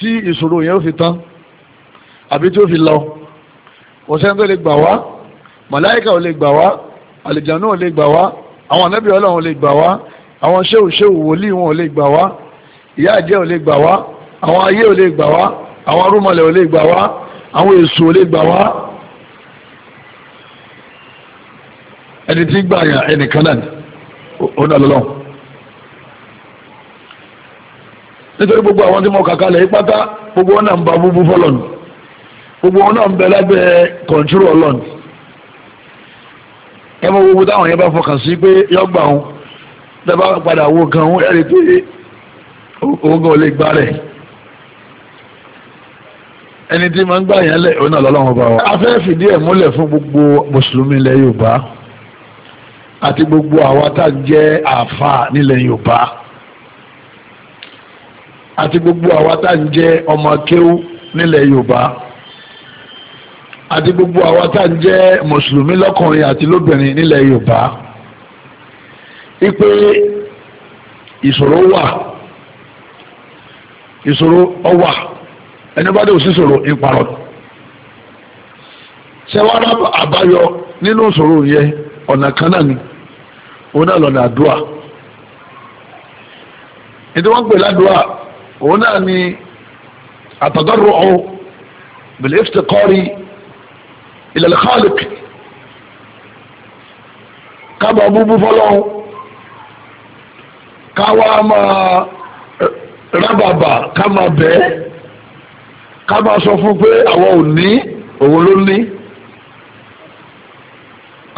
tí ìṣòro yẹn ó fi tán àbí tí ó fi lọ ọ̀sẹ̀ tó lè gbà wá màláìka ò lè gbà wá àlìjáná ò lè gbà wá àwọn anábì ọlọ́run ò lè gbà wá àwọn ṣéwù ṣéwù wòlíì wọn ò lè gbà wá ìyá àjẹ́ ò lè gbà wá àwọn ayé ò lè gbà wá àwọn arúmọlẹ̀ ò lè gbà wá àwọn èṣù ò lè gbà wá. ẹni tí gbà yàn ẹnìkan náà ó dà lọ́lọ́run. nítorí gbogbo àwọn tí mo kà kalẹ̀ ipátá gbogbo wọn náà ń ba búbú fọlọ́nù gbogbo wọn náà ń bẹ lábẹ́ kọ̀ǹtúrò ọlọ́nù ẹ mọ gbogbo táwọn yẹn bá fọkàn sí pé yọgbà òun dábà padà wo gan òun ẹ̀rí pé òun gan ò lè gbá rẹ̀ ẹni tí máa ń gbà yẹn lẹ̀ òun náà lọ́lọ́run bá wa. a fẹ́ fìdí ẹ̀ múlẹ̀ fún gbogbo mùsùlùmí ilẹ̀ Yorùbá àti gbogbo àwa tá a jẹ́ àáfàá nílẹ̀ Yorùbá. àti gbogbo àwa tá ń ọmọ nílẹ̀ yorùbá gbogbo àwa tá ń jẹ́ mùsùlùmí lọ́kùnrin àti ipe ìṣòro wà ìṣòro ọwà ẹni bá dé òsì ṣòro ìparọ́ sẹwárà àbáyọ nínú ìṣòro yẹn ọ̀nà kan náà wọn pè ládùúrà òun náà ni àtọ̀dọ́rọ̀ bìlẹ̀ ìfitẹ́kọ́rí ìlẹ̀lẹ̀ khalik kábà búbú fọlọ́ káwá máa rábàbà ká máa bẹ́ẹ̀ ká máa sọ fún pé àwọn ò ní òun ló ní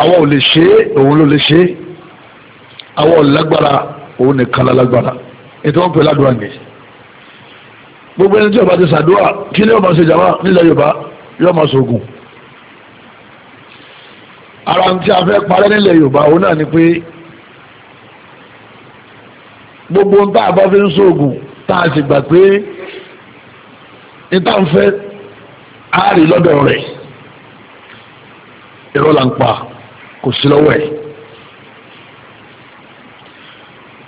àwọn ò lè ṣe é òun ló lè ṣe é àwọn ò lágbára òun nìkan lágbára ètò wọn pè ládùúgbò àgbẹ̀ gbogbo ẹni tí ọba ti sàdúrà kí ni ọba ṣe jàmá nílẹ̀ yorùbá yóò máa ṣoògùn ara ń tí a fẹ́ parẹ́ nílẹ̀ yorùbá òun náà ni pé gbogbo ń tá a bá fi ń ṣoògùn tá a sì gbà pé níta ń fẹ́ á rí lọ́dọ̀ rẹ̀ irọ́ là ń pa kò sí lọ́wọ́ ẹ̀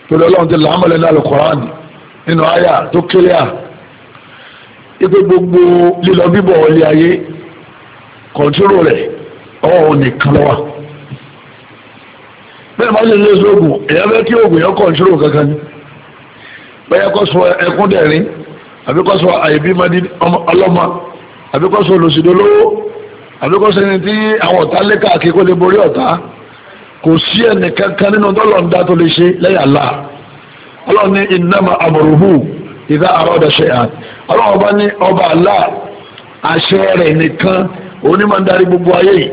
torí ọlọ́run ti làámọ̀lẹ́ náà lọ Kùránì nínú àyà tó kéré à ipe gbogbo lílọ bíbọ̀ ọlẹ́ ayé kọ̀ntúrò rẹ̀ ọ̀hún nìkan lọ́wọ́ bẹ́ẹ̀ máa ń lè sóògùn èèyàn fẹ́ kí oògùn yẹn kọ̀ntúrò kankan ni bẹ́ẹ̀ kọ́ sọ ẹkún dẹ̀rín àbí kọ́ sọ àìbímọdé ọlọ́mọ àbí kọ́ sọ olùsìdólówó àbí kọ́ sọ ẹni tí àwọn ọ̀tá lé káàkiri kó lè borí ọ̀tá kò sí ẹnì kankan nínú tọ́lọ́ǹda tó lè ṣe lẹ́yìn àlá ọlọ́run ní ìnáma àmọ̀rùhù ìdá àrọ́dà ṣe àti ọlọ́run ọba ní ọba Allah àṣẹ rẹ̀ nìkan òun ní máa ń darí gbogbo ayé yìí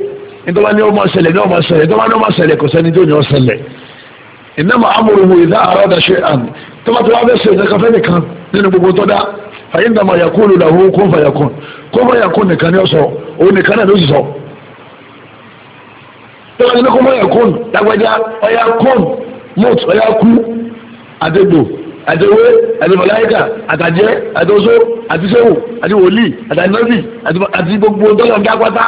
nítorí ní ó máa ṣẹlẹ̀ ní ó máa ṣẹlẹ̀ nítorí ní ó máa ṣẹlẹ̀ kò sẹ́ni tó ní ó ṣẹlẹ̀ innama amruhu idha arada shay'an tọ́ba tó wá fẹ́ ṣe nǹkan fẹ́ nìkan nínú gbogbo tó dá fàyíǹdàmọ̀ yaqulu lahu kun fayakun kun fayakun nìkan ni ó sọ òun nìkan náà ló sì sọ tọ́ba ní kun fayakun lágbájá ọ̀yà kun mọ́t ọ̀yà kú àdégbò àtẹwé àtẹmọláyíkà àtàjẹ àtọsó àtisẹwò àti wòlíì àtànọ́sì àti gbogbo tọ́lọ̀ ń dápátá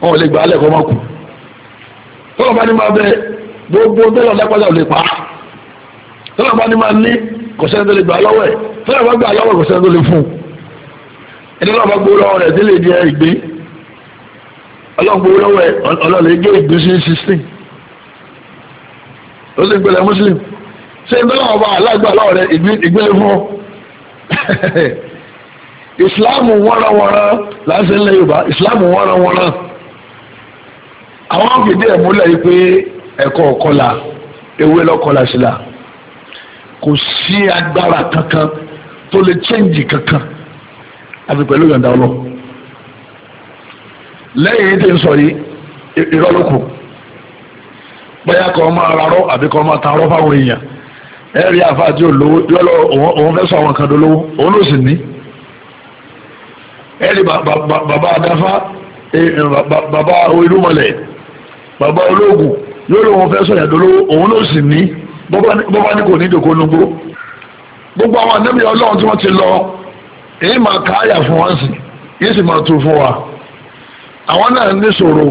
wọn ò lè gbà á lẹ́kọ̀ọ́ mọ́kù tọ́lọ̀ bá ní máa bẹ gbogbo tọ́lọ̀ ń dápátá ò lè pa tọ́lọ̀ bá ní máa ní kọ̀sẹ́ni tó lè gbà lọ́wọ́ ẹ̀ tọ́lọ̀ bá gbà lọ́wọ́ kọ̀sẹ́ni tó lè fún un ẹni náà bá gbowó lọ́wọ́ rẹ̀ délé lè muslim ṣé ń tọ́lọ́wọ́ bá alágbà lọ́wọ́ rẹ ìgbélé fún ìsìláàmù wọ́nranwọ́nran láti ilẹ̀ yorùbá ìsìláàmù wọ́nranwọ́nran àwọn fìdí ẹ̀ múlẹ̀ yìí pé ẹ̀kọ́ ọ̀kọ́la ewé lọ́kọ́la sílá kò sí agbára kankan tó lè chẹ́ǹjì kankan àti pẹ̀lú yọ̀ǹda ọlọ́ lẹ́yìn tí ń sọ yìí máa àbí kọ́ máa ẹ rí àfáà tí olówó yọlọ òun fẹ́ sọ àwọn kan dolówó òun ló sì ní ẹ rí bàbá adáfá bàbá olúmọlẹ̀ bàbá olóògùn yọlọ òun fẹ́ sọ yàn dolówó òun ló sì ní bọ́bá ní kò ní ìdòkó nugbó gbogbo àwọn ànábì ọlọ́run tí wọ́n ti lọ èyí máa ká àyà fún wọn sí yìí sì máa tu fún wa àwọn náà ní ṣòro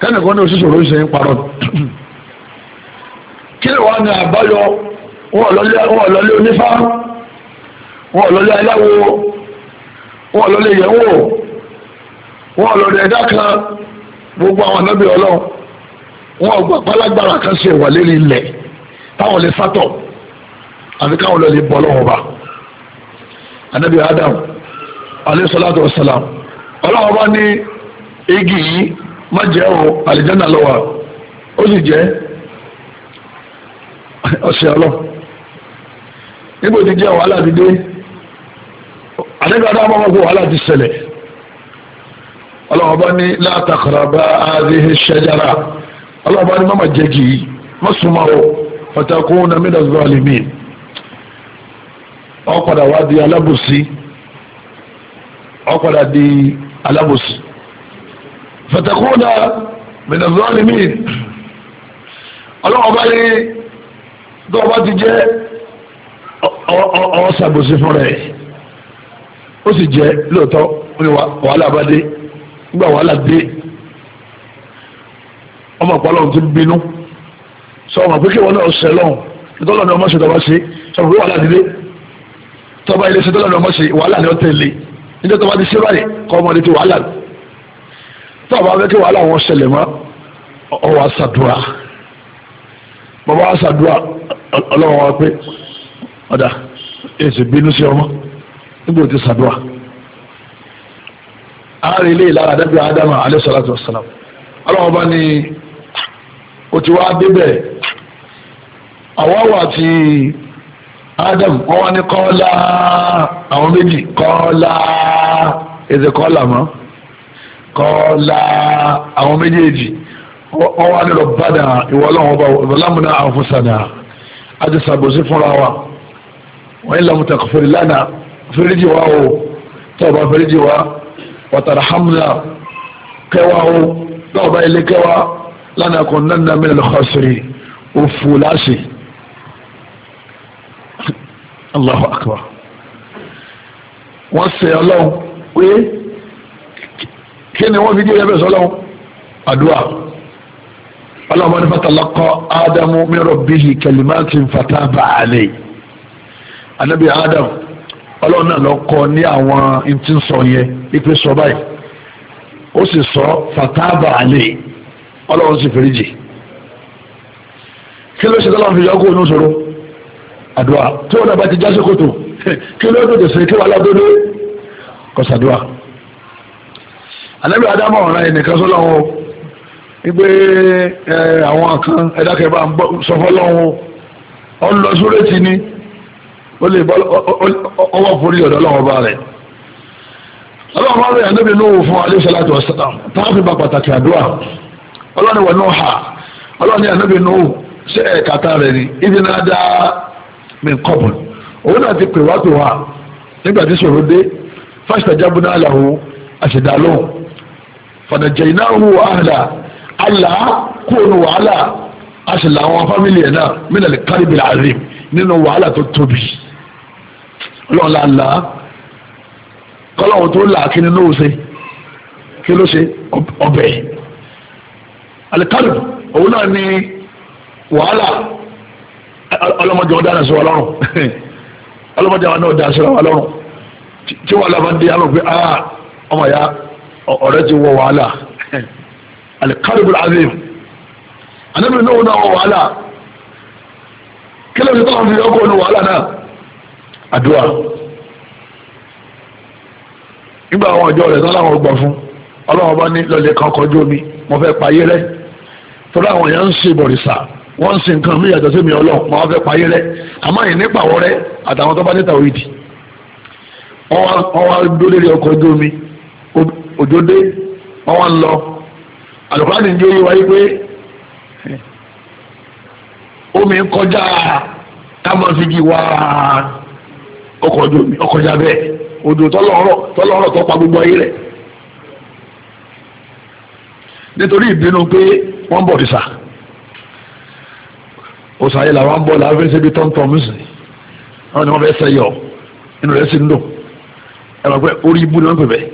kẹ́nìkan ní oṣù ṣòro ṣe ń parọ́ kí lè wá ní àbáyọ wọn lọlé onífá wọn lọlé aláwo wọn lọlé yẹ̀wò wọn ẹ̀dá kan gbogbo àwọn gbà pálágbára kan ṣe wà lérí ilẹ̀ táwọn lè sátọ̀ àfi káwọn lọ lè bọ́ lọ́wọ́ bá Adam ọlọ́wọ́ o ọ̀sẹ̀ ọlọ́ níbo ti jẹ́ wàhálà ti dé àdégbàdá àbámọ́ kó wàhálà ti ṣẹlẹ̀ ọlọ́wọ́ bá ní látàkàràbà àdéhé ṣẹjára ọlọ́wọ́ bá ní má má jẹ́ kì í má súnmọ́ o pàtàkùn náà mídà zọ́ àlìmí ọ padà wá di alábòsí ọ di alábòsí pàtàkùn náà mídà àlìmí ọlọ́wọ́ ní tó o bá ti jẹ́ ọ̀ ṣàbòsí fún rẹ̀ ó sì jẹ́ lóòótọ́ ó ní wàhálà bá dé nígbà wàhálà dé ọmọ ọ̀pọ̀lọ́run ti bínú sọ ọmọ pé kí wọn náà ṣẹ lọ́hùn nítorí ọ̀nà ọmọ ṣe tọ́ba ṣe sọ pé wàhálà nílé tọ́ba ilé ṣe tọ́ba ọ̀nà ọmọ ṣe wàhálà ni ó tẹ̀lé níjọ́ tọ́ba ti ṣe báyìí kọ́ ọmọdé ti wàhálà tọ́ba fẹ́ kí wàhálà wọn ṣẹlẹ̀ mọ́ ọwọ́ àṣàdúrà bàbá àṣàdúrà ọlọ́run wa pé ọ̀dà èsì bínú sí ọmọ nígbà tí sàdúà àárín ilé ìlara dábì ádámà alayhi salatu wassalam ọlọ́run bá ní o ti wá débẹ̀ àwáwà àti ádám wọn wá ní kọ́lá àwọn méjì kọ́lá èdè kọ́lá mọ́ kọ́lá àwọn méjèèjì wọ́n wá ní lọ bàdà ìwọ́lọ́wọ́n bá wọ́n lámúná àfúsàdà a ti ṣàbòsí fúnra wa wọ́n yìí lamu takfiri lánàá fèrèjì wa o tọ́ọ̀bà fèrèjì wa wàtàrà hamza kẹwàá o tọ́ọ̀bà ilé kẹwàá lánàá kò nánà min al-khasirin òfò láṣẹ. Allahu akbar wọ́n sẹ ọlọ́run pé kí ni wọ́n fi jẹ́ ẹ̀fẹ́ sọ́lọ́run àdúrà ọlọ́mọ ní fatalakọ ádámù min rabbihi kalimatin fataba alayhi anabi ádám ọlọ́run náà lọ kọ́ ní àwọn ntí sọ yẹn ipe sọ báyìí ó sì sọ fataba alayhi ọlọ́run sì fèrè jì kí ló ṣe tọ́lá fi yọ kó inú sọ̀rọ̀ àdúrà tí wọn bá ti já sí kí ló dòdò sí kí wọn aládòdò kọsàdúrà anabi ádám ọ̀ràn ẹnìkan sọ́lọ́run o. wípé àwọn kan ẹ̀dákẹ́ bá ń sọ fọlọ́hún ó lọ sórí ti ní ó lè bọ́ ọwọ́ forí ọ̀dọ́ ọlọ́wọ́ bá rẹ̀ ọlọ́wọ́ bá rẹ̀ ànábì lówó fún alayhi salatu wassalam táàfin bá pàtàkì àdúrà ọlọ́ni wọ̀ náà hà ọlọ́ni ànábì lówó ṣé ẹ̀ka tá rẹ̀ ni ibi náà dá mi kọ́bù òun náà ti pè wá pè wá nígbà tí sòrò dé fastajabna lahu àṣìdá lóhùn fanajjaynahu wa ahla àlà kúrò wàhálà a sì là àwọn fámìlì ẹ̀ náà mílẹ̀ lè kárí bìlà àrè nínú wàhálà tó tóbi ọlọ́run là là kọ́lọ́run tó là kí ni ló ṣe kí ló ṣe ọbẹ̀ alikari òun náà ni wàhálà ọlọ́mọdé wọn dáná sí wa lọ́rùn ọlọ́mọdé wọn náà dáná sí wa lọ́rùn tí wàhálà bá ń di alọ́ pé ah, ọmọ ya ọ̀rẹ́ ti wọ wàhálà alikaribul azim anabi nuhu náà wọ wàhálà kílẹ̀ ní tọ́kàn fi ọkọ̀ ní wàhálà náà àdúrà nígbà àwọn ọjọ́ rẹ̀ sọ́lá àwọn ọgbà fún ọlọ́wọ́n bá ní lọ́lẹ̀ kan kọjú omi mo fẹ́ payé rẹ̀ tọ́lá àwọn èèyàn ń ṣe bọ̀rìṣà wọ́n ń ṣe nǹkan mí yàtọ̀ sí mi ọlọ́run mo fẹ́ payé rẹ̀ àmọ́ ìní pàwọ́ rẹ̀ àtàwọn tó bá ní tàwídì wọ́n wá dó lérí ọkọ̀ ojú omi òjò dé wọ́n ń lọ àlùkùránì ní oyé wáyé pé omi ń kọjá táwọn fi jí wá ọkọ̀ ojú omi ọkọjá bẹ́ẹ̀ odò tọ́lọ́rọ̀ tọ́lọ́rọ̀ tó pa gbogbo ayé rẹ̀ nítorí ìbínú pé wọ́n bọ̀ ìsà òsàyè làwọn ń bọ̀ láàfin síbi tọ́ntọ́n mísìn àwọn ni wọ́n fẹ́ sẹ́yọ̀ inú rẹ̀ sì ń dùn ẹ̀rọ pé orí ibú ni wọ́n pè bẹ́ẹ̀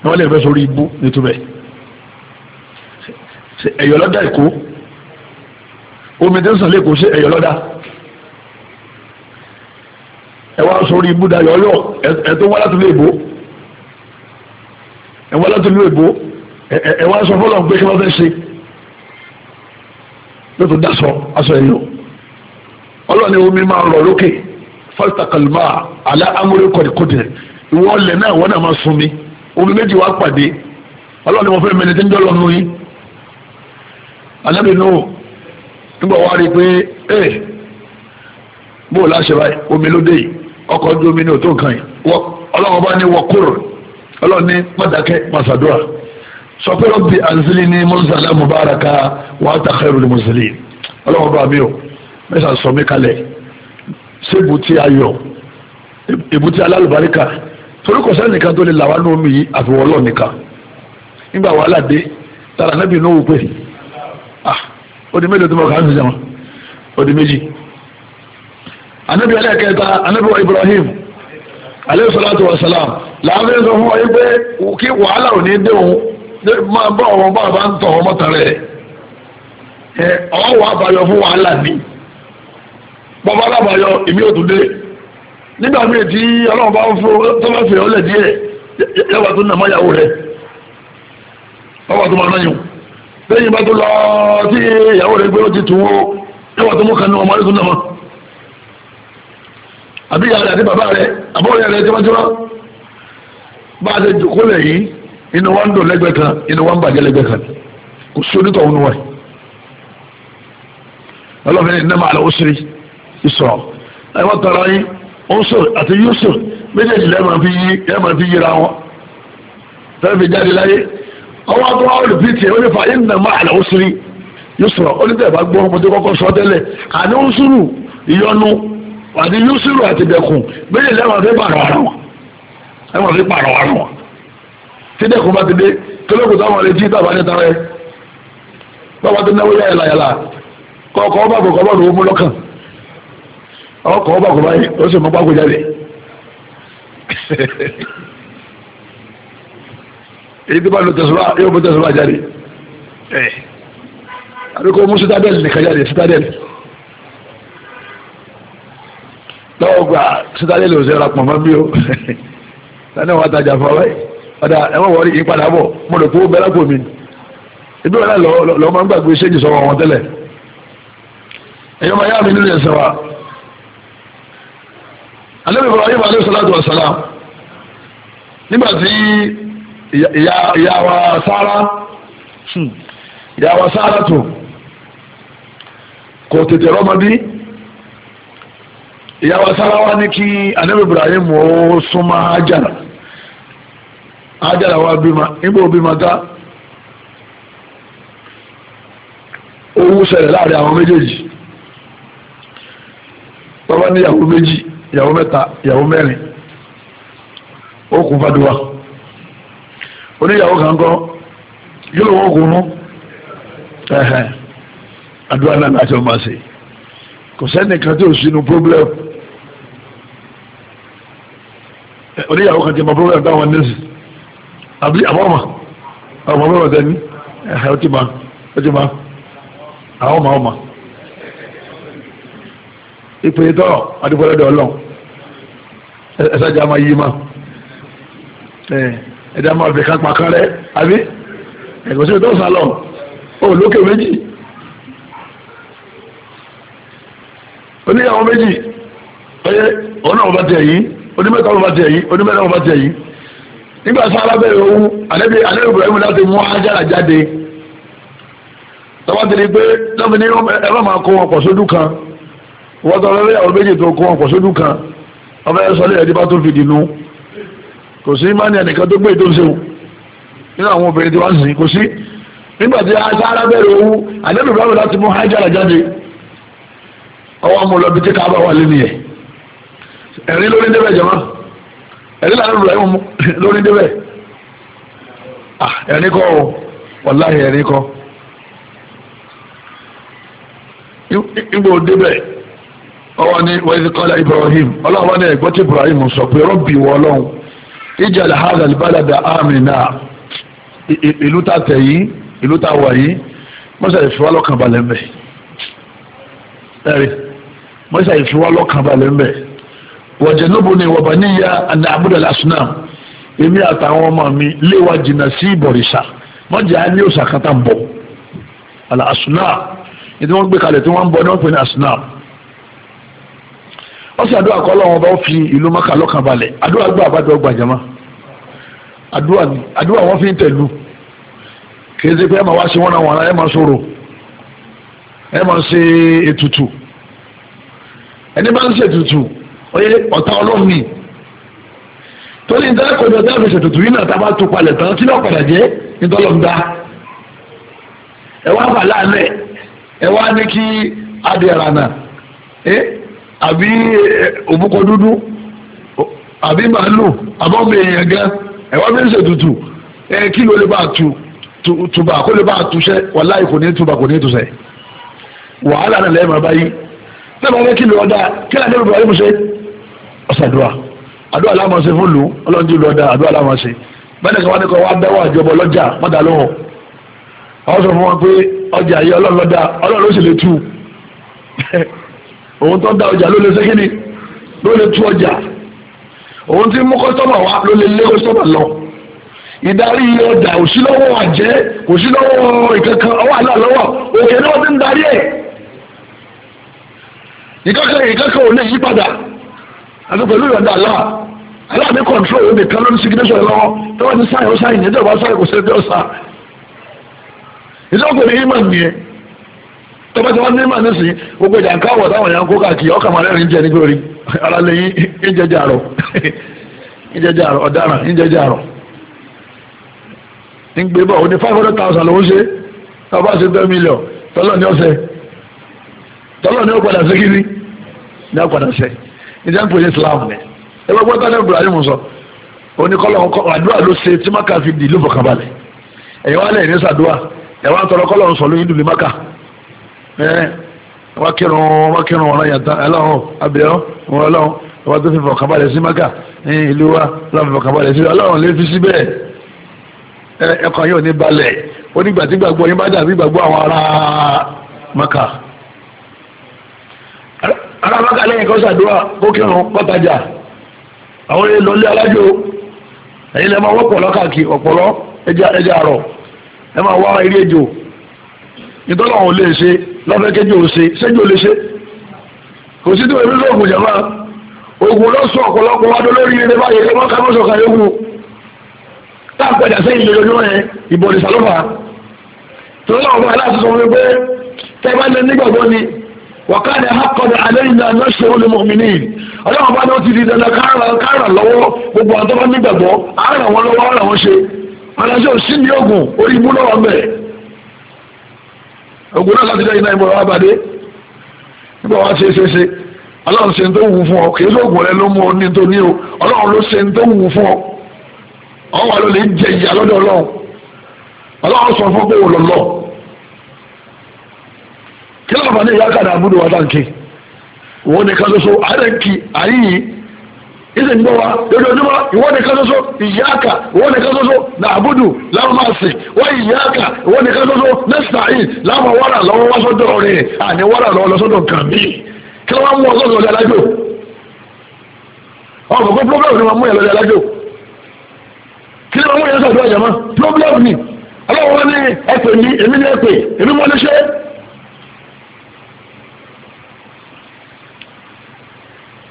ni wọ́n lè fẹ́ sọ orí ibú nítorí bẹ́ẹ̀ ẹ̀yọ́ lọ́dà èkó omi tó ń sàn lẹ́kọ̀ọ́ sí ẹ̀yọ́ lọ́dà ẹ wá sórí ibùdó ayọ̀yọ̀ ẹ tó wá láti lè bó ẹ wá láti lè bó ẹ wá sọ fọlọ́n pé kí wọ́n fẹ́ ṣe ló tó dasọ aṣọ ẹ̀yọ́ ọlọ́ni omi máa rọ̀ lókè fásitàkàlùmá alá amúrí kọ̀dìkọ̀dì ìwọ́lẹ̀ náà wọ́n náà máa sunmi omi méjì wá pàdé ọlọ́ni mo fẹ́ mẹ́ni tí ń dọ́lọ́ nù yín anábì nù nígbà wá rí i pé ee eh, bó o láṣẹ báyìí omi ló dé yìí ọkọ̀ ojú omi ní òtó nǹkan yìí ọlọ́run bá ní wọ́kúrò ọlọ́run ní pàtàkì masadura sọ pé rọ́bì anzili ní mọ́nsálà mubaraka wà á tàkàrù ní mùsùlùmí ọlọ́run bá mi ò mẹ́sà sọ mí kalẹ̀ sébùtì ayọ̀ èbútí alálùbáríkà torí kò sẹ́ni kan tó lè làwọn omi yìí àfiwọ́ ọlọ́ọ̀nìkan nígbà wàhálà dé tàrà nábì náà wò pé ó di mélòó tí mo kà ń sèjà wọn ó di méjì anabi ẹlẹ́kẹta anabi wa Ibrahim aleyhi salatu wa salam fún pé kí wàhálà bá ọmọ bá bá ń ọmọ ẹ ọwọ́ wa fún wàhálà èmi ò tún dé nígbà míì tí ọlọ́run bá ń fún tó bá díẹ̀ rẹ̀ lẹ́yìn bá tó lọ tí ìyàwó rẹ̀ gbé ó ti tún ó yíwọ̀ tó mú kan ní ọmọ rẹ̀ tó nà mọ́ àbí ìyá rẹ̀ àti bàbá rẹ̀ àbúrò rẹ̀ tímọ́tímọ́ bá a ṣe jòkó lẹ̀ yìí inú wa ń dùn lẹ́gbẹ̀ẹ́ kan inú wa ń bàjẹ́ lẹ́gbẹ̀ẹ́ kan kò sí onítọ̀ òun wẹ̀ ọlọ́fẹ́ iná máa lọ ó ṣeré ìsọ̀ tọrọ yín ọ̀ṣọ́ àti yusuf méjèèjì lẹ́ẹ̀ máa fi yíra wọn tẹ́lẹ̀ jáde láyé ọwọ́ tó wá olùbí tiẹ̀ ó ní fa iná máa àlà òsìrí yusra oníbẹ̀ bá gbọ́ ọmọdé kọ́kọ́ sọ tẹ́lẹ̀ àní òsùrù ìyọnu àti yusra àti dẹkùn méjì lẹ́wọ̀n fi pààrọ̀ ara wọn lẹ́wọ̀n fi pààrọ̀ ara wọn tí dẹkùn bá ti dé kílókùtà wọn lè jí tàbá ní tara ẹ bàbá tó náwó yáyà láyàlá kọ́kọ́ ọba kọ̀ọ̀kan bọ́ọ̀lù ó mú lọ́kàn ọkọ̀ ọba kọ̀ọ̀kan báyìí ó sì mú pákó jáde èyí tó bá lo tẹ̀sùbá yóò mú tẹ̀sùbá jáde ẹ̀ eh. àbíkó mú citadel nìkan jáde citadel lọ́wọ́ gba citadel ò sẹ́ra pọ̀ mọ́ bí o sani wọn tajà fún ọwọ́ ọ̀dà ẹ̀wọ̀n wọ̀rí ìpadà bọ̀ mo lè kó bẹ́lá kò mí ibi wọn lọ máa ń gbàgbé séjì sọ̀rọ̀ wọn tẹ́lẹ̀ ẹ̀yọ́ máa yá mi nínú ẹ̀sẹ̀ wa alẹ́ mi fọwọ́ ayé wa alẹ́ sọ́lá tó wà sálá nígbà tí. yawa hmm. wa sára ìyá wa sára tó kò tètè rọ́mọ bí wa sára wa anabi ibrahim wa bima níbo bímọ dá owó ṣẹlẹ̀ láàrin àwọn méjèèjì bàbá ní ìyàwó méjì ìyàwó mẹ́ta ìyàwó mẹ́rin ó oníyàwó kan kọ́ yóò wọ́n kún un ẹ̀hẹ̀ àdúrà náà láti ọmọ àṣẹ kò sẹ́nìkan tí ò sínú problem oníyàwó kan ti mọ problem táwọn nẹ́ẹ̀sì àbí àbọ̀mà ọmọ mẹ́wàá tẹ́ni ẹ̀hẹ̀ ó ti ma ó ti ma àwọn ọmọ ọmọ ìpè tọ́ adúgbò lọ́dọ̀ ọlọ́run ẹ̀sàjà máa yí ma ẹ̀ẹ́ ẹ̀dá máa fi kápá kan rẹ̀ àbí ẹ̀gbọ́n sí tó sá lọ ó lókè méjì oníyàwó méjì ọyẹ ọ̀nà ọba tẹ̀ yìí onímẹ́ta ọba tẹ̀ yìí onímẹ́ta ọba tẹ̀ yìí nígbà sára bẹ̀rẹ̀ ohun àlẹ́bí àlẹ́bí Ibrahim láti mú ajára jáde tọ́wọ́ ti di pé lọ́mọ ní ẹ̀rọ máa kó wọn pọ̀ sódù kan wọ́n tọ́ lọ́lẹ́yàwó méjì tó kó wọn pọ̀ sódù kan ọba ẹ̀ sọ́lẹ̀ ẹ̀ kò sí mánìyà nìkan tó gbé ètò ìṣeun nínú àwọn obìnrin tí wọ́n sìn kò sí nígbà tí sára bẹ̀rẹ̀ owó àdébì bá wọlé láti mú hájára jáde ọwọ́ mu lọ bí tí káàbà wà lẹ́nu yẹ ẹ̀rín lórí débẹ̀ jẹ̀mọ́ ẹ̀rín làwọn olùrẹ̀ mú lórí débẹ̀ ah, ẹ̀rín kọ́ ọ wàláhì ẹ̀rín kọ́ ìgbò débẹ̀ ọwọ́ ni wọ́n ti Ibrahim ọlọ́wọ́ ni ẹ̀gbọ́n Ibrahim sọ pé rọ́bì wọ́ ijal hadal balada amina ìlú tá tẹ̀ yìí ìlú tá wà yìí mọ́sá ìfiwá lọ́kàn balẹ̀ ń bẹ̀ ẹ̀rí mọ́sá ìfiwá lọ́kàn balẹ̀ ń bẹ̀ wọ̀jẹ̀ lóbo ni wọ̀bà níyà àná àbúdà lásùnà èmi àtàwọn ọmọ mi léwà jìnnà sí ìbọ̀rìṣà mọ́jà á ní òṣà kan tá ń bọ̀ àlà àsùnà ìdí wọ́n gbé kalẹ̀ tí wọ́n ń bọ̀ ní wọ́n pè ní àsùnà wọ́n sì àdúrà kọ́ lọ́wọ́ bá fi ìlú maka lọ́kàn balẹ̀ àdúrà gbọ́ àbájọ gbàjàmá àdúrà ni àdúrà wọn fi ń tẹ̀lú kì í ṣe pé ẹ máa wá sí wọn náà wọn ẹ máa sọ̀rọ̀ ẹ máa ṣe ètùtù ẹni bá ń ṣe ètùtù ọyẹ ọ̀tá ọlọ́run ni torí nítorí kọjá tí a fi ṣètùtù yìí náà tá a bá tó palẹ̀ tán tí náà padà jẹ́ nítorí ọ̀dà ẹ wá bà láàlẹ̀ ẹ wá ní kí adìẹ rànà ẹ àbí eh, òbúkọ dúdú àbí màálù àbọ̀mọ èèyàn gan ẹ̀wọ́n fi ń ṣètùtù ẹ kí ló lè bá tu tuba kó lè bá tuṣẹ́ wàláì kò ní tuba kò ní tuṣẹ́ wàhálà náà lẹ́yìn máa bá yí lẹ́yìn máa kí ló ọ̀dà kí lóò débìbò ayé muṣe ọ̀sàdùà àdúrà láwọn ṣe fún lù ọlọ́run jù lọ́dà àdúrà láwọn ṣe bẹ́ẹ̀ kan wá ní kan wá dáwọ́ àjọbọ lọ́jà mọ́tà lóhùn àwọn sọ fún wọn pé ọjà yìí ọlọ́run lọ́dà ọlọ́run ló sì tú òun tó da ọjà ló lè ṣe kíni ló lè tú ọjà òun ti mú kọ́sọ́mà wá ló lè lé kọ́sọ́mà lọ ìdarí ọjà kò sí lọ́wọ́ àjẹ́ kò sí lọ́wọ́ ìkankan ọwọ́ àlá lọ́wọ́ òkè náà ti ń darí ẹ̀ ìkankan ìkankan ò lè yí padà àti pẹ̀lú ìrọ̀dà àlá àlá mi kọ̀ntró òun nìkan ló ní signature lọ́wọ́ tọ́wọ́ ti sáyẹn ó sáyẹn ní ẹjọ́ ìbá sáyẹn kò sí ẹjọ́ sá ìjọba ìmọ̀ nìyẹn tọ́ba tí wọ́n ní mà nísìnyí gbogbo ìjà nǹkan àwọ̀ táwọn èèyàn kó káàkiri ọkà máa rẹ́rìn jẹ nígbà orí ara lẹ́yìn ìjẹjẹ àrọ̀ ìjẹjẹ àrọ̀ ọ̀daràn ìjẹjẹ àrọ̀ nígbè bọ̀ òní five hundred thousand lòún ṣe tọ́ba ṣe ten million tọ́lọ̀ ní ọ̀sẹ̀ tọ́lọ̀ ní ọ̀padà ṣe kí ni ní ọ̀padà ṣe ìjà ń pè ní Islam ni ẹ bá gbọ́dọ̀ ní Ibrahim sọ oníkọ́lọ́ àdúrà ló ṣe tí má kàfi dì ló fọkànbalẹ̀ ẹ̀yọ́ alẹ́ ẹ eh, wá kírun wá kírun ọ̀rọ̀ yàtọ̀ ẹlọ́run abirọ́ wọn ọlọ́run ọba tó fi sí maka ìlú wa ọlọ́run fọkànbalẹ̀ sí ọlọ́run lè fi síbẹ̀ eh, ẹ̀kọ́ yóò ní balẹ̀ onígbàtí gbàgbọ́ yín bá dàbí gbàgbọ́ àwọn ará maka ara maka kó kírun àwọn lọlé alájò máa lọ́fẹ́ kejì ò ṣe ṣẹ́jú ò lè ṣe kò sí tí wọ́n fi sọ̀kù jàmá ogun lọ́sọ̀ ọ̀pọ̀lọpọ̀ wá lórí ilé báyìí ẹ wọ́n mọ́ sọ̀kà yókù a pẹ̀jà sẹ́yìn lójoojúmọ́ yẹn ìbọ̀dì sàlọ́fà tó láwọn ọmọ aláàtú sọ wípé tẹ́ bá nígbàgbọ́ ni bá ní ó ti di dandan lọ́wọ́ gbogbo nígbàgbọ́ wọn lọ́wọ́ ògùn náà láti dẹ́yìn náà ìbọn wà bàdé nígbà wà ṣe ṣeṣe ọlọ́run ṣe ń tó wù fún ọ kì í sóògùn rẹ ló mú ọ ní o ọlọ́run ló ṣe ń tó wù fún ọ ọwọ́ àlọ́ lè jẹ ìyá lọ́dọ̀ ọlọ́run ọlọ́run sọ fún pé kí wa wọ́n ní ìsì ń gbọ́ wa lójoojúmọ́ ìwọ nìkan ṣoṣo ìyáàkà ìwọ nìkan ṣoṣo làbùdù lámàṣì wọ́n ìyáàkà ìwọ nìkan ṣoṣo nẹ́sàáyì láwọn wàrà lọ́wọ́ wá rẹ̀ àní wàrà lọ́wọ́ lọ sọ́dọ̀ kí ló mú ọgọ́gọ́ ọdẹ alájò ọmọ kó pírọ́blẹ́mù ni wọ́n mú yẹn lọ́dẹ alájò kí ló mú yẹn sọ̀tọ̀ ẹ̀jẹ̀ mọ́ pírọ́blẹ́mù ni ọlọ́wọ́ ní ẹ̀pẹ̀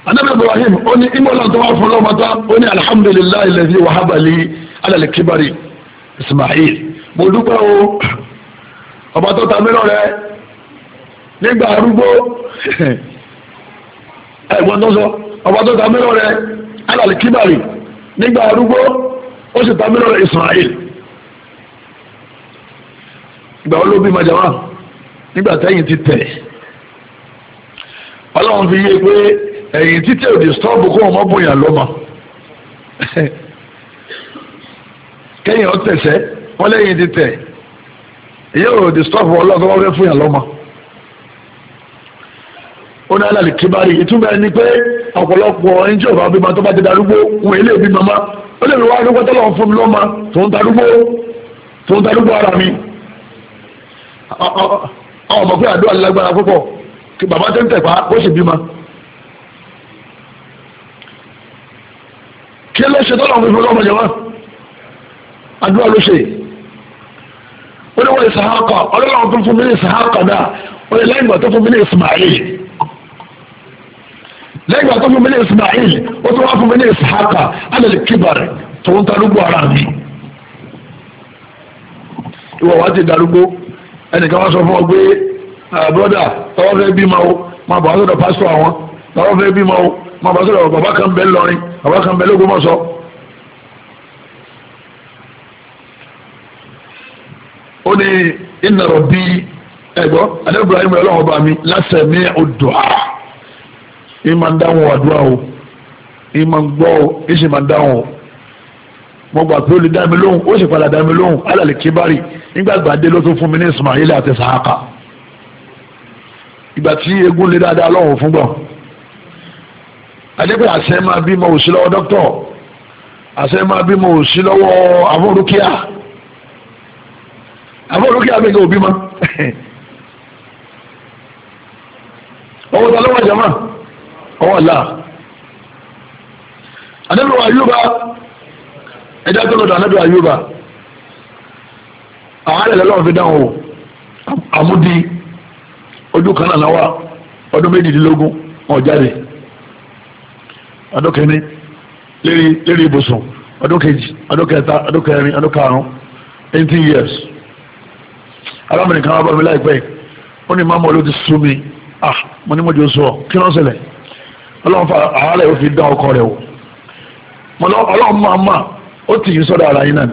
anabi ibrahim ó ní imola tó wá fún lọ́mọta ó ní alhamdulilayi lẹ́sí wàhábàlì alàlẹ́ kíbari ismail mo dúpẹ́ o ọba tó ta mìíràn rẹ nígbà arúgbó ẹ̀gbọ́n tó sọ ọba tó ta mìíràn rẹ alàlẹ́ kíbari nígbà arúgbó ó sì ta mìíràn rẹ ismail ìgbà wo ló bí majawa nígbà tẹ́yìn ti tẹ̀ ọlọ́run fi yé pé ẹ̀yìn títí ò dìstọ́ọ̀bù kó ọmọ bóyá lọ́mọ kẹ́yìn ọ tẹ̀sẹ̀ wọ́n lẹ́yìn ti tẹ̀ èyí ò dìstọ́ọ̀bù ọlọ́ọ̀tọ́ wọ́n fẹ́ fún yàn lọ́mọ. ó ní alàlè kíbárì ìtumọ̀ ẹni pé ọ̀pọ̀lọpọ̀ ẹni tí ò bá tó bá ti darúgbó wọn ilé ìbí mama ó lè fi wá arúgbó tó lọ́wọ́ fún mi lọ́mọ tó ń darúgbó tó ń darúgbó ara mi. àwọn ọmọ pé àdúrà lágbára púpọ̀ kí bàbá tẹ́ ń tẹ̀ pa ó sì bímọ. kí ló ṣe tọ́lọ̀ fífi ọlọ́mọ jẹ́ wọn àdúrà ló ṣe ó ní wọ́n ìsàhákà ọlọ́run tó fún mi ní ìsàhákà náà ó ní lẹ́yìn ìgbà tó fún mi ní ìsìmáìlì lẹ́yìn ìgbà tó fún mi ní ìsìmáìlì ó tún wá fún mi ní ìsàhákà alẹ́ kíbarẹ̀ tó ń darúgbó ara mi ìwọ wa ti darúgbó ẹnìkan wá sọ fún ọ pé ah, brọ́dà tọ́wọ́ fẹ́ bímọ o máa bọ̀ wá sọ́dọ̀ pásítọ̀ àwọn tọ́wọ́ fẹ́ bímọ o máa bá sọ̀rọ̀ bàbá kan bẹ lọrin bàbá kan bẹ lógún mọ́sọ. ó ní ìnàrọ̀ bíi ẹ̀gbọ́ adé Ibrahim ọlọ́run ọba mi lásẹ̀ mi odò á ìmọ̀ ń dáhùn àdúrà o ìmọ̀ ń gbọ́ o ìṣì máa ń dáhùn o mo gbà pé ó lè dá mi lóhùn ó sì padà dá mi lóhùn alàlè kíbárì nígbàgbà dé ló tún fún mi ní Ismail àti Sahaka ìgbà tí egun lè dáadáa lọ́hùn fún gbọ̀n àdẹ́pẹ́ àṣẹ máa bímọ òsì lọ́wọ́ dókítọ̀ àṣẹ máa bímọ òsì lọ́wọ́ àbọ̀rúkíà àbọ̀rúkíà mi kò bímọ ọwọ́ ta lọ́wọ́ jama ọwọ́ là àdẹ́pẹ́ àyùbá ẹja tó lọ́dọ̀ àdẹ́pẹ́ àyùbá àárẹ̀ lọ́wọ́ fi dáhùn o àmúdi ojú kan náà náà wá ọdún méjìdínlógún wọn jáde. ọdún kẹni lérí ibùsùn ọdún kejì ọdún kẹta eighteen years arábìnrin kan wá mi láìpẹ́ ó ní mọ́mọ́ ló ah mo ní mo jò sọ kí ló ń ọlọ́run fa fi dán ọkọ rẹ̀ wò ọlọ́run máa mà ó tì í sọ́dọ̀ ara yín náà ni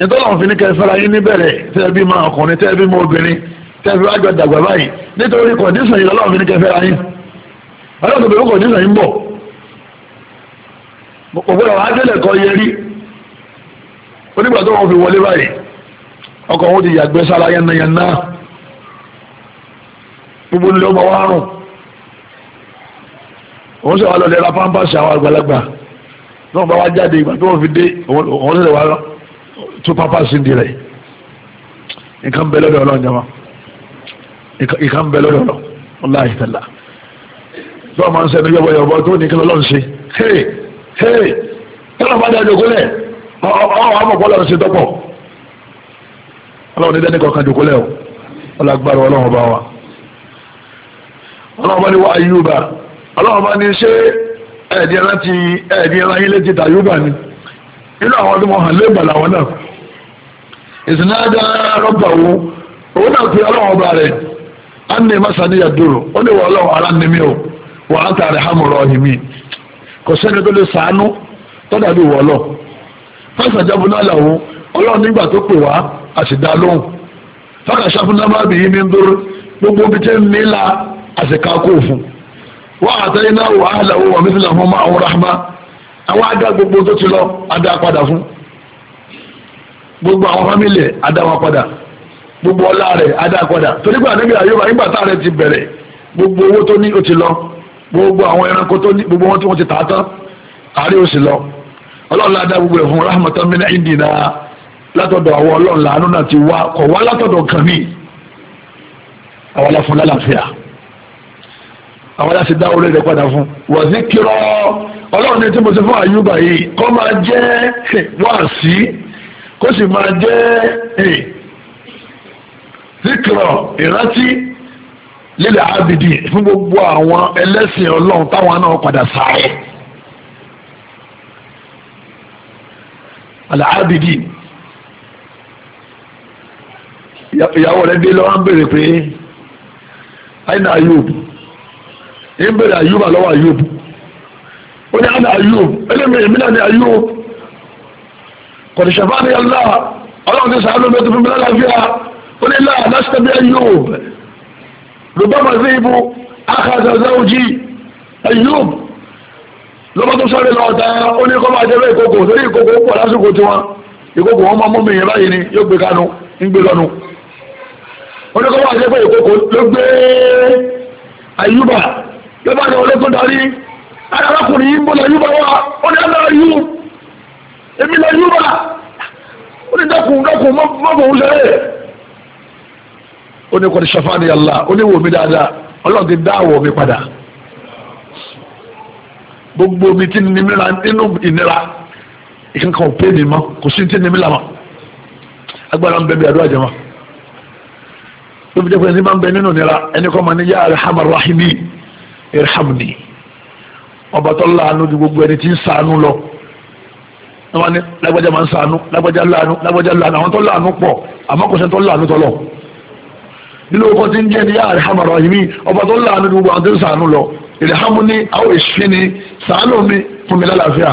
nítorí àwọn fi ní yín níbẹ̀rẹ̀ bí máa ọkùnrin bí máa obìnrin fi wájú báyìí nítorí ògbọ́dọ̀ wá délẹ̀ kọ́ yẹ rí onígbà tó wọn fi wọlé báyìí ọkọ̀ wọn ti yàgbẹ́ sára yannayanna gbogbo nílé ọmọ wa rùn òun sì wà lọ lẹ́ra pampasì àwọn àgbàlagbà náà bá wá jáde ìgbà tó wọn fi dé òun sì wà lọ tó pampasì di rẹ̀ nǹkan bẹ lọ́dọ̀ ọlọ́run jama nǹkan bẹ lọ́dọ̀ ọlọ́run ọlá ìtàlá tó wọn máa ń sẹ́nu yọ̀bọ̀yọ̀bọ̀ tó ní kí lọ́lọ́run ṣe hey. hey tọ́lá bá ọ jòkólẹ̀ ọ̀hún àmọ̀pọ̀ lọ́rọ̀ ṣe tọ́pọ̀ ọlọ́run ní dẹ́ni kọ̀ọ̀kan jòkólẹ̀ o bá wa ọlọ́run bá ní wá ayúbà ọlọ́run bá ní ṣé ẹran ti ẹran yín létí ni inú àwọn ọdún mọ̀hàn lé ìgbàlà wọn náà ìsìnàdà rọ́bà wo òun náà pe ó ní wọ ará o kò sẹ́ni tó lè sàánú tọ́jà bí wọ́ lọ fásitì àjábọ̀ náà làwọn ọlọ́run nígbà tó pè wá a sì dá lóhùn fákàṣà fún náà má bì gbogbo bí tẹ́ ń nílà àṣekà kó fún wá àtẹ́yìn náà wà á làwọn wà mísìlẹ̀ fún ọmọ àwọn rahma gbogbo tó ti lọ adá padà gbogbo àwọn fámìlì adá gbogbo ọlá rẹ̀ adá padà torí pé nígbà gbogbo àwọn ẹranko tó ní gbogbo wọn tí wọ́n ti tà á tán àárẹ̀ òsì lọ ọlọ́run gbogbo indina látọ̀dọ̀ àwọn ọlọ́run làánú ti wá kọ̀ wá látọ̀dọ̀ kan mí àwọn aláfun lálàáfíà àwọn aláṣẹ dá orí rẹ̀ padà fún wọ́sí kírọ́ ọlọ́run ní tí mo ti fún àyùbá yìí kó máa jẹ́ kó sì máa jẹ́ lílẹ̀ abidi fún gbogbo àwọn ẹlẹ́sìn ọlọ́run táwọn náà padà sáré alaabidi ìyàwó rẹ̀ dé lọ́wọ́ ń bèrè pé aina ayub ń bèrè ayub àlọ́wọ́ ayub ó ní aina ayub ẹlẹ́mìí mi náà ní ayub kọ̀dùsàfà ni ọlọ́run ti sàánú mẹ́tò fún mi lálàáfíà ó ní ayub. ربما ذئب ibu زوجي أيوب lọ́bọ́ tó sáré lọ ta ó ní kọ́ máa jẹ́ bẹ́ẹ̀ ìkókò torí ìkókò pọ̀ lásìkò tí wọ́n ìkókò ni yóò gbé kánú ń gbé lọ́nu ó ní kọ́ máa jẹ́ bẹ́ẹ̀ ìkókò ló gbé àyùbá lọ́bà ní olókùn wa ó ní kọ́ni ṣàfà ní Allah ó ní wò mí dáadáa ọlọ́run ti dá àwọ̀ mi padà gbogbo mi ti nímìlá nínú ìnira ìkankan òpé mi mọ kò sí ti nímìlá mọ agbára ń bẹ bí àdúrà jẹmọ lóbi jẹ́ pé ẹni máa ń bẹ nínú ìnira ẹni kọ́ máa ní yá alhamar rahimi irhamni ọba tó láàánú ju gbogbo ẹni tí ń ṣàánú lọ wọn ni lágbájá máa ń ṣàánú lágbájá láàánú lágbájá láàánú àwọn tó láàánú pọ̀ àmọ́ kò sẹ́ni tó láàánú ilé ọkọ̀ tí ń jẹ́ ní yára hamar rahimi ọba tó láàánú gbogbo àti sànú lọ ìrìhámú ní àwọn èṣì ni sàánú mi fún mi lálàáfíà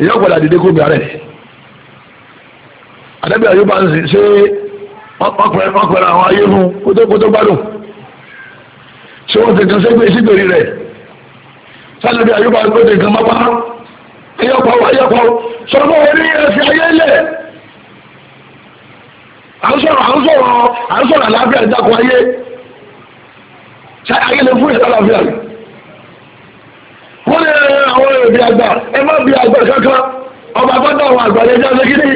èyí ọ̀pọ̀lá dìde kó mi rẹ̀ àdẹ́bíà yóò bá ń sìn ṣé ọkùnrin àwọn ayé fún kótókótó gbádùn ṣé wọ́n ti kan sẹ́gbẹ́ sígbèrè rẹ̀ sálẹ̀bí àyùbá gbọ́dọ̀ kan máa pa ẹ̀yọ́pọ̀ ẹ̀yọ́pọ̀ sọ́dọ̀ à ń sọ̀rọ̀ à ń àlàáfíà ìdákun ayé ayé lè fún ìdákun àlàáfíà rẹ̀ wọ́n lè àwọn èbí àgbà ẹ má bí àgbà kankan ọba àbádọ́ àwọn àgbà lẹ́jà ṣe kíní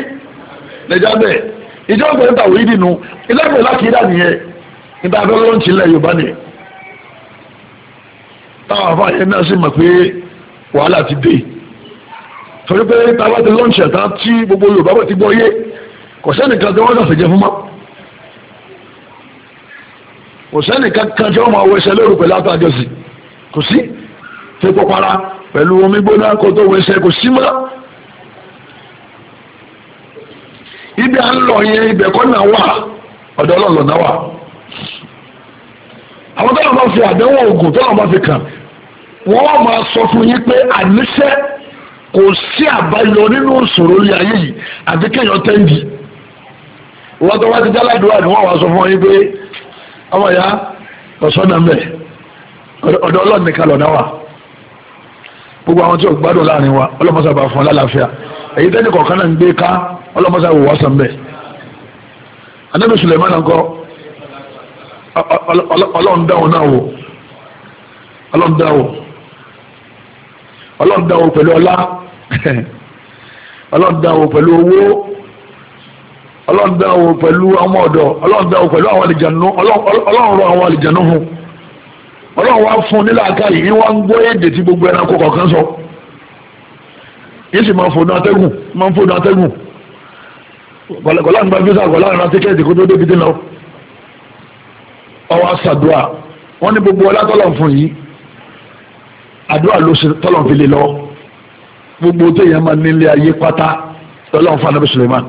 lẹ́jà bẹ́ẹ̀ ìjọ ọgbẹ̀rún tàwọn yìí nínú ilé láti ìdá nìyẹn nígbà abẹ́rẹ́ ló ń tilẹ̀ Yorùbá nìyẹn táwọn àfa yẹn náà sì mọ̀ pé wàhálà ti dé torí pé táwa ti lọ́ǹṣì kò sẹ́nìkan tí wọ́n sàfẹ́ jẹ fún mọ́ kò sẹ́nìkan kan tí wọ́n máa wọ ẹsẹ̀ lóru pẹ̀lú àtàjọsìn kò sí fipò para pẹ̀lú omi gbóná kó tó wọ ẹsẹ̀ kò sí mọ́ ibi à ń lọ yẹn ibẹ̀ kọ́ náà wà ọ̀dọ̀ ọlọ́ọ̀lọ́ náà wà àwọn tó lọ́ fi àdánwò ògùn tó lọ́ fi kàn wọ́n máa sọ fún yín pé àníṣe kò sí àbáyọ nínú ìṣòro ilé ayé yìí àti kéèyàn tẹ́ǹdì wọ́n tó wá ti já ládùúgbò ni wọ́n wá sọ fún ọ yín pé ọmọ ìyá ọ̀sọ́nà ń bẹ̀ ọ̀dọ̀ ọlọ́run nìkan lọ̀nà wà gbogbo àwọn tí ò gbádùn láàrin wa ọlọ́mọsá bá fún ọ lálàáfíà èyí tẹ́ni kọ̀ọ̀kan náà ń gbé ká ọlọ́mọsá wò wá sàn bẹ̀ anábì Suleiman kọ ọlọ́run dáhùn náà wò ọlọ́run dáhùn ọlọ́run dáhùn pẹ̀lú ọlá ọlọ́run dáhùn pẹ̀lú owó ọlọ́run dá o pẹ̀lú ọmọ ọ̀dọ̀ ọlọ́run dá o pẹ̀lú àwọn àlìjànú ọlọ́run rọ àwọn àlìjànú fún ọlọ́run wá fún nílẹ̀ aka yìí ni wọ́n ń gbọ́ èdè tí gbogbo ẹranko kọ̀ọ̀kan sọ yìí sì máa ń fòdùn atẹ́gùn máa ń fòdùn atẹ́gùn kọ̀lá nípa fíṣà kọ̀lá nípa tíkẹ́ẹ̀tì kó tó débi dé lọ ọwọ́ àṣàdùà wọ́n ní gbogbo ọlá tọ́lọ̀ fún yìí àdúrà ló ṣe tọ́lọ̀ fi lè lọ gbogbo tó yẹn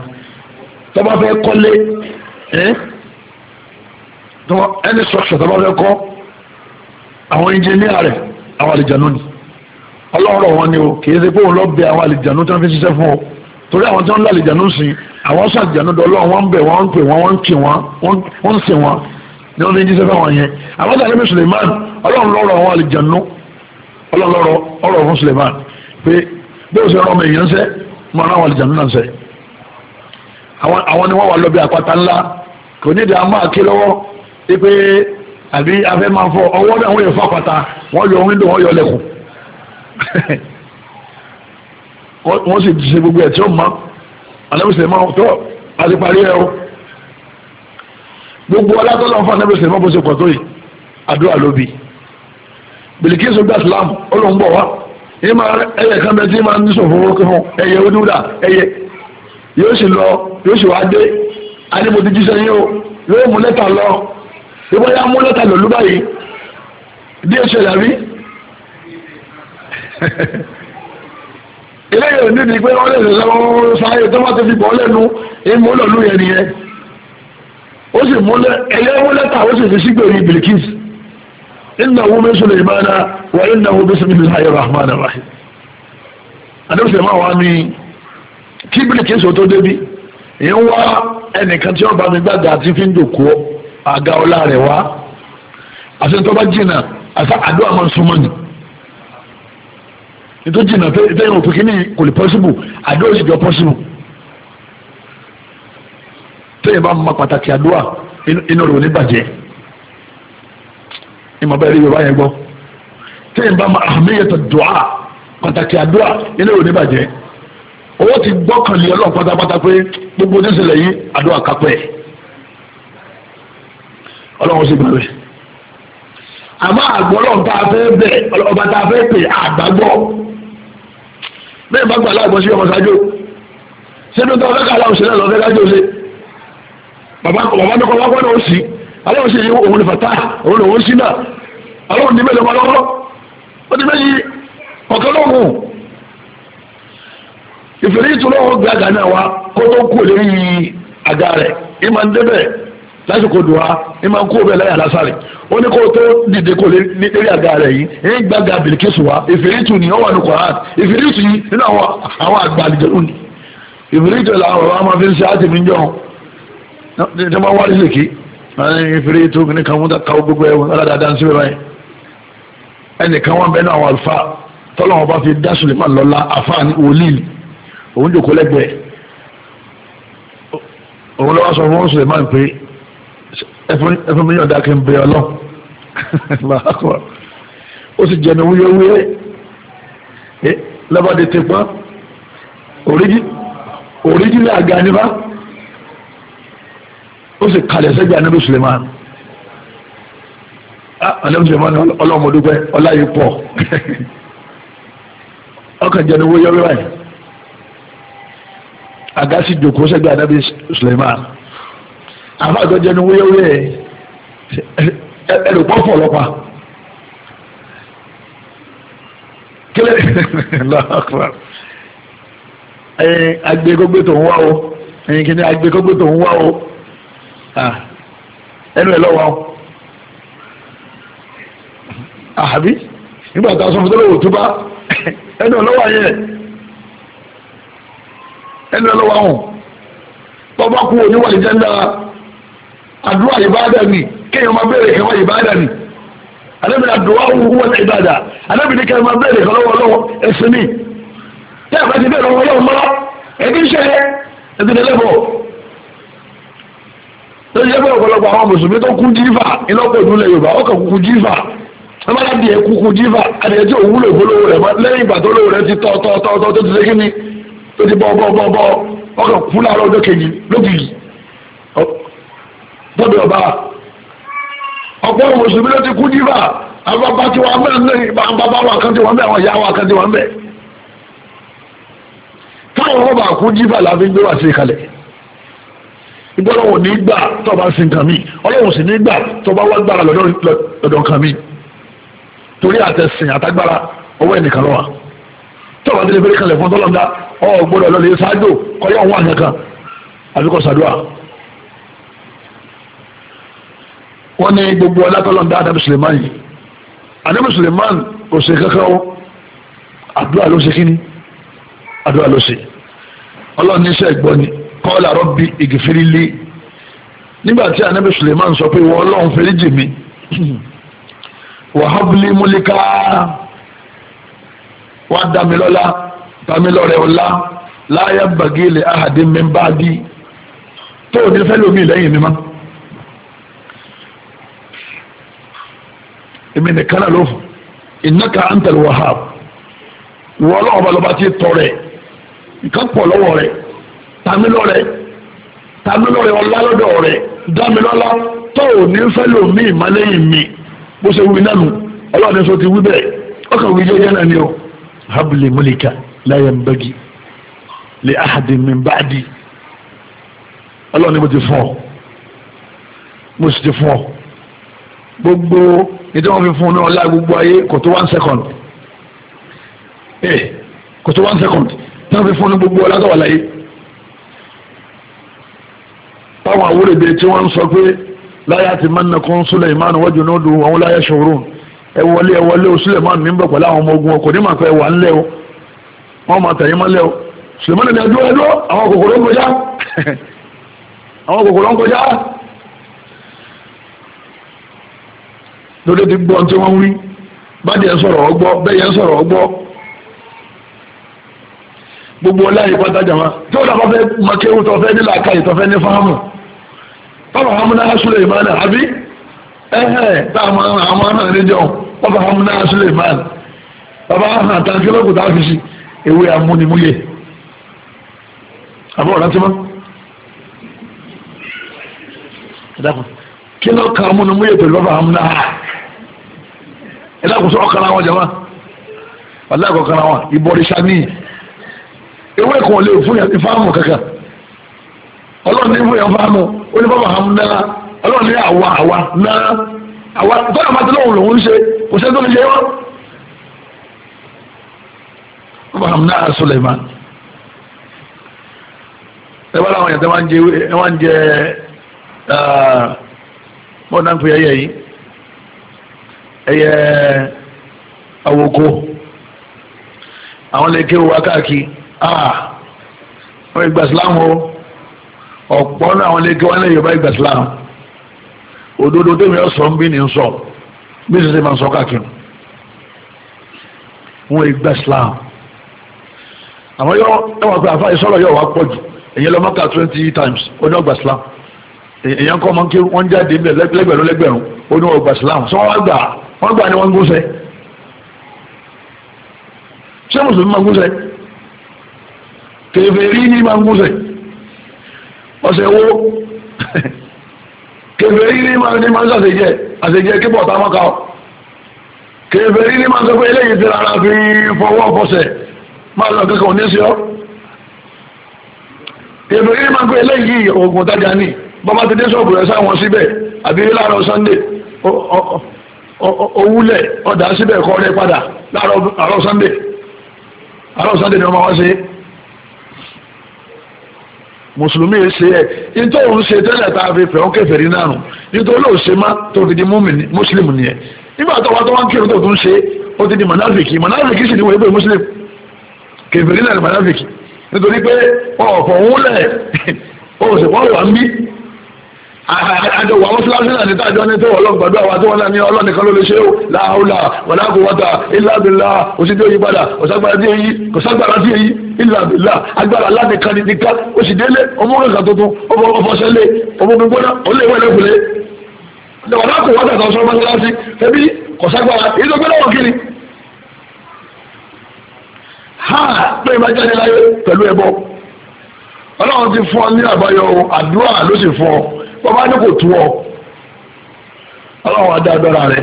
tọ́ba fẹ́ kọ́lé ẹni sọ̀tọ̀ tọ́ba fẹ́ kọ́ àwọn ẹnjìníà rẹ̀ àwọn àlìjánu ni ọlọ́rọ̀ wọn ni o kì í ṣe pé òun lọ bẹ àwọn àlìjánu tí wọ́n fi ṣiṣẹ́ fún ọ torí àwọn tí wọ́n ń lọ àlìjánu sí àwọn sọ àlìjánu dọ̀ ọlọ́run wọ́n ń bẹ̀ wọ́n ń pè wọ́n wọ́n ń kì wọ́n wọ́n ń sìn wọ́n ni wọ́n fi ń jíṣẹ́ fáwọn yẹn àwọn tí àlẹ́bí Suleiman ọlọ́run àwọn àlìjánu ọlọ́run lọ́rọ̀ fún Suleiman pé bí o ṣe rọ ọmọ èèyàn ṣẹ́ mọ àwọn àlìjánu náà ṣẹ́ àwọn ni wọ́n wà lọ́bí àpáta ńlá kò ní ìdá máa ké lọ́wọ́ pé àbí afẹ́ máa fọ ọwọ́ náà wọ́n yẹ fún àpáta wọ́n yọ wíńdò wọ́n yọ lẹ́kùn wọ́n sì ṣe gbogbo ẹ̀ tí ó mọ́ anábìsẹ̀ máa tọ́ àti parí ẹ̀ o gbogbo alátọ́lọ́ fún anábìsẹ̀ máa bó ṣe pọ̀ tó yìí àdúrà lóbi bìlìkísù gba islam ó lóun bọ̀ wá ìmọ̀ ẹ̀yẹ kan bẹ tí máa ń sòfò fún ẹ̀yẹ onídùúdà ẹ̀yẹ yóò sì lọ yóò sì wá dé alẹ́bùdí jíṣẹ́ yín o yóò mú lẹ́tà lọ ìwọ yà mú lẹ́tà lọ lúbà yìí bí o ṣẹlẹ̀ rí ilé yẹn nídìí pé wọ́n lè sọ sáyé tó wọ́n ti fi bọ́ lẹ́nu ìmú lọ́lú yẹn nìyẹn ó sì mú ẹ̀yẹ́ mú lẹ́tà ó sì fi sígbèrè Bilkis innahu min Sulaymana wa innahu bismillahir rahmanir rahim adébísẹ̀ máa wá ní kí bíríkìsì tó débi ìyẹn wá ẹnìkan tí wọ́n bá mi gbàgbà àti fi ń dòkú àga ọlá rẹ̀ wá àti tó bá jìnnà àti àdó àmọ́ súnmọ́ ni nítorí jìnnà pé ìtẹ́yìn òfin kìíní kò lè pọ́sibù àdó òsìjọ́ pọ́sibù tẹ́yìn bá ma pàtàkì àdúrà inú rẹ̀ ò ní bàjẹ́ ìmọ̀ bẹ́ẹ̀ rí yorùbá yẹn gbọ́ tẹ́yìn bá ma àmì yẹtọ̀ dùà pàtàkì àdúrà inú rẹ̀ ní bàjẹ́ owó ti gbọ́kànlé ọlọ́run pátápátá pé gbogbo oníṣẹ̀lẹ̀ yìí àdúrà kápẹ́ ẹ̀ ọlọ́run sì gbàgbé àmọ́ àgbọ̀ ọlọ́run tá a fẹ́ bẹ̀ ọba tá a fẹ́ pè àgbàgbọ́ bẹ́ẹ̀ bá gbà láàgbọ́ sí ọmọ ṣáájú sẹ́dún tó ọlọ́kà aláwọ̀ sílẹ̀ lọ́fẹ́ lájọ́ ṣe bàbá tó kọ́ wọ́pọ̀ náà ó sì aláwọ̀ sì yí òun fàtà òun lòun sí náà aláwọ̀ ní mẹ́lẹ̀ ọmọ lọ́wọ́ ó ti fẹ́ yí ọ̀kẹ́ lọ́wọ́ ìfèrè ìtúlọ́wọ́ gbé àga náà wá kó tó kú lórí àga rẹ̀ ìmọ̀ ń débẹ̀ lásìkò dùwà ìmọ̀ ń kú bẹ́ẹ̀ láyà lásàrè ó ní kó tó dìde kó lé eré àga rẹ̀ yìí èyí gbàgà bìlìkìsù wa ìfèrè ìtù ni ó wà ní koran ìfèrè ìtù yìí nínú àwọn àwọn àgbà àlìjẹ̀lú ni ìfèrè ìtù làwọn bàbá máa fi ń ṣe àti mi jọ ní ma wá lílè kí ìfèrè ìtù ní kan múta káwó gbogbo ẹ̀wọ̀n aládàáda ń síbẹ̀ báyìí ẹnìkan wọn bẹ́ẹ̀ náà àwọn àlùfáà tọ́lọ́wọ́n bá fi dá Suleiman lọ́la àfáà ní wòlíì òun jòkó lẹ́gbẹ̀ẹ́ òun lọ́wọ́ sọ fún Suleiman pé ẹfún mi yàn dá kí n bẹ ọlọ́ ó sì jẹnu wúyẹwúyẹ lọ́bàdé ti pọ́n òríjìlẹ̀ àga nípa ó sì kalẹ̀ sẹ́jà níbi Suleiman ọlọ́run Suleiman ọlọ́mọdúpẹ́ ọláyé pọ̀ ọkàn jẹnu wúyẹwúyẹ báyìí agasi joko sẹgbẹ anabi suleiman àfa àtọjẹnu wúyẹwúyẹ ẹlòpọ fún ọlọpàá kílẹ lọkọ ẹyin agbẹgbẹgbẹ tó ń wá o ẹyin kìíní agbẹgbẹgbẹ tó ń wá o ẹnu ẹ lọ́wọ́ o àbí nígbà tá a sọ fún tẹ́lẹ̀ òtúbá ẹnu ẹ lọ́wọ́ ayẹ ẹni lọ́wọ́ àwọn tọ́ba kú òní wà lìjẹ́ ńlá àdúrà ìbáadà ni kéèyàn máa bẹ̀rẹ̀ ìkẹwà ìbáadà ni alábìnrin àdúrà òwú wọn ìbáadà alábìnrin kéèyàn máa bẹ̀rẹ̀ ìkẹwà lọ́wọ́ lọ́wọ́ ẹ̀sìn ni tẹ́ ẹ̀ bá ti bẹ̀rẹ̀ ọwọ́ lọ́wọ́ mọ́ra ẹ̀dí iṣẹ́ ẹ̀dí ẹlẹ́bọ̀ ló yẹ bẹ́ẹ̀ ọ̀pọ̀lọpọ̀ àwọn mùsùlùmí tó kú jífà ìlọ́pọ̀ ìdúlẹ̀ Yorùbá ọkọ̀ kúkú jífà ẹ má dá di ẹ jífà adìyẹ tí òwúlò ìgbólówó rẹ̀ lẹ́yìn ìgbà tó lówó rẹ̀ ti tọ́ tọ́ tọ́ tó ti ṣe kí ni tó ti bọ́ bọ́ bọ́ bọ́ ọkọ̀ kú láàárọ̀ ọjọ́ kejì lókìkì tọ́bẹ̀ ọba ọ̀pọ̀ mùsùlùmí ló ti kú jífà àbábá tí wọ́n mẹ́rin ní bàbá wa kan tí wọ́n mẹ́ àwọn ìyá wa kan tí wọ́n mẹ́ táwọn ọba kú jífà láfi gbé wá sí ìkàlẹ̀ ìgbọ́lọ́wọ̀ ní gbà tọba sí nǹkan mi ọlọ́wọ̀ sì ní gbà tọba wá gbára lọ́dọ̀ nǹkan mi torí àtẹ̀sìn àtagbára ọwọ́ ẹnìkan lọ́wọ́ tọba délé fẹ́rẹ́ kalẹ̀ fún tọ́lọ́dá ọ gbọ́dọ̀ lọ lè ṣáájò kọyọ òun àyàn kan àbíkọ ṣàdúrà wọn ní gbogbo ọlátọlọ ń dá Adam Suleiman yìí Adam Suleiman kò ṣe kankan o àdúrà ló ṣe kíni àdúrà ló ṣe Ọlọ́run níṣẹ́ ìgbọ́ ni kọ́ọ̀lá rọ́bì ìgìfìrílé nígbà tí Anabi Suleiman sọ pé ìwọ Ọlọ́run fẹ́ríjì mi wàhábùlì múlíkà wàá dá mi lọ́lá tamilọrẹ ọlá láyà bàgẹ́lẹ̀ ahàdé mẹ́mbàdì tó ní fẹ́ lómi lẹ́yìn mímá èmi nìkan náà ló fún ìnáka antal wahab wọ́n ọlọ́wọ́ balọ̀bá ti tọ̀ rẹ̀ nǹkan pọ̀ lọ́wọ́ rẹ̀ tamilọrẹ tamilọrẹ ọlá lọ́dọ̀ rẹ̀ dámilọ́lá tó ní fẹ́ lómi ìmọ̀lẹ́yìn mi bó ṣe wí nánu ọlọ́ọ̀dẹ́sọ ti wí bẹ́ẹ̀ ọkàn wíjọ́ yẹn náà ni ó habli mulika. لا yanbaghi لأحد من بعدي. الله ọlọ́run ni مش ti fún ọ mo sì ti fún ọ gbogbo ètò wọn fi fún un ní ọlá gbogbo ayé kò tó one second ee kò tó one second tí wọn fi fún un ní gbogbo ọlá tó wà láyé táwọn àwòrán tí wọn sọ pé láyé àti mánakún Suleiman wájú náà dùn àwọn láyé ṣòro ẹ wọlé ẹ wọlé o Suleiman mi ń bọ̀ pẹ̀lú àwọn ọmọ ogun ọkọ̀ ní màá pẹ́ wà ń lẹ́ wọ́n máa tẹ̀yìn mọ́lẹ̀ o Suleman ní ẹjọ́ ẹjọ́ àwọn kòkòrò ń kọjá àwọn kòkòrò ń kọjá ti gbọ́ tí wọ́n wí bájẹ́ ń sọ̀rọ̀ ọgbọ́ bẹ́yẹ ń sọ̀rọ̀ ọgbọ́ gbogbo ọláyé pátájà wa tí ó dàbọ̀ fẹ́ makéwu tọ́fẹ́ nílà káyì tọ́fẹ́ ní fáàmù àbí ẹ̀hẹ́ tá a máa ń bàbá tàǹkì fi ewé amúnimúyè àbọ̀ ọ̀rá tí mọ́ ẹ̀dàkùn kí ló ka amúnimúyè pẹ̀lú bàbá amúnà ẹ̀dàkùn sọ ọ̀kan àwọn jama aláàkọ̀kan àwọn ìbọ̀rìṣà ní ewé kan lè fún yàtí fáàmù kankan ọlọ́ọ̀ni fún yàtí fáàmù ó ní bàbá ọlọ́ọ̀ni àwa àwa náà àwa tọ́lá máa lòún ṣe kò ṣe wọ́n. wàhámnà Suleiman ẹgbẹ́ àwọn èèyàn tó wọ́n ń jẹ wọ́n náà ń pè ẹyẹ yìí ẹyẹ awoko àwọn lè káàkiri ìgbà Islam o ọ̀pọ̀ náà àwọn lè ìgbà Islam òdodo ń bí ní sọ bí máa ń sọ káàkiri ìgbà Islam. àwọn yọ ẹwà pé àfa ìsọ̀rọ̀ yọ wá pọ̀ jù èyàn lọ mọ́kà twenty times ó ní ọgbà islam èyàn kọ́ mọ́ kí wọ́n jáde ibẹ̀ lẹ́gbẹ̀rún lẹ́gbẹ̀rún ó ní ọgbà islam sọ wọ́n gbà wọ́n gbà ni wọ́n gúnṣẹ́ ṣé mùsùlùmí máa gúnṣẹ́ kèfèrí ní máa gúnṣẹ́ ọ̀sẹ̀ wo kèfèrí ní máa ní máa ń ṣàṣejẹ àṣejẹ kí bọ̀ọ̀tà mọ́ka kèfèrí ní máa ń sọ pé eléyìí ti rárá fi fọwọ́ fọsẹ̀ máa lọ kankan òní sí ọ. èbèrè yìí máa ń pè eléyìí oògùn tajà ní bọ́bá ti dé sọ́ọ̀bù rẹ̀ sáwọn síbẹ̀ àbí láàárọ̀ sunday owúlẹ̀ ọ̀dà síbẹ̀ kọ́ rẹ̀ padà láàárọ̀ sunday àárọ̀ sunday ni wọ́n máa wá sí mùsùlùmí yìí ṣe tó tún ṣe ó ti di mọ̀nàfìkì mọ̀nàfìkì sì ni wọ́n ebe mùsùlùmí kèfèrí náà ní mùnáfíkì nítorí pé ọ̀fọ̀ òun lẹ̀ oṣù wọn wà ń bí àjọ wà wọn fúláṣí náà ní tájọ ní tẹwọ ọlọ́run gbàdúrà wa tí wọn náà ní ọlọ́run nìkan ló lè ṣe ó làhùlà wàlàkùwàtà ìlàbìlà òsì tí ó yí padà kòsàgbára tí èyí kòsàgbára tí èyí ìlàbìlà agbára láti kan ní nìkan oṣù délé ọmọ kankan tuntun ọmọ ọfọṣẹlẹ ọmọ gbígbóná olè wẹlẹ kulẹ wàlàkùwàtà tó sọ mọ́ṣáláṣí ẹbí kòsàgbára ìlú gbẹ́lẹ́wọ̀n kiri ha pé ìbá jáde láyé pẹ̀lú ẹbọ ọlọ́run ti fún ọ ní àbáyọ àdúrà ló sì fún ọ bàbá ní kò tú ọ ọlọ́run adé agbára rẹ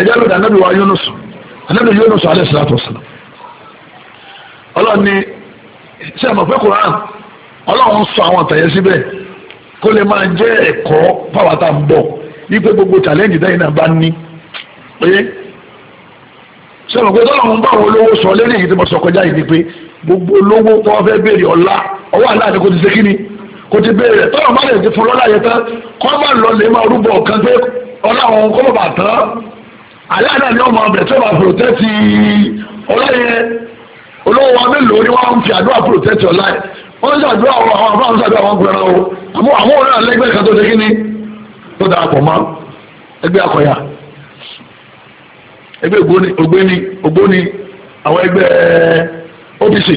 ẹjẹ́ ló dé anábì wa Yunus anábì Yunus alẹ́ sílá tó sílá ọlọ́run ní ṣé àmọ̀ pé Quran ọlọ́run sọ àwọn síbẹ̀ kó lè máa jẹ́ ẹ̀kọ́ sọ̀rọ̀ pé tọ́lọ́run bá àwọn olówó sọ lẹ́nu èyí tí mo sọ kọjá yìí ni pé gbogbo olówó tó wọ́n fẹ́ béèrè ọ̀la ọwọ́ àlá ni kò ti ṣe kí kò ti béèrè tọ́lọ́run bá lè ti fún lọ́la yẹn tán kọ́ bá lọ lè máa rúbọ kan pé ọ̀la àwọn kọ́ bàbà tán ni ọmọ bá ọ̀la yẹn olówó ẹgbẹ́ ògbóni ògbóni àwọn ẹgbẹ́ obc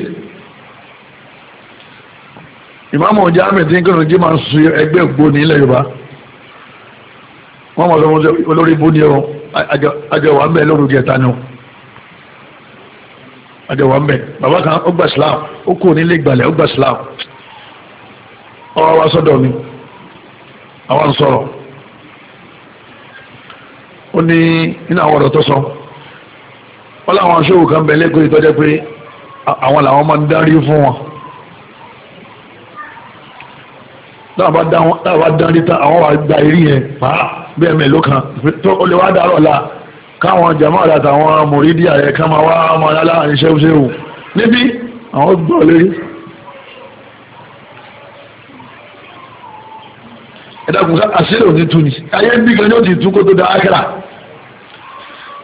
ìmáàmù ọjà ahmed nkànnì jí máa ń sun ẹgbẹ́ ògbóni ilẹ̀ yorùbá wọ́n mọ̀ lọ́wọ́ olórí bóni ọ àjọwà ń bẹ̀ lórí gẹ̀ẹ́ta ni ń bẹ̀ bàbá kan ó gba islam ó kú onílé ìgbàlẹ̀ ó islam ọwọ́ wa sọ́dọ̀ mi àwọn sọ̀rọ̀. ó ní nínú àwọn ọ̀rọ̀ tó sọ wọ́n láwọn aṣọ́wò kan bẹ̀ lẹ́kọ̀ọ́ ìtọ́jẹ́ pé àwọn làwọn máa ń dárí fún wọn láwọn dárí tán àwọn wà gba eré yẹn pa bẹ́ẹ̀ mélòó kan tó o wá dárọ̀ la káwọn jama àtàwọn mòrídìí ààrẹ kan máa wá ọmọ aláàrin ṣẹ́wúṣẹ́wù níbi àwọn gbọ́ lórí. ẹ̀dàkùn sá àṣírí òní tu ni ayé ń bí gan yóò ti tú kó tó da ákàrà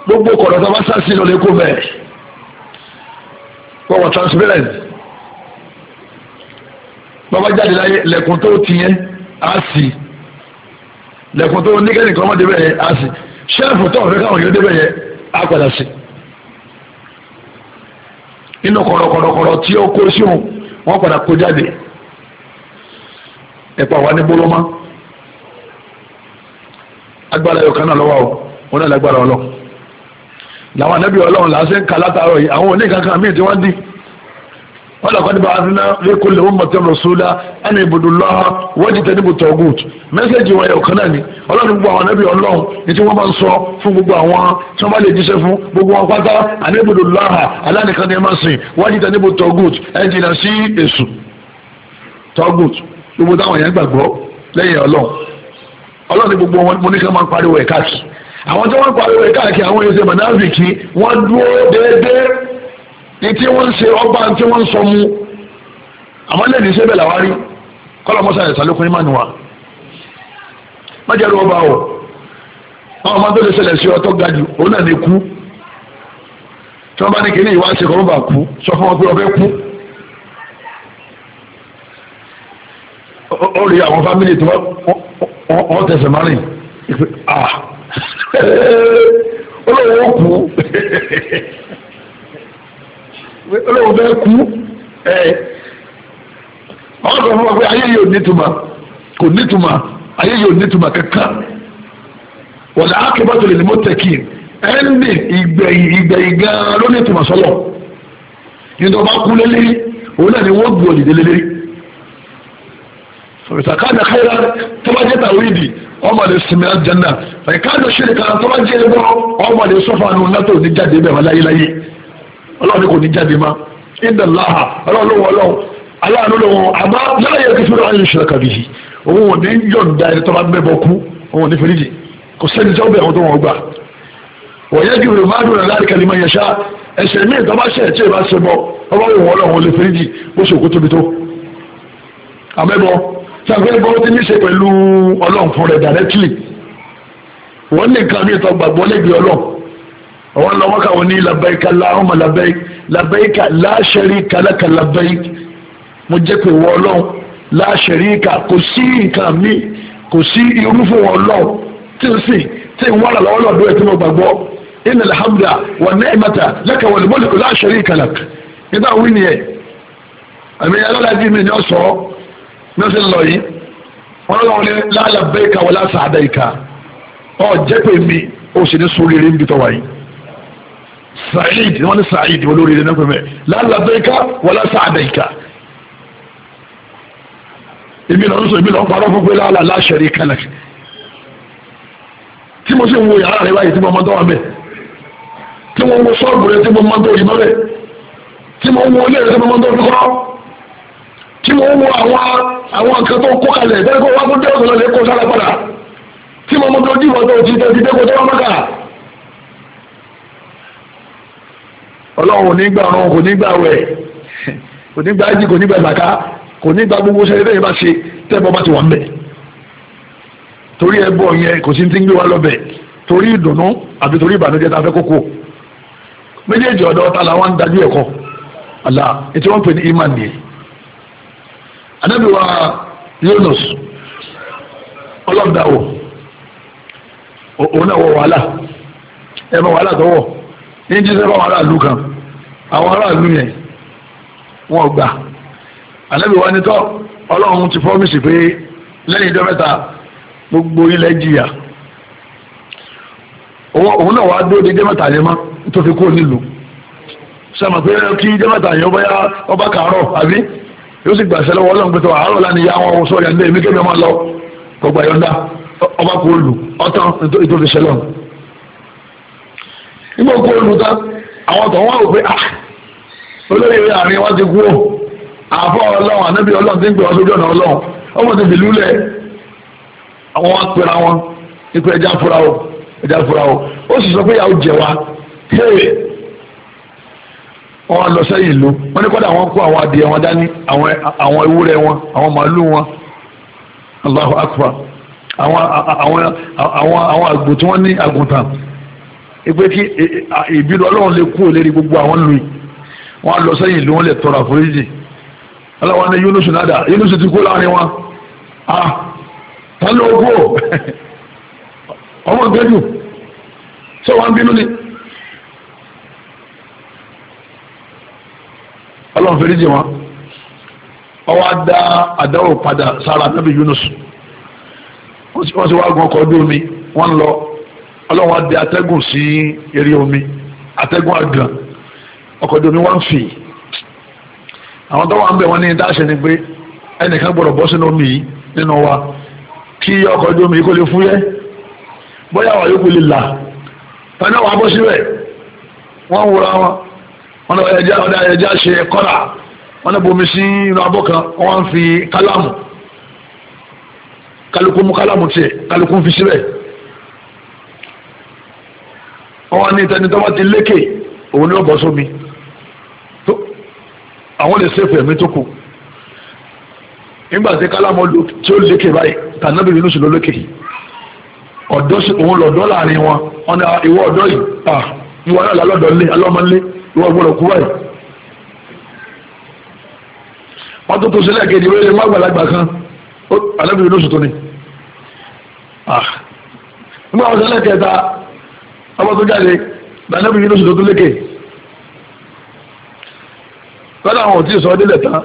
gbogbo kọ̀ọ̀dọ̀ tó bá sàṣì lọ lè kó bẹ́ẹ̀ wọ́n wọ transparent bàbá jáde láyé lẹ́kùn tó ti yẹn á sì lẹ́kùn tó nígẹ́nì kan mọ́tò bẹ́ẹ̀ yẹn á sì ṣẹ́ẹ̀fù tó ọ̀fẹ́ káwọn yóò dé bẹ́ẹ̀ yẹn á padà sí inú kọ̀rọ̀kọ̀rọ̀kọ̀rọ̀ tí ó kó sí òun wọ́n padà kó jáde ẹ̀pà wà ní bólọ́mọ́ agbára ẹ̀yọ̀ kan náà lọ́wọ́ o wọn náà lágbára ọlọ́ làwọn anábì ọlọ́run là ń ṣe ń ka látàárọ̀ yìí àwọn oní kankan míì tí wọ́n dín wọn làkọ́ nípa asinà lẹ́kọ́ lè wọ́n mọ̀tẹ́ rọ̀ṣúlá ẹni ibùdó lọ́wọ́ wọ́n ti tẹ́lẹ̀ ibùtọ̀ gùt mẹ́sẹ̀gì wọn ẹ̀yọ̀ kan náà ni ọlọ́run gbogbo àwọn anábì ọlọ́run ní tí wọ́n máa ń sọ fún gbogbo àwọn tí wọ́n bá lè jíṣẹ́ fún gbogbo wọn pátá ẹni ibùdó lọ́wọ́ alánìkan ni ẹ máa sìn wọ́n ti tẹ́lẹ̀ ibùtọ̀ gùt ẹ jìnnà sí èṣù tọ́gùt gbogbo táwọn yẹn gbàgbọ́ lẹ́yìn ọlọ́run ọlọ́run gbogbo wọn mo ní kí wọ́n máa pariwo ẹ̀ káàkiri àwọn tí wọ́n pariwo ẹ̀ káàkiri àwọn ẹ̀ṣẹ̀ mọ̀nàfíkì wọ́n dúró déédéé ní tí wọ́n ń ṣe ọba tí wọ́n ń sọ mu àmọ́ lẹ́nu iṣẹ́ bẹ́ẹ̀ làwárí kọ́lọ́mọ́sá ẹ̀ sàlókun ìmánu wa májẹ̀rú ọba o àwọn ọmọ tó lè ṣẹlẹ̀ sí ọtọ́ gajù òun náà lè kú tí wọ́n bá ní kíní ìwà ṣe kọ́mọ́bà kú sọ fún wọn pé ọbẹ̀ kú ó rí àwọn fámìlì tó wọ́n ọ tẹsẹ̀ márìn ìpè ah olówó kú olówó bẹ́ẹ̀ kú ẹ̀ wọ́n sọ fún wa pé ayé yóò nítumọ̀ kò nítumọ̀ ayé yóò nítumọ̀ kankan wọ́n lè ákébàtò lè ní mọ́tẹ́kì ẹ̀ndì ìgbẹ̀yìn ìgbẹ̀yìn gan-an ló ní ìtumọ̀ sọ́lọ̀ nítorí wọ́n bá kú lélẹ́rí òun náà ni wọ́n gbòòlì lélẹ́rí ìsàkánà káyà tọ́bajẹ́ tàwídì ọmọ lè sinmi àjẹnà ìkánà ṣèlè kan tọ́bajẹ́ ẹgbọ́ ọmọ lè sọ́fà nù látò ní jáde bẹ́ẹ̀ wọ́n láyéláyé ọlọ́run kò ní jáde má ìdàláhà ọlọ́run ọlọ́run aláàánú lọ́wọ́ àmọ́ láyé kí fúnra ayé ṣe kàbí yìí òun ò ní yọ̀ǹda ẹni tọ́ba mẹ́bọ kú òun ò ní fèrèjì kò sẹ́ni tí ó bẹ̀ ọ̀dọ́ wọn gbà wọ̀nyẹ́ kí wọ́n máa dùn láti kẹ́lí máa yẹ̀ṣá ẹsẹ̀ míì tọ́ba ṣẹ̀ tí ì bá ṣe bọ́ ọba wò wọ́n lọ́wọ́ lè fèrèjì bó ṣe òkú tóbi tó àmẹ́bọ sàgbé bọ́lá ti ní ṣe pẹ̀lú ọlọ́run fún rẹ̀ directly wọ́n ní nǹkan mìíràn gbàgbọ́ lẹ́gbẹ̀ẹ́ ọlọ́run àwọn ọlọ́wọ́ káwọn ní labẹ́ika láhùnmá labẹ́ik labẹ́ika láṣẹ̀rí kàlákà labẹ́ik mo jẹ́ pé wọ́n ọlọ́run láṣẹ̀rí kà kò sí nǹkan mi kò sí irú fún wọn ọlọ́run tí n sìn tí n wàrà lọ́wọ́ lọ́dọ̀ ẹ̀ tí mo gbàgbọ́ inna alhamda wa ni'mata laka wal mulku láṣẹ̀rí kàlákà nígbà wí nìyẹn àmì alálàájì mi ni ọ sọ ní o sì ń lọ yìí wọn lọ́wọ́ ní lálẹ́ bẹ́ẹ̀ ká wọlé àṣà àdá ìka ọ jẹ́ pé mi o sì ní sórí rẹ̀ níbi tọ́wá yìí Saheed wọn ní Saheed olórí rẹ̀ náà pẹ̀mẹ́ lálẹ́ bẹ́ẹ̀ ká wọlé àṣà àdá ìka èmi lọ sọ èmi lọ parọ́ fún pé lálẹ́ aláṣẹ̀rí kálẹ̀ tí mo sì ń wo yàrá rẹ báyìí tí mo mọ tọ́wọ́ bẹ́ẹ̀ tí mo wo sọ́ọ̀bù rẹ tí mo mọ tọ́wọ́ yìí mọ́ tí mo wo ilé rẹ tí mo mọ tọ́wọ́ fi kọ́ tí mo wo àwọn àwọn nǹkan tó kó kalẹ̀ bẹ́ẹ̀ kó wá fún dé ọ̀sán lọ́lẹ̀ kó sára padà tí mo mọ tó dìbò tó ti tẹ́ ti dé kó tó wá mọ́kà. ọlọ́run kò ní gbà ọ̀run kò ní gbà wẹ̀ kò ní gbà ájì kò ní gbà ìbàká kò ní gbà gbogbo sẹ́yìn bẹ́ẹ̀ bá ṣe tẹ́ bọ́ bá ti wà ń bẹ̀. torí ẹbọ yẹn kò sí ti ń gbé wa lọ́bẹ̀ torí ìdùnnú àti torí ìbànújẹ́ tá a fẹ́ kókó méjèèjì ọ̀dọ́ ta làwọn ń dájú ẹ̀kọ́ àlà ètò wọn pè ní imán nìyẹn ànábì wa Yunus ọlọ́dàwọ̀ òun náà wọ wàhálà ẹ wàhálà tọwọ́ ní jíjẹ́ bá wàhálà lù kan àwọn aráàlú yẹn gbà wa nítọ́ ọlọ́run ti fọ́mísì pé lẹ́yìn ìjọ gbogbo ilẹ̀ jìyà òun náà wàá dúró de yẹn mọ́ fi nílùú sọ ma pé kí jẹ́mẹ́ta yẹn ọba àbí yóò sì gbàṣẹ lọ́wọ́ ọlọ́run pé tó àárọ̀ láni ya wọn oṣù ọ̀rẹ́ ẹ̀mí kébì ọmọ lọ gbogbo àyọ̀ǹda ọba kò lù ọtán nítorí ṣẹlẹ̀ ọ̀hún. nígbà kó lù tán àwọn tó wọ́n rò pé ah olóyè rẹ̀ àárín wọn ti kú ò àfọ́ ọlọ́run ànábì ọlọ́run ti ń pè wọ́n sójú ọ̀nà ọlọ́run ọmọ ti dìlú lẹ̀ àwọn wọn pera wọn ipò ẹja fura o ẹja fura o ó sì sọ pé ìyàwó jẹ wa hey wọ́n lọ sẹ́yìn ìlú wọ́n ní kọ́dà wọ́n kó àwọn adìẹ wọn dání àwọn ewúrẹ́ wọn àwọn màálù wọn Allahu Akbar àwọn àwọn àwọn àgbò tí wọ́n ní àgùntàn ìpè kí e, e, ìbílọ Ọlọ́run lè kú òlérí gbogbo àwọn lu yìí wọ́n lọ sẹ́yìn ìlú wọ́n lè tọrọ àforíjì aláwọn ní Yunus nada Yunus ti kú láàrin wọn ah tani ó kú ọ ọmọ gẹ́jù sọ wọn bínú ni. ọlọ́run fèrè jẹ wọn ọwọ́ adá àdáwò padà sára nàbí Yunus wọ́n sì wá gun ọkọ̀ ojú omi wọ́n lọ ọlọ́run adé atẹ́gùn sí eré omi atẹ́gùn àgàn ọkọ̀ ojú omi wọ́n fì àwọn tó wà ń bẹ̀ wọ́n ní dáṣẹ ni pé ẹnìkan gbọ́dọ̀ bọ́ sínú omi yìí nínú wa kí ọkọ̀ ojú omi kó lè fúyẹ́ bóyá àwọn yòókù lè là tani àwọn abọ́ síbẹ̀ wọ́n wúra wọn wọn náà ẹja ọ̀dà ẹja ṣe kọ́ra wọn náà bomi sí inú abọ́ kan wọn fi kálámù kálukú mú kálámù tiẹ̀ kálukú fi síbẹ̀ wọn ní ìtẹnitọ́ wọn ti lékè òun ni ó bọ́ sómi àwọn lè sèpè ẹ̀mí tó kù nígbà tí kálámọ̀ tí ó lékè báyìí tànàbí nínú sì ló lékè ọ̀dọ́ sí òun lọ̀dọ́ láàrin wọn wọn ni ah, ìwọ ọ̀dọ́ yìí ah, ìwọ náà lọ́dọ̀ lé alọ́mọlé ìwọ gbọ́dọ̀ kú báyìí wọ́n tó tó sílẹ̀ kejì wọ́n má gbàlagbà kan alábìrin lóṣù tó ni ah. nígbà wọn sílẹ̀ kẹta ọmọ tó jáde alábìrin lóṣù tó tó lékè lọ́dọ̀ àwọn òtí sọ délẹ̀ tán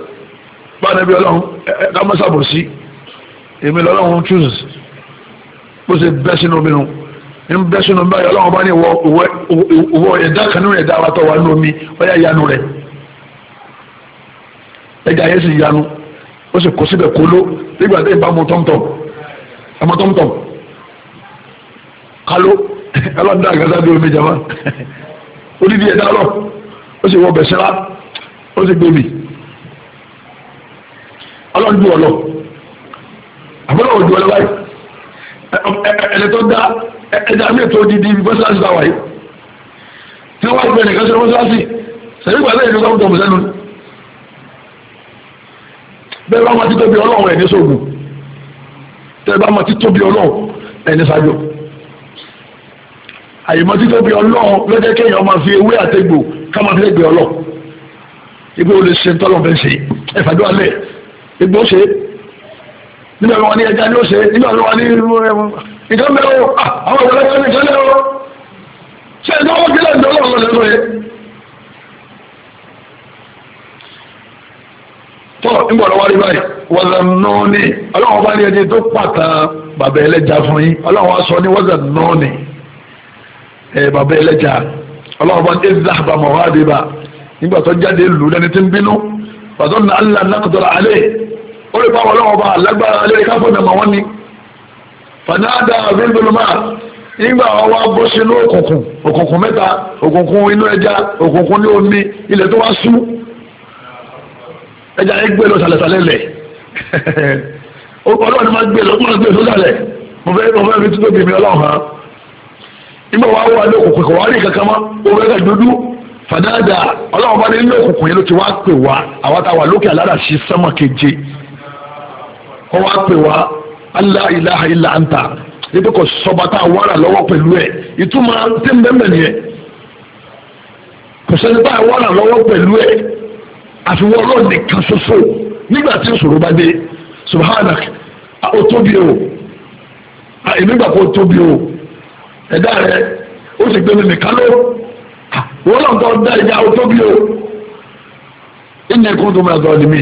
bá nàbí ọlọ́run ẹ̀ka mọ́sàbòsí èmi lọ́lọ́run choose bó ṣe bẹ́ sínú omi nù ń bẹ́ sínú báyìí ọlọ́run bá ní ìwọ ẹ̀dá kan nínú ẹ̀dá awatọ̀ wa nínú omi ọyá ìyanu rẹ̀ ẹja yẹn sì yanu ó sì kó síbẹ̀ kóló nígbà tí ìbá mu tọ́mtọ́m ọmọ tọ́mtọ́m káló ọlọ́dún àgbàdo àbí omi jama odidi ẹ̀dá lọ ó sì wọ bẹ̀sẹ̀lá ó sì gbèbí ọlọ́dún ọlọ àbúrò òdu ọlọ́wáyé ẹ̀ẹ́dẹ́tọ́ dá ẹ̀dá mi tó di di mọ́sálásí táwa yìí tí wọ́n wá gbé nìkan sí mọ́sálásí sẹ́yìn gbàgbé ìlú káwọn tó mọ̀ sẹ́nu bẹ́ẹ̀ bá wọn ti tóbi ọlọ́run ẹ̀ní sóògùn tẹ́ẹ̀ bá wọn ti tóbi ọlọ́run ẹ̀ní sájò àyèmọ́ ti tóbi ọlọ́run lọ́jọ́ kéèyàn máa fi ewé àtẹ̀gbò ká máa fi lè gbé ọlọ́run igbó o lè ṣe tọ́lọ̀ fẹ́ ṣe ẹ̀fàdó alẹ́ igbó ṣe nígbà wọn ní ẹja ni ó ṣe nígbà wọn ní ìjọba o ah, àwọn ìjọba ìjọba ìjọba o ṣe ìjọba ìjọba ìjọba ọ̀rọ̀ lẹ́nu rẹ̀. tọ́ nígbà ọ̀rọ̀ wáyé báyìí wazannuni ọlọ́run bá ní ẹni tó pàtàn bàbá ẹlẹ́jà fún yín ọlọ́run á sọ ní wazannuni ẹ bàbá ẹlẹ́jà ọlọ́run bá ní ẹ̀dá àbámọ̀ wá dé bá nígbà tó jáde lù lẹ́ni tí ń bínú pàtó ní alẹ́ náà tó fanada abinduluma nígbà wọn wá bó sínú òkùnkùn òkùnkùn mẹ́ta òkùnkùn inú ẹja òkùnkùn ní omi ilẹ̀ tó wá sú ẹja yẹn gbé lọ sàlẹ̀sàlẹ̀ lẹ̀ ọlọ́run ni máa gbé lọ máa gbé lọ sàlẹ̀ mo fẹ́ mo fẹ́ fi túbọ̀ bèmí ọlọ́run hàn nígbà wàá wà ní òkùnkùn kò wá rí kankan mọ́ o fẹ́ ka dúdú fàdáàdà ọlọ́run bá ní inú òkùnkùn yẹn ló ti wá pè wá àwa ta wà lókè aládàsí sánmà keje Allah ilaha illa anta ibi kò sọba tá a wàrà lọ́wọ́ pẹ̀lú ẹ̀ ìtumọ̀ tí ń bẹ́ẹ̀ mẹ́ni ẹ̀ kò sẹ́ni tá a wàrà lọ́wọ́ pẹ̀lú ẹ̀ àfiwọ́ ọlọ́run nìkan ṣoṣo nígbà tí ìṣòro bá dé subhanak ó tóbi o èmi gbà kó tóbi o ẹ̀dá rẹ ó sì gbé mi nìkan ló wọ́n lọ́n tó dá ìyá ó tóbi o ìnìkan tó máa ni mí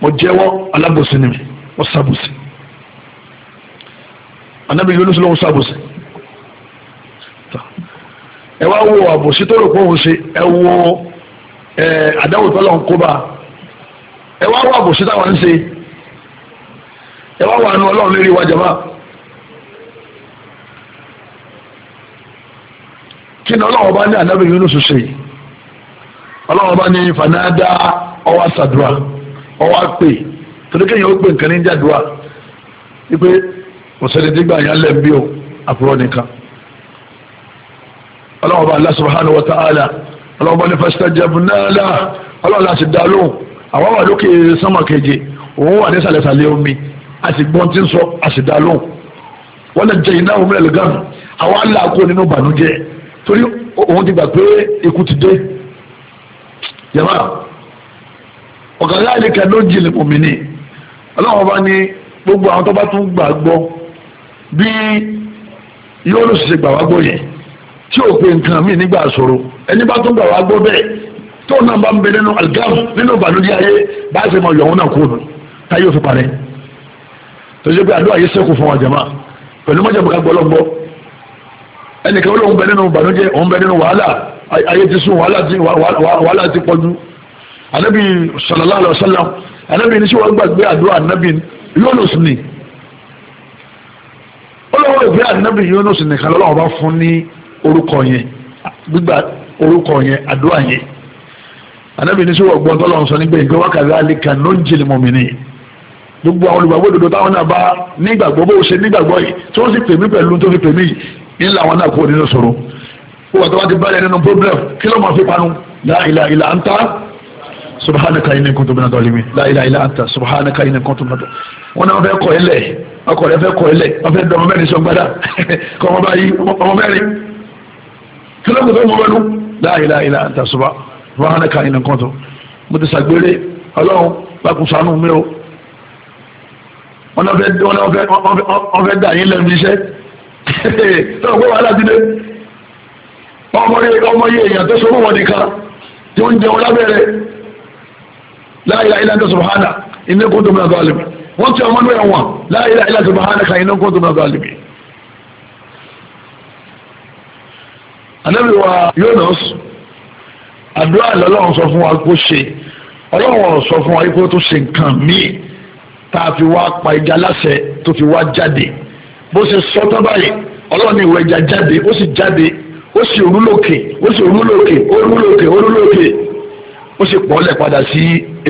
mo jẹ́wọ́ alábòsí ni mi mo sábòsí anabi yunus ló ń ṣàbòsí ẹ wá wo àbòsí tó rò pé òun ṣe ẹ wo àdáwò tó lọ́n kó bá ẹ wá wo àbòsí táwọn ń ṣe ẹ wá wo àánú ọlọ́run lérí wa jàmá. kí ni ọlọ́run bá ní anabi yunus ṣe ọlọ́run bá ní fanada ọwọ́ àṣàdúrà ọwọ́ àpè torí kéèyàn ó gbé nǹkan ní jàdúrà wípé mùsùlùmí dígbà yẹn lẹ̀ ń bí o àfúrọ́ nìkan ọlọ́wọ́ba Allah subhanahu wa ta'ala ọlọ́wọ́ba ní fastajabna lahu ọlọ́wọ́ láti dá lóhùn àwọn wà lókè sánmà keje òun wà ní sàlẹ̀sàlẹ̀ omi àti gbọ́n tí ń sọ àti dá lóhùn wọ́n lè jẹ iná omi ẹ̀lẹ́gàn àwọn aláàkó nínú bànújẹ́ torí òun ti gbà pé ikú ti dé yàrá ọ̀gá láìlẹ́kẹ̀ ló jìnlẹ̀ pòmìnì ọlọ́wọ́ba ní gbogbo àwọn tó bá tún gbàgbọ́ bí yóò lọ ṣiṣẹ́ gbà wá gbọ́ yẹn tí ò pe nǹkan mi nígbà ṣòro ẹni bá tún gbà wá gbọ́ bẹ́ẹ̀ tó náà bá ń bẹ nínú algam nínú ìbànújẹ́ ayé bá ṣe máa yọ òun náà kú nù táyé òfin parẹ́ tó ṣe pé àdó àyè sẹ́kù fún wọn jẹ̀má pẹ̀lú mọ́jàmọ́ ká gbọ́ lọ́gbọ́ ẹnìkan olóhùn bẹ nínú ìbànújẹ́ òun bẹ nínú wàhálà ayé ti sún wàhálà ti pọ̀jù anabi sallallahu alaihi wasallam anabi ní sọ wọn gbàgbé àdó anabi yóò lọ sùn ni olówó ìgbé ànábì Yunus nìkan lọ́wọ́ bá fún ní orúkọ yẹn gbígbà orúkọ yẹn àdúrà yẹn ànábì ní sọ́wọ́ gbọ́n tọ́lọ́ sọ nígbà ìgbé wákàtí àlìkà ló ń jìnnì mọ̀mìnì gbogbo àwọn olùgbàgbọ́ òdodo táwọn náà bá nígbàgbọ́ bó ṣe nígbàgbọ́ yìí tí wọ́n sì pèmí pẹ̀lú tó fi pèmí yìí ńlá àwọn náà kú òdinú sọ̀rọ̀ wọ́n tó wá ti bá yẹn nínú problem kí ló máa fi panu láìláìlà ń ta subhanaka inni kuntu minadh dhalimin la ilaha illa anta subhanaka inni kuntu minadh dhalimin wọn náà fẹ́ kọ́ ilẹ̀ ọkọ̀ rẹ fẹ́ kọ́ ilẹ̀ wọn fẹ́ dọ̀mọ́ mẹ́rin sọ̀gbádà kọ́ ọmọ báyìí ọmọ mẹ́rin kílọ̀kù tó mọ mẹ́nu la ilaha illa anta subhanaka inni kuntu mo ti sàgbére ọlọ́run bákun ṣàánú mi o wọn náà fẹ́ dà yín lẹ́nu iṣẹ́ tó gbé wàhálà dídé ọmọ yẹ èèyàn tó so fún wọn nìkan tí ó ń jẹun lábẹ́rẹ́ láàyè ilẹ̀ ẹ̀ subhana iná kó tó mìíràn zọ́ọ̀lì wọ́n ti ọmọ náà wọn láàyè ilẹ̀ subhana kan iná kó tó mìíràn zọ́ọ̀lì. anábì wa Yunus àdúrà lọ́lọ́run sọ fún wa kó ṣe ọlọ́run sọ fún wa kó tó ṣe nǹkan míì tá a fi wá pa ẹja láṣẹ tó fi wá jáde bó ṣe sọ tán báyìí ọlọ́run ní ìwẹ̀ ẹja jáde ó sì jáde ó sì rú ó sì rú lókè ó ó sì pọ́lẹ̀ padà sí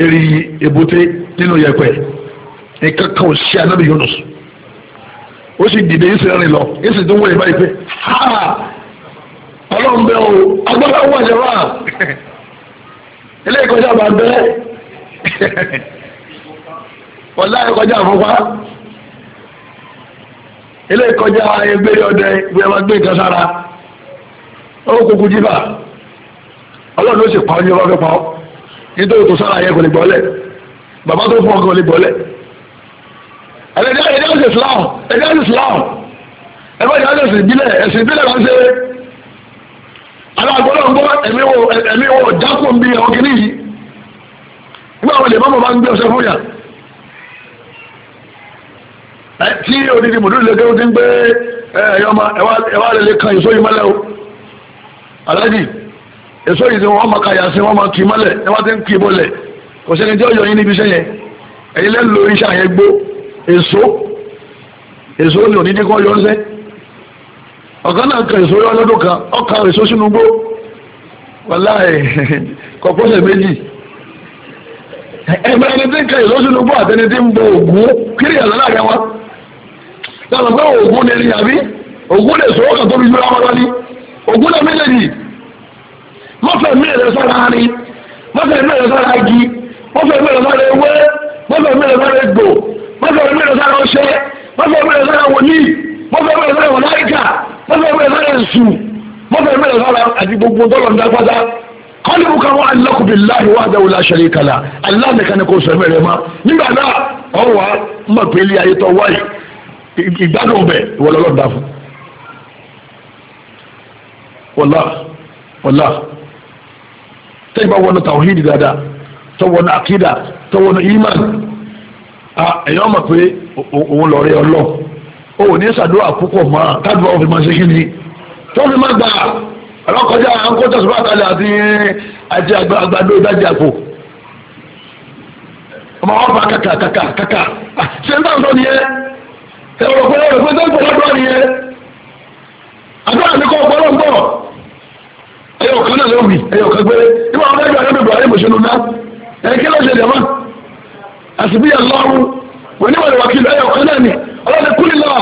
eré ebúté nínú yẹ̀pẹ̀ nǹkan kan ò sí anábì Yunus ó sì dìde ń sì rìn lọ ń sì tún wọ ìbá ìpè ọlọ́run bẹ́ẹ̀ o agbára wà ní ọ̀rá ilé ìkọjá bá bẹ́ẹ̀ ọ̀la ìkọjá àfọ́fá ilé ìkọjá ẹgbẹ́rẹ́ ọdẹ bí ẹ máa gbé nǹkan sára ó kúkú jífà ọlọ́run ó sì pa ọ́ ní ọlọ́fẹ́ pa ọ́ nítorí tó sára yẹ kò lè gbọ́lẹ̀ bàbá tó fún ọ kò lè gbọ́lẹ̀ ẹ̀dá ẹ̀dá ẹ̀sìn Islam ẹ̀dá ẹ̀sìn Islam ẹ̀fọ́ ìdá ẹ̀sìn ìbílẹ̀ ẹ̀sìn ìbílẹ̀ kan ṣe àwọn àgbọ̀dọ̀ ń gbọ́ ẹ̀mí wo ẹ̀mí wo dákò ń bí àwọn kìnnì yìí nígbà wọn lè mọ́mọ́ bá ń gbé ọṣẹ fún yà tí odidi mùdúrú lè kéwọ́n ti ń gbé ẹ̀yọ́ ma ẹ̀wá lè lè kan ìsóyìí mọ́lẹ́ o aláàjì èso yìí ni wọ́n máa kàyà sí wọ́n máa kì í mọ́lẹ̀ ní wọ́n ti ń kì í mọ́lẹ̀ kò sẹ́ni tí ó yọ yín níbi iṣẹ́ yẹn ẹ̀yin lẹ́nu lo iṣẹ́ àyẹn gbó èso èso ni òní ní kọ́ yọ ńsẹ́ ọ̀kan náà kan èso yọ lọ́dún kan ọ̀ka èso sínú gbó wàlá ẹ̀ kọ̀pọ̀sẹ̀ méjì ẹ̀mọ ẹni tí ń ka èso sínú gbó àtẹni tí ń bọ ògún kiri ẹ̀ lọ́láàrẹ̀ wọn lọ́nà pé ògún ni ẹni àbí ògún lè sọ ọkàn tóbi ju ọmọ lọ́ní ògún lè méjèèjì mọ́fẹ́ mi rẹ̀ sọ́ra rí mọ́fẹ́ mi rẹ̀ sọ́ra gi. mọ́fẹ́ mi rẹ̀ sọ́ra ewé mọ́fẹ́ mi rẹ̀ sọ́ra egbò mọ́fẹ́ mi rẹ̀ sọ́ra ọṣẹ mọ́fẹ́ mi rẹ̀ sọ́ra wòlíì mọ́fẹ́ mi rẹ̀ sọ́ra wòláìkà mọ́fẹ́ mi rẹ̀ sọ́ra èṣù mọ́fẹ́ mi rẹ̀ sọ́ra àti gbogbo tọ́lọ̀ ńdàgbàdà kọ́lẹ́bù kan wọ́n alákù billahi wahdahu la sharika lah Allah nìkan ni kò sọ̀rọ̀ mẹ́rẹ̀ ma nígbà náà wa mọ̀ pé ilé ayé tọ́ wáyé ìgbádùn tẹ́yìn bá wọnú tawhid dáadáa tó wọnú akida tó wọnú iman ẹ̀yọ́ mọ̀ pé òun lọ rí ọlọ́ o ò ní sàdúrà púpọ̀ máa kádùá òfin máa ṣe kí ni tó fi máa gbà ọlọ́kọjá à ń kó tẹ̀sùn bá kalẹ̀ àti àti àgbàdo ìdájì àpò ọmọ wọn bá kàkà kàkà kàkà ṣé ń tàbí tó nìyẹn ẹ̀rọ pé ẹ̀rọ pé tó ń pọ̀ lọ́dọ̀ nìyẹn àdúrà ní kọ́ ọ̀pọ̀lọpọ̀ ẹyọ kan náà ló wì ẹyọ kan gbére ìwọ àwọn ẹgbẹ́ akẹ́kọ̀ọ́ Ibrahim ṣe nù náà ẹ̀kí ló ṣe dẹ̀mọ́ àṣìbí ẹ̀lọ́run wọ́n ní wàlúwà kìlọ̀ ẹyọ kan náà ni ọlọ́dẹ kúlìlọ́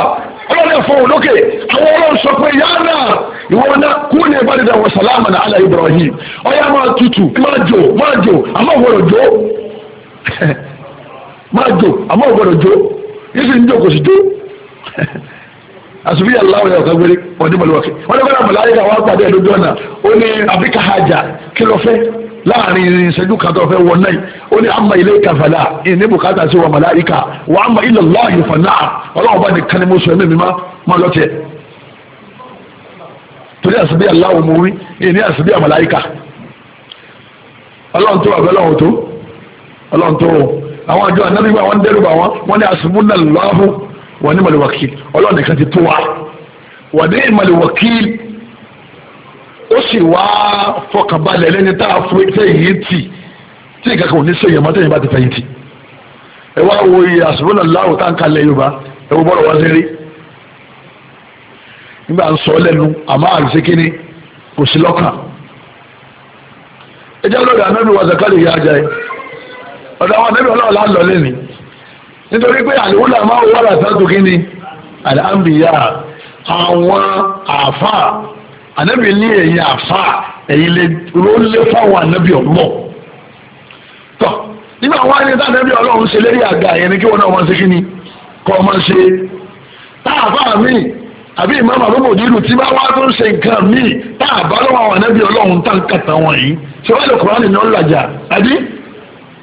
ọlọ́dẹ fọwọ́ lókè àwọn ọlọ́run sọ pé yá náà ìwọ náà kú ní ìbá dídá wọ sàlámà náà alá Ibrahim ọyá máa tutù máa jò máa jò àmọ́ ògbọ́dọ̀ jó máa jò àmọ́ ògbọ́dọ̀ jó yíṣu ń jò kò sì jó àṣùbí aláwọ̀ yà ọ̀kan gbére ọdún mọ̀lúwọ̀kẹ́ wọ́n lọ́kọ́ làmọ̀lá ayé àwọn àpàdé ẹ̀dọ́jọ́ náà ó ní àbíkà hajà kí ló fẹ́ láàrin ìṣẹ́jú kan tó fẹ́ wọ̀n náà ó ní àmà ilé kàfàlà ìní bùkátà sí wà màláìkà wà àmà ilẹ̀ láàyè fànà ọlọ́wọ́ bá nìkan ni mo sọ ẹ̀mí mi má má lọ tiẹ̀ torí àṣìbí aláwọ̀ mo wí ìní àṣìbí àmàláìkà ọlọ́run tó àbẹ́ ọlọ́run tó ọlọ́run tó àwọn àjọ ànábíwá wọn dẹ́rù bà wọn wọn ní àṣìbúnà lọ́hùn wọ́n ní mọ̀lẹ́ wakil ọlọ́run nìkan ti tó wa wọ́n ní mọ̀lẹ́ wakil ó sì wá fọkànbalẹ̀ lẹ́ni tá a fún ẹ̀yìn tì tí nǹkan kan ò ní sèyàn mọ́ tẹ̀yìn bá ti fẹ̀yìn tì ẹ wá wo iye àsùnwòn aláwò tá à ń kalẹ̀ yorùbá ẹ wo bọ́ọ̀rọ̀ wá sí nígbà ń sọ lẹ́nu àmọ́ àlùsí kínní kò sí lọ́kàn ẹ jẹ́ lórí anábìwọ̀n zakari yá ajá yìí ọ̀dọ̀ àwọn anábìwọ̀n náà lọ lẹ́nìí nítorí pé àlùwúlà máa wọ́n wọ́n àtàtù kí ni àdámbìyà àwọn àfà ànábì ní ẹ̀yìn àfà ẹ̀yìn ló lé fáwọn ànábì ọ̀gbọ̀ tọ́ nígbà wọn ní tànábì ọlọ́run ṣe lérí àga yẹn ni kí wọn náà wọn ṣe kí ni kọ́ ọ máa ṣe táàfà míì àbí ìmáàmù àbúrò dídù tí bá wá tó ń ṣe nǹkan míì táàbà lọ́wọ́ àwọn ànábì ọlọ́run tá kàtà wọn yìí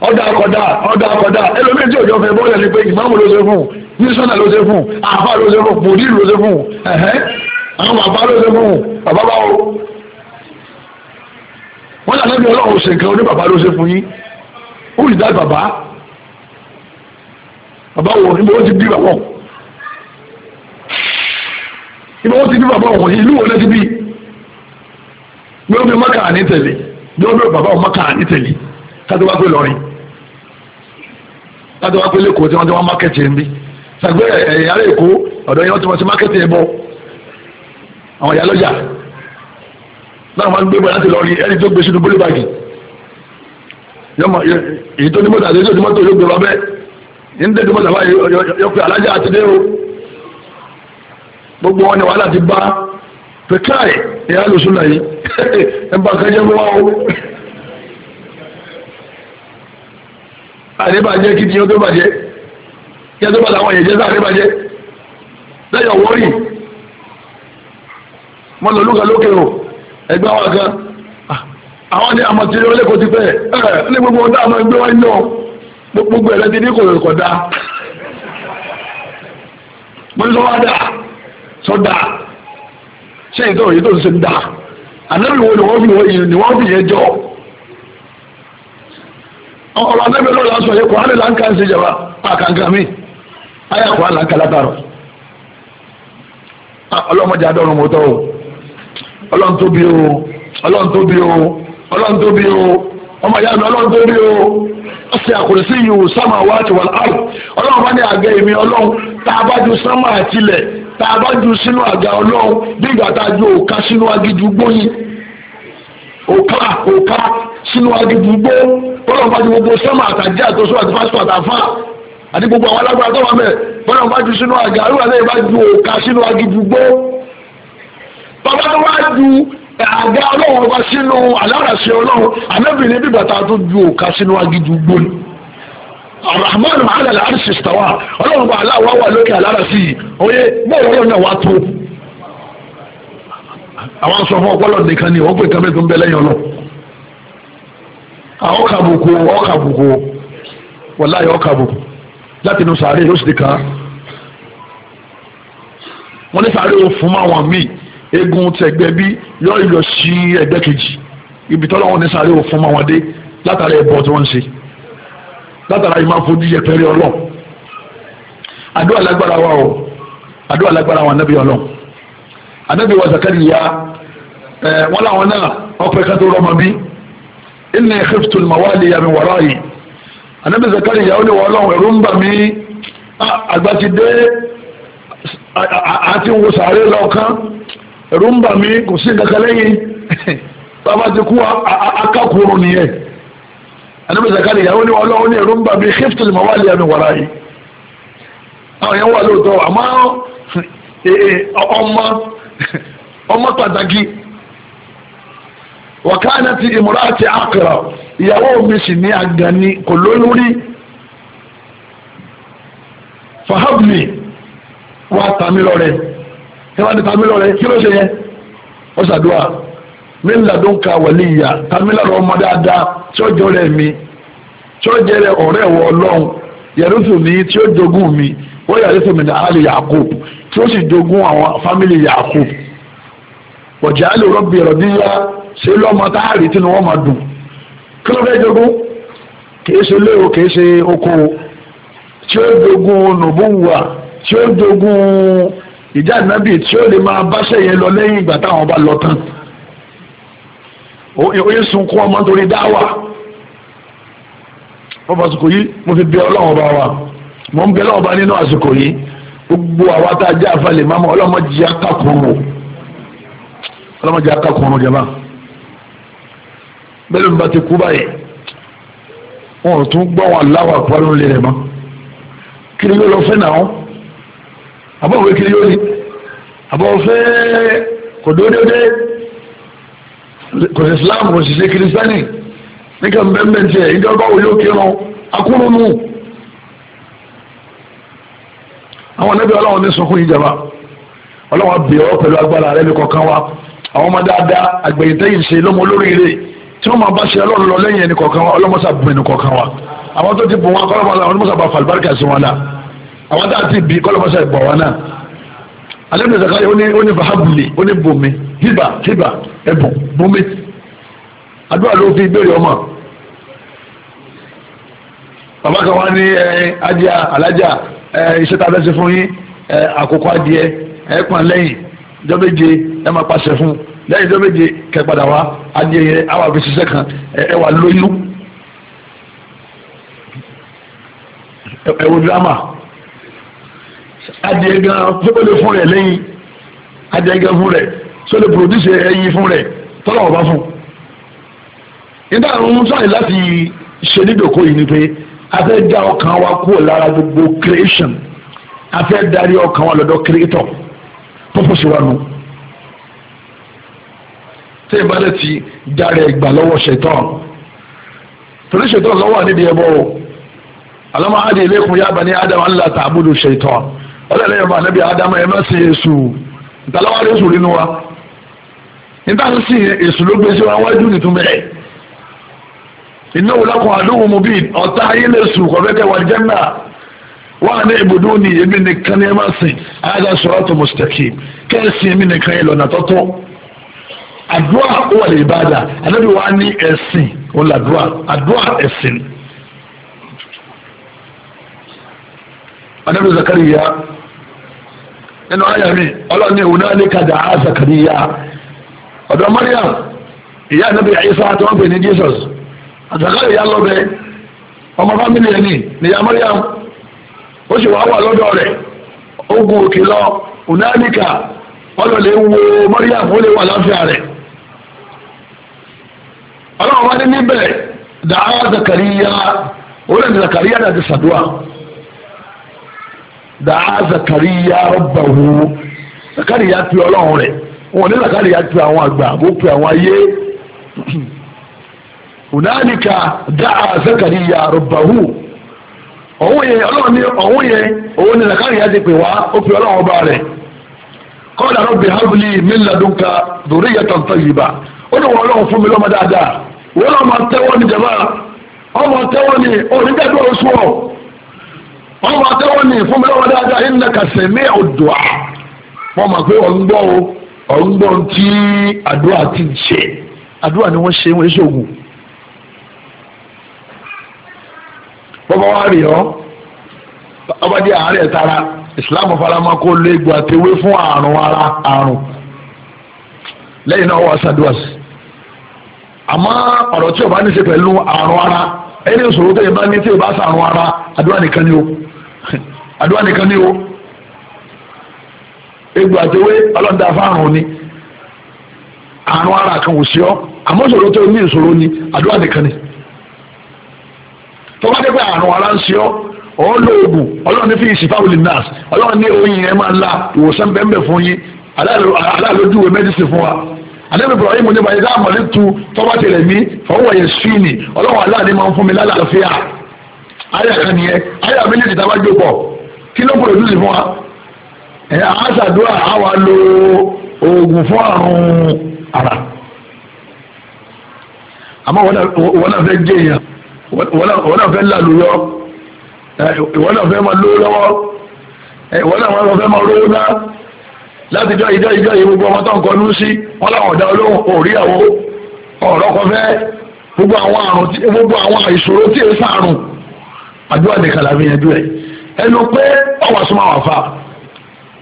ọ̀dà akọ̀dà ọ̀dà akọ̀dà ẹlòmíì tí òjò fẹ́ bọ́ọ̀lù ni pé ìmáàmù ló ṣe fún mísọ́nà ló ṣe fún àfà ló ṣe fún bòdì ló ṣe fún àwọn bàbá ló ṣe fún bàbá báwo. wọ́n lànà bí ọlọ́run ṣe nǹkan oní bàbá ló ṣe fún yín ó yìí dá bàbá bàbá wo níbo ó ti bí bàbá wọn níbo ó ti bí bàbá wọn ìlú wo ló ti bí bí ó bí mọ́kà ní tẹ̀lé bí ó bí bàbá wọn mọ́kà ní tẹ̀lé kátó wá pé lọ́rin láti wá pélé kò tí wọ́n ti wọ́n mákẹ́tì ẹ̀ ń bí sàgbé ẹ̀yìn ará èkó ọ̀dọ̀ yẹn wọ́n ti wọ́n ti mákẹ́tì ẹ̀ bọ̀ àwọn ìyá lọ́jà náà wọ́n gbé bọ̀ láti lọ rí ẹni tó gbé sínú bólú báàgì èyí tó ní mọ́tò àti èyí tó ní mọ́tò yóò gbé wa bẹ́ẹ̀ ní ní tẹ́tí mọ́tò àbáyé yọ pé alájà àti dé o gbogbo wọn ni wàhálà ti bá pẹ̀káì ìyá lòsùn náà yìí ẹ̀ ń bá kájẹ́ àdébàjẹ́ kí tiyan tó bàjẹ́ kí ẹ bàjẹ́ àwọn èèyàn jẹ́ sáà àdébàjẹ́ lẹ́yìn ọ̀wọ́rì mo lọ lúkà lókè o ẹgbẹ́ ah, àwọn kan àwọn ní àmọ́ tí ti fẹ́ ẹ̀ eh, ní gbogbo ọ̀dà àmọ́ ẹgbẹ́ wáyé náà gbogbo ẹ̀rẹ́ ti ní kò rẹ̀ kọ̀dá mo ní sọ́wọ́ dà sọ́dà ṣé ìtọ́ òye tó ṣe ń dà ànábìwò ni wọ́n fi yẹn jọ. ọ̀rọ̀ anábẹ́ lọ́la sọ yẹ kùránì là ń ń ṣe àkàǹkà mi ayé àkùránì là látàrọ̀ ọlọ́mọdé adọ́run mọ́tọ́ o ọlọ́run o ọlọ́run o ọlọ́run o ọmọ ìyá o àkùrẹ́sí yìí o sámà wá ti wà láàrú ọlọ́run bá ní àgẹ́ ọlọ́run tá a bá ju sámà àtilẹ̀ tá a bá ju sínú àga ọlọ́run bí ìgbà tá a ju sínú gbóyin sínú adigungbó bọ́lá ọba ju gbogbo sẹ́mà àtàjẹ́ àtọ́sọ́ àti pásítọ̀ àtàfà àti gbogbo àwọn alágbára tó wà mẹ́ bọ́lá ọba ju sínú àga àrùwà lẹ́yìn bá ju òkà sínú adigungbó bàbá tó wá ju àga ọlọ́run ọba sínú aláràṣẹ ọlọ́run anábìrin bíbà tá a tó ju òkà sínú adigungbó ni arahman ala alárìsì sàwà ọlọ́run ọba aláwa wà lókè aláràṣì oyè bọ́ọ̀lù ọlọ́run náà wà tó àwọn sọ ọpọlọ nìkan ni wọn pè kàmẹ́tò ń bẹ lẹ́yìn ọlọ́run ọkà àbùkù ọkà àbùkù wàláyé ọkà àbùkù láti inú sàárè ló sì ti kà á wọ́n ní sàárè ó fún máwọn míì egun tẹ̀gbẹ́ bí yọ ìlọ sí ẹ̀gbẹ́ kejì ibi tọ́lọ́ wọn ní sàárè ó fún máwọn dé látara ẹ̀bọ tí wọ́n ń ṣe látara ìmọ̀ àfojú yẹpẹrẹ ọlọ́ àdúrà lágbára wa o àdúrà lágbára wa nábì ọlọ́ ànábì wa Zakariya ẹ̀ wọ́n láwọn náà ọ̀pẹ̀ kan tó bíi inni khiftu al-mawaliya min wara'i anabi zakariya ó ní wọ́n lọ́wọ́ ẹ̀rú ń bà mí ah, àgbà ti dé àti wo sàárè lọ́ọ̀kan ẹ̀rú ń bà mí kò sí nǹkan kan lẹ́yìn bàbá ti kú akákòrò nìyẹn anabi zakariya ó ní wọ́n lọ́wọ́ ní ẹ̀rú ń bà mí khiftu al-mawaliya min wara'i àwọn yẹn wà lóòótọ́ àmọ́ e, e, ọmọ pàtàkì wàkánà ti ìmúratì àkàrà ìyàwó mi sì ní àgànní kò lólórí fahabli wà tàmílọrẹ ẹ wá ní tàmílọrẹ kí ló ṣe yẹ ó ṣàdúrà mi ladun ka waliya tàmílọrẹ ọmọ dáadáa tí ó jọ rẹ mi tí ó jẹrẹ ọ̀rẹ́ wọ Ọlọ́run yẹrùsùn mi tí ó jogún mi wọ́n yàrá sọ mi ní àlè yakub tí ó sì jogún àwọn fámìlì yakub ọ̀jà àlè rọ́bì rọ̀díyà ṣe lọ́mọ táàrí tí wọ́n máa dùn kí ló fẹ́ jogún kìí ṣe léwo kìí ṣe oko tí ó jogún nùbúwà tí ó jogún ìjà nábì tí ó lè máa báṣẹ́ yẹn lọ lẹ́yìn ìgbà táwọn bá lọ tán oye sunkún ọmọ nítorí dáwà wọ́n bá àsìkò yìí mo fi bẹ ọlọ́run bá wa mo ń bẹ ọlọ́run bá nínú àsìkò yìí gbogbo àwa tá a jẹ́ àfàlè máma ọlọ́mọ jẹ́ akákùnrin ọlọ́mọ akákùnrin jẹ́ báà bẹ́ẹ̀ ló ń bá ti kú báyìí wọn ò tún gbọ́ wọn láwà pọ́nú lé rẹ̀ mọ́ kí ni yóò lọ fẹ́ náà àbọ̀ òwe kí ni yóò ní àbọ̀ fẹ́ kò dódódé kò sí Islam kò sí ṣe kìrìsìtánì nígbà bẹ́ẹ̀ tiẹ̀ ìjọba òye òkè wọn akúrúnú àwọn anábìá ọlọ́run ní sunkún ìjọba ọlọ́run bìọ́ pẹ̀lú agbára rẹ̀ lè kọ̀ọ̀kan wa àwọn ọmọ dáadáa àgbẹ̀yìntẹ́yìn ṣe lọ́mọ olóríire tí wọ́n máa bá ṣe ọlọ́run lọ lẹ́yìn ẹni kọ̀ọ̀kan wa ọlọ́mọ́sà bùn ẹni kọ̀ọ̀kan wa àwọn tó ti bùn wọn kọ́lọ́mọ́sà ọlọ́mọ́sà bá falùbáríkà sí wọn náà àwọn tá a bí kọ́lọ́mọ́sà ìbọ̀ wọn náà alẹ́bí zakari ó ní ó ní fahabuli ó ní bùnmi hiba hiba ẹ̀bùn bùnmi àdúrà ló fi ìbéèrè ọmọ bàbá kan wá ní ajá alájà iṣẹ́ tá a fẹ́ ṣe fún yín àkókò adìẹ ẹ̀ẹ́pọ̀n lẹ́yìn jọ́ méje ẹ máa pàṣẹ fún un lẹ́yìn tó méje kẹpadà wa adìyẹ awa àfi ṣiṣẹ́ kan ẹ lóyún ẹ drama adìyẹ gan fúnpẹ̀lẹ̀ fún rẹ̀ lẹ́yìn adìyẹ gan fún rẹ̀ tó lè produce ẹyin fún rẹ̀ tọ́lọ̀ ọ̀bá fún nígbà àwọn sọ̀rọ̀ láti ṣe nídòkó yìí ni pé a fẹ́ dá ọkàn wa kúrò lára gbogbo creation a fẹ́ darí ọkàn wa lọ́dọ̀ creator purpose wa nù. No tí ẹ bá lè ti járe ìgbà lọ́wọ́ ṣetán torí ṣetán lọ́wọ́ àdídì ẹbọ o alama adi ilaykum ya bani adam alla ta'budu ṣetán ọlọ́lẹ́ yẹn bá níbi adam ẹ má sí èṣù ìtàláwá rí èṣù nínú wa níta ń sìn èṣù ló gbé sí wa wájú nìtúmẹ̀ innahu lakum aduwwun mubin ọ̀tá ayé lè sùn kọ̀ọ̀bẹ́kẹ́ wal janna wọ́n ní ibùdó ni èmi nìkan ní ẹ má sìn àyájá siratu mustaqim kẹ́ẹ̀sì èmi nìkan yẹn lọ́nà tọ́tọ́. Adua ó wà lè ìbáàdà ànábì wa ní ẹ̀sìn òun làdúrà àdúrà ẹ̀sìn. ànábì Zakariya nínú àyà mi ọlọ́ni òun náà ní kàdà á Zakariya ọ̀dọ̀ Mariam ìyá ànábì Isa tó ń pè ní Jesus Zakariya lọ́bẹ̀ ọmọ fámìlì ẹni nìyá Mariam ó sì wá wà lọ́dọ̀ rẹ̀ ogun òkè lọ òun náà ọlọ́lẹ̀ wo Mariam ó lè wà láfíà rẹ̀ ọlọ́run wá ní níbẹ̀ dàá zakariya orí ẹni zakariya náà ti sàdúà dàá zakariya rabbahu zakariya pe ọlọ́run rẹ̀ wọn ní zakariya pe àwọn àgbà àbó pe àwọn ayé ònàníkà dàá zakariya rabbahu ọ̀hún yẹn ọlọ́run ní ọ̀hún yẹn òun ní zakariya ti pè wá ó pe ọlọ́run ọba rẹ̀ kọ́lá rabbi habli min ladunka dhurriyatan tayyiba ó ní wọn ọlọ́run fún mi lọ́mọ dáadáa. wọ́n náà máa tẹ́wọ́ ní ọ ọmọ tẹwọ ní onídẹ́gbẹ́ oṣù ọ ọmọ ní fún mi ọ dáadáa yìí nà kàṣẹ máa pé o àdúrà ti àdúrà ni wọ́n ṣe wọ́n ṣe ògùn. bọ́bá wa rè ọ́ ọba jẹ́ àárẹ̀ tara fún àrùn ara àrùn náà wọ́n àmọ́ ọ̀rọ̀ tí o bá ní ṣe pẹ̀lú àrùn ara ẹni ìṣòro tó yẹ bá ní tí o bá sàrùn ara àdúrà nìkan ni o àdúrà nìkan ni o egbò àtẹwé ọlọ́dà fáàrùn ni àrùn ara kan ò sí ọ àmọ́ ìṣòro tó ní ìṣòro ni àdúrà nìkan ni tó bá dé pé àrùn ara ń sí ọ ọ̀hún lóògùn ọlọ́run ní fi ìṣìfáwò lè ọlọ́run ní oyin ẹ̀ máa ń la ìwòsàn bẹ́ẹ̀ bẹ́ẹ̀ fún yín aláàlójúwe mẹ́dísì fún wa àdébí Ibrahim ní báyìí dáhà mọ̀lẹ́tù tọ́wọ́ tẹ̀lẹ̀ mí fọwọ́ yẹn sí ni ọlọ́run aláàdé máa ń fún mi lálàáfíà àyà kan nìyẹn àyà méjèèjì tá a bá jó pọ̀ kí ló pòrò lùsì fún wa ẹ̀ àṣàdúrà àwa lo oògùn fún àrùn ara àmọ́ wọ́n náà fẹ́ jẹ́ èèyàn wọ́n náà fẹ́ lálùyọ́ wọ́n náà fẹ́ máa lówó lọ́wọ́ wọ́n náà fẹ́ máa rówó náà láti jọ ìjọ ìjọ yìí gbogbo ọmọ tó ń kọlu sí wọn láwọn ọ̀dà olóhùn òríyàwó ọ̀rọ̀ kọfẹ́ gbogbo àwọn àrùn gbogbo àwọn ìṣòro tí èé sàrùn àdúrà nìkan làbí yẹn dúró ẹ ẹnu pé ọwọ́ àsomọ́ àwọn àfa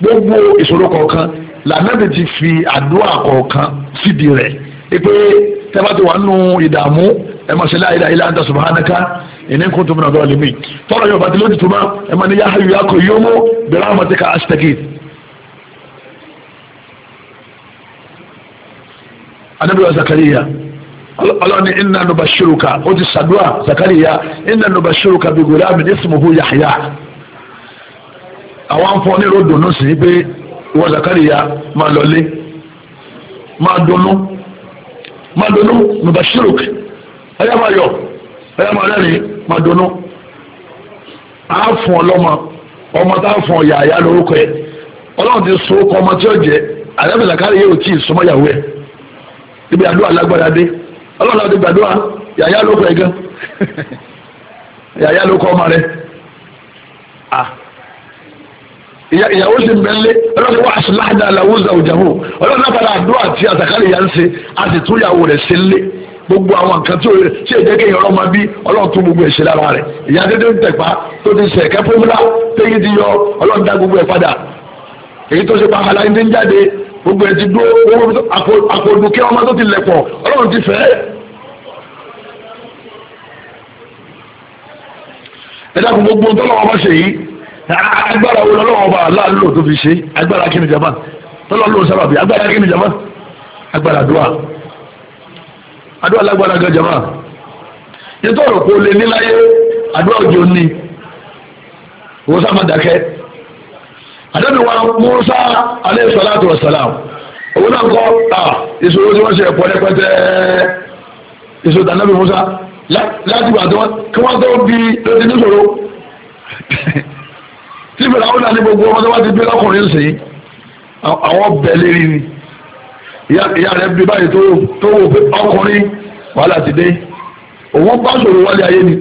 gbogbo ìṣòro kọ̀ọ̀kan lànàbì ti fi àdúrà kọ̀ọ̀kan síbi rẹ̀ pé tẹ́fà ti wà nínú ìdààmú ẹ máa ṣe la ilaha illa anta subhanaka inni kuntu minadh-dhalimin tọ́lọ̀ yóò bá ti lójú tó máa ẹ máa ní ya hayyu ya qayyum bi rahmatika astaghith anabi wa zakariya ọlọ́ni inna nubashiruka ó ti sàdúà zakariya inna nubashiruka bi gulamin ismuhu yahya àwọn afọ ní ìró dùnú sí pé wọ zakariya máa lọlé máa dùnú máa dùnú nubashiruk ẹyà máa yọ ẹyà máa rẹ́rìn máa dùnú àáfọ̀n ọlọ́mọ ọmọ táàfọ̀n yàyà lórúkọ ẹ ọlọ́run ti so ọkọ ọmọ tí ó jẹ àyàfẹ́ zakariya ò tí ì súnmọ́ yàwó ẹ̀ ibi àdúrà lágbára dé ọlọ́run láti gbàdúrà yàyà ló kọ ẹ̀ gan yàyà ló kọ ọmọ rẹ̀ ìyàwó sì ń bẹ lé ọlọ́run wà aṣíláàdá aláwọ̀ zàwùjàwò ọlọ́run náà padà àdúrà tí àtàkárì yà ń ṣe a sì tún ìyàwó rẹ̀ ṣe lé gbogbo àwọn nǹkan tí òye ṣe é jẹ́kẹ́ ìyọ̀rọ̀ máa bí ọlọ́run tún gbogbo ẹ̀ṣẹ̀ lára rẹ̀ ìyá dédé ń tẹ̀pá tó ti ṣe ẹ̀kẹ́ fúnmúlá téyí ti yọ ọlọ́run dá gbogbo ẹ̀ padà èyí tó ṣe pa àlàyé ń jáde gbogbo ẹ ti dúró owó àkòdùkẹ́ ọmọ tó ti lẹ̀pọ̀ ọlọ́run ti fẹ́. ẹ dákun gbogbo tọ́lọ́wọ́ bá ṣe yìí agbára wo lọ́wọ́ bá aláàlú tó fi ṣe agbára kí ni jama tọ́lọ́lù sábàbí agbára kí ni jama agbára dùà àdúrà lágbára gan jama yẹtọ̀ ọ̀rọ̀ kò lè níláyé àdúrà òjò ní owó sábà dákẹ́ àdébí wa Musa aleyhi salatu wa salam òun náà kọ́ ìṣòro tí wọ́n ṣe ẹ̀pọ̀ rẹpẹtẹ ìṣòro tí ànábì Musa láti gbà tí wọ́n kí wọ́n tó bí lóde níṣòro tí ìbẹ̀rẹ̀ àwọn náà ní gbogbo ọmọdé wá ti gbé lọ́kùnrin sí àwọn bẹ̀ lérí ni ìyá rẹ̀ bí báyìí tó wò pé ọkùnrin wàhálà ti dé òun bá ṣòro wálé ayé ni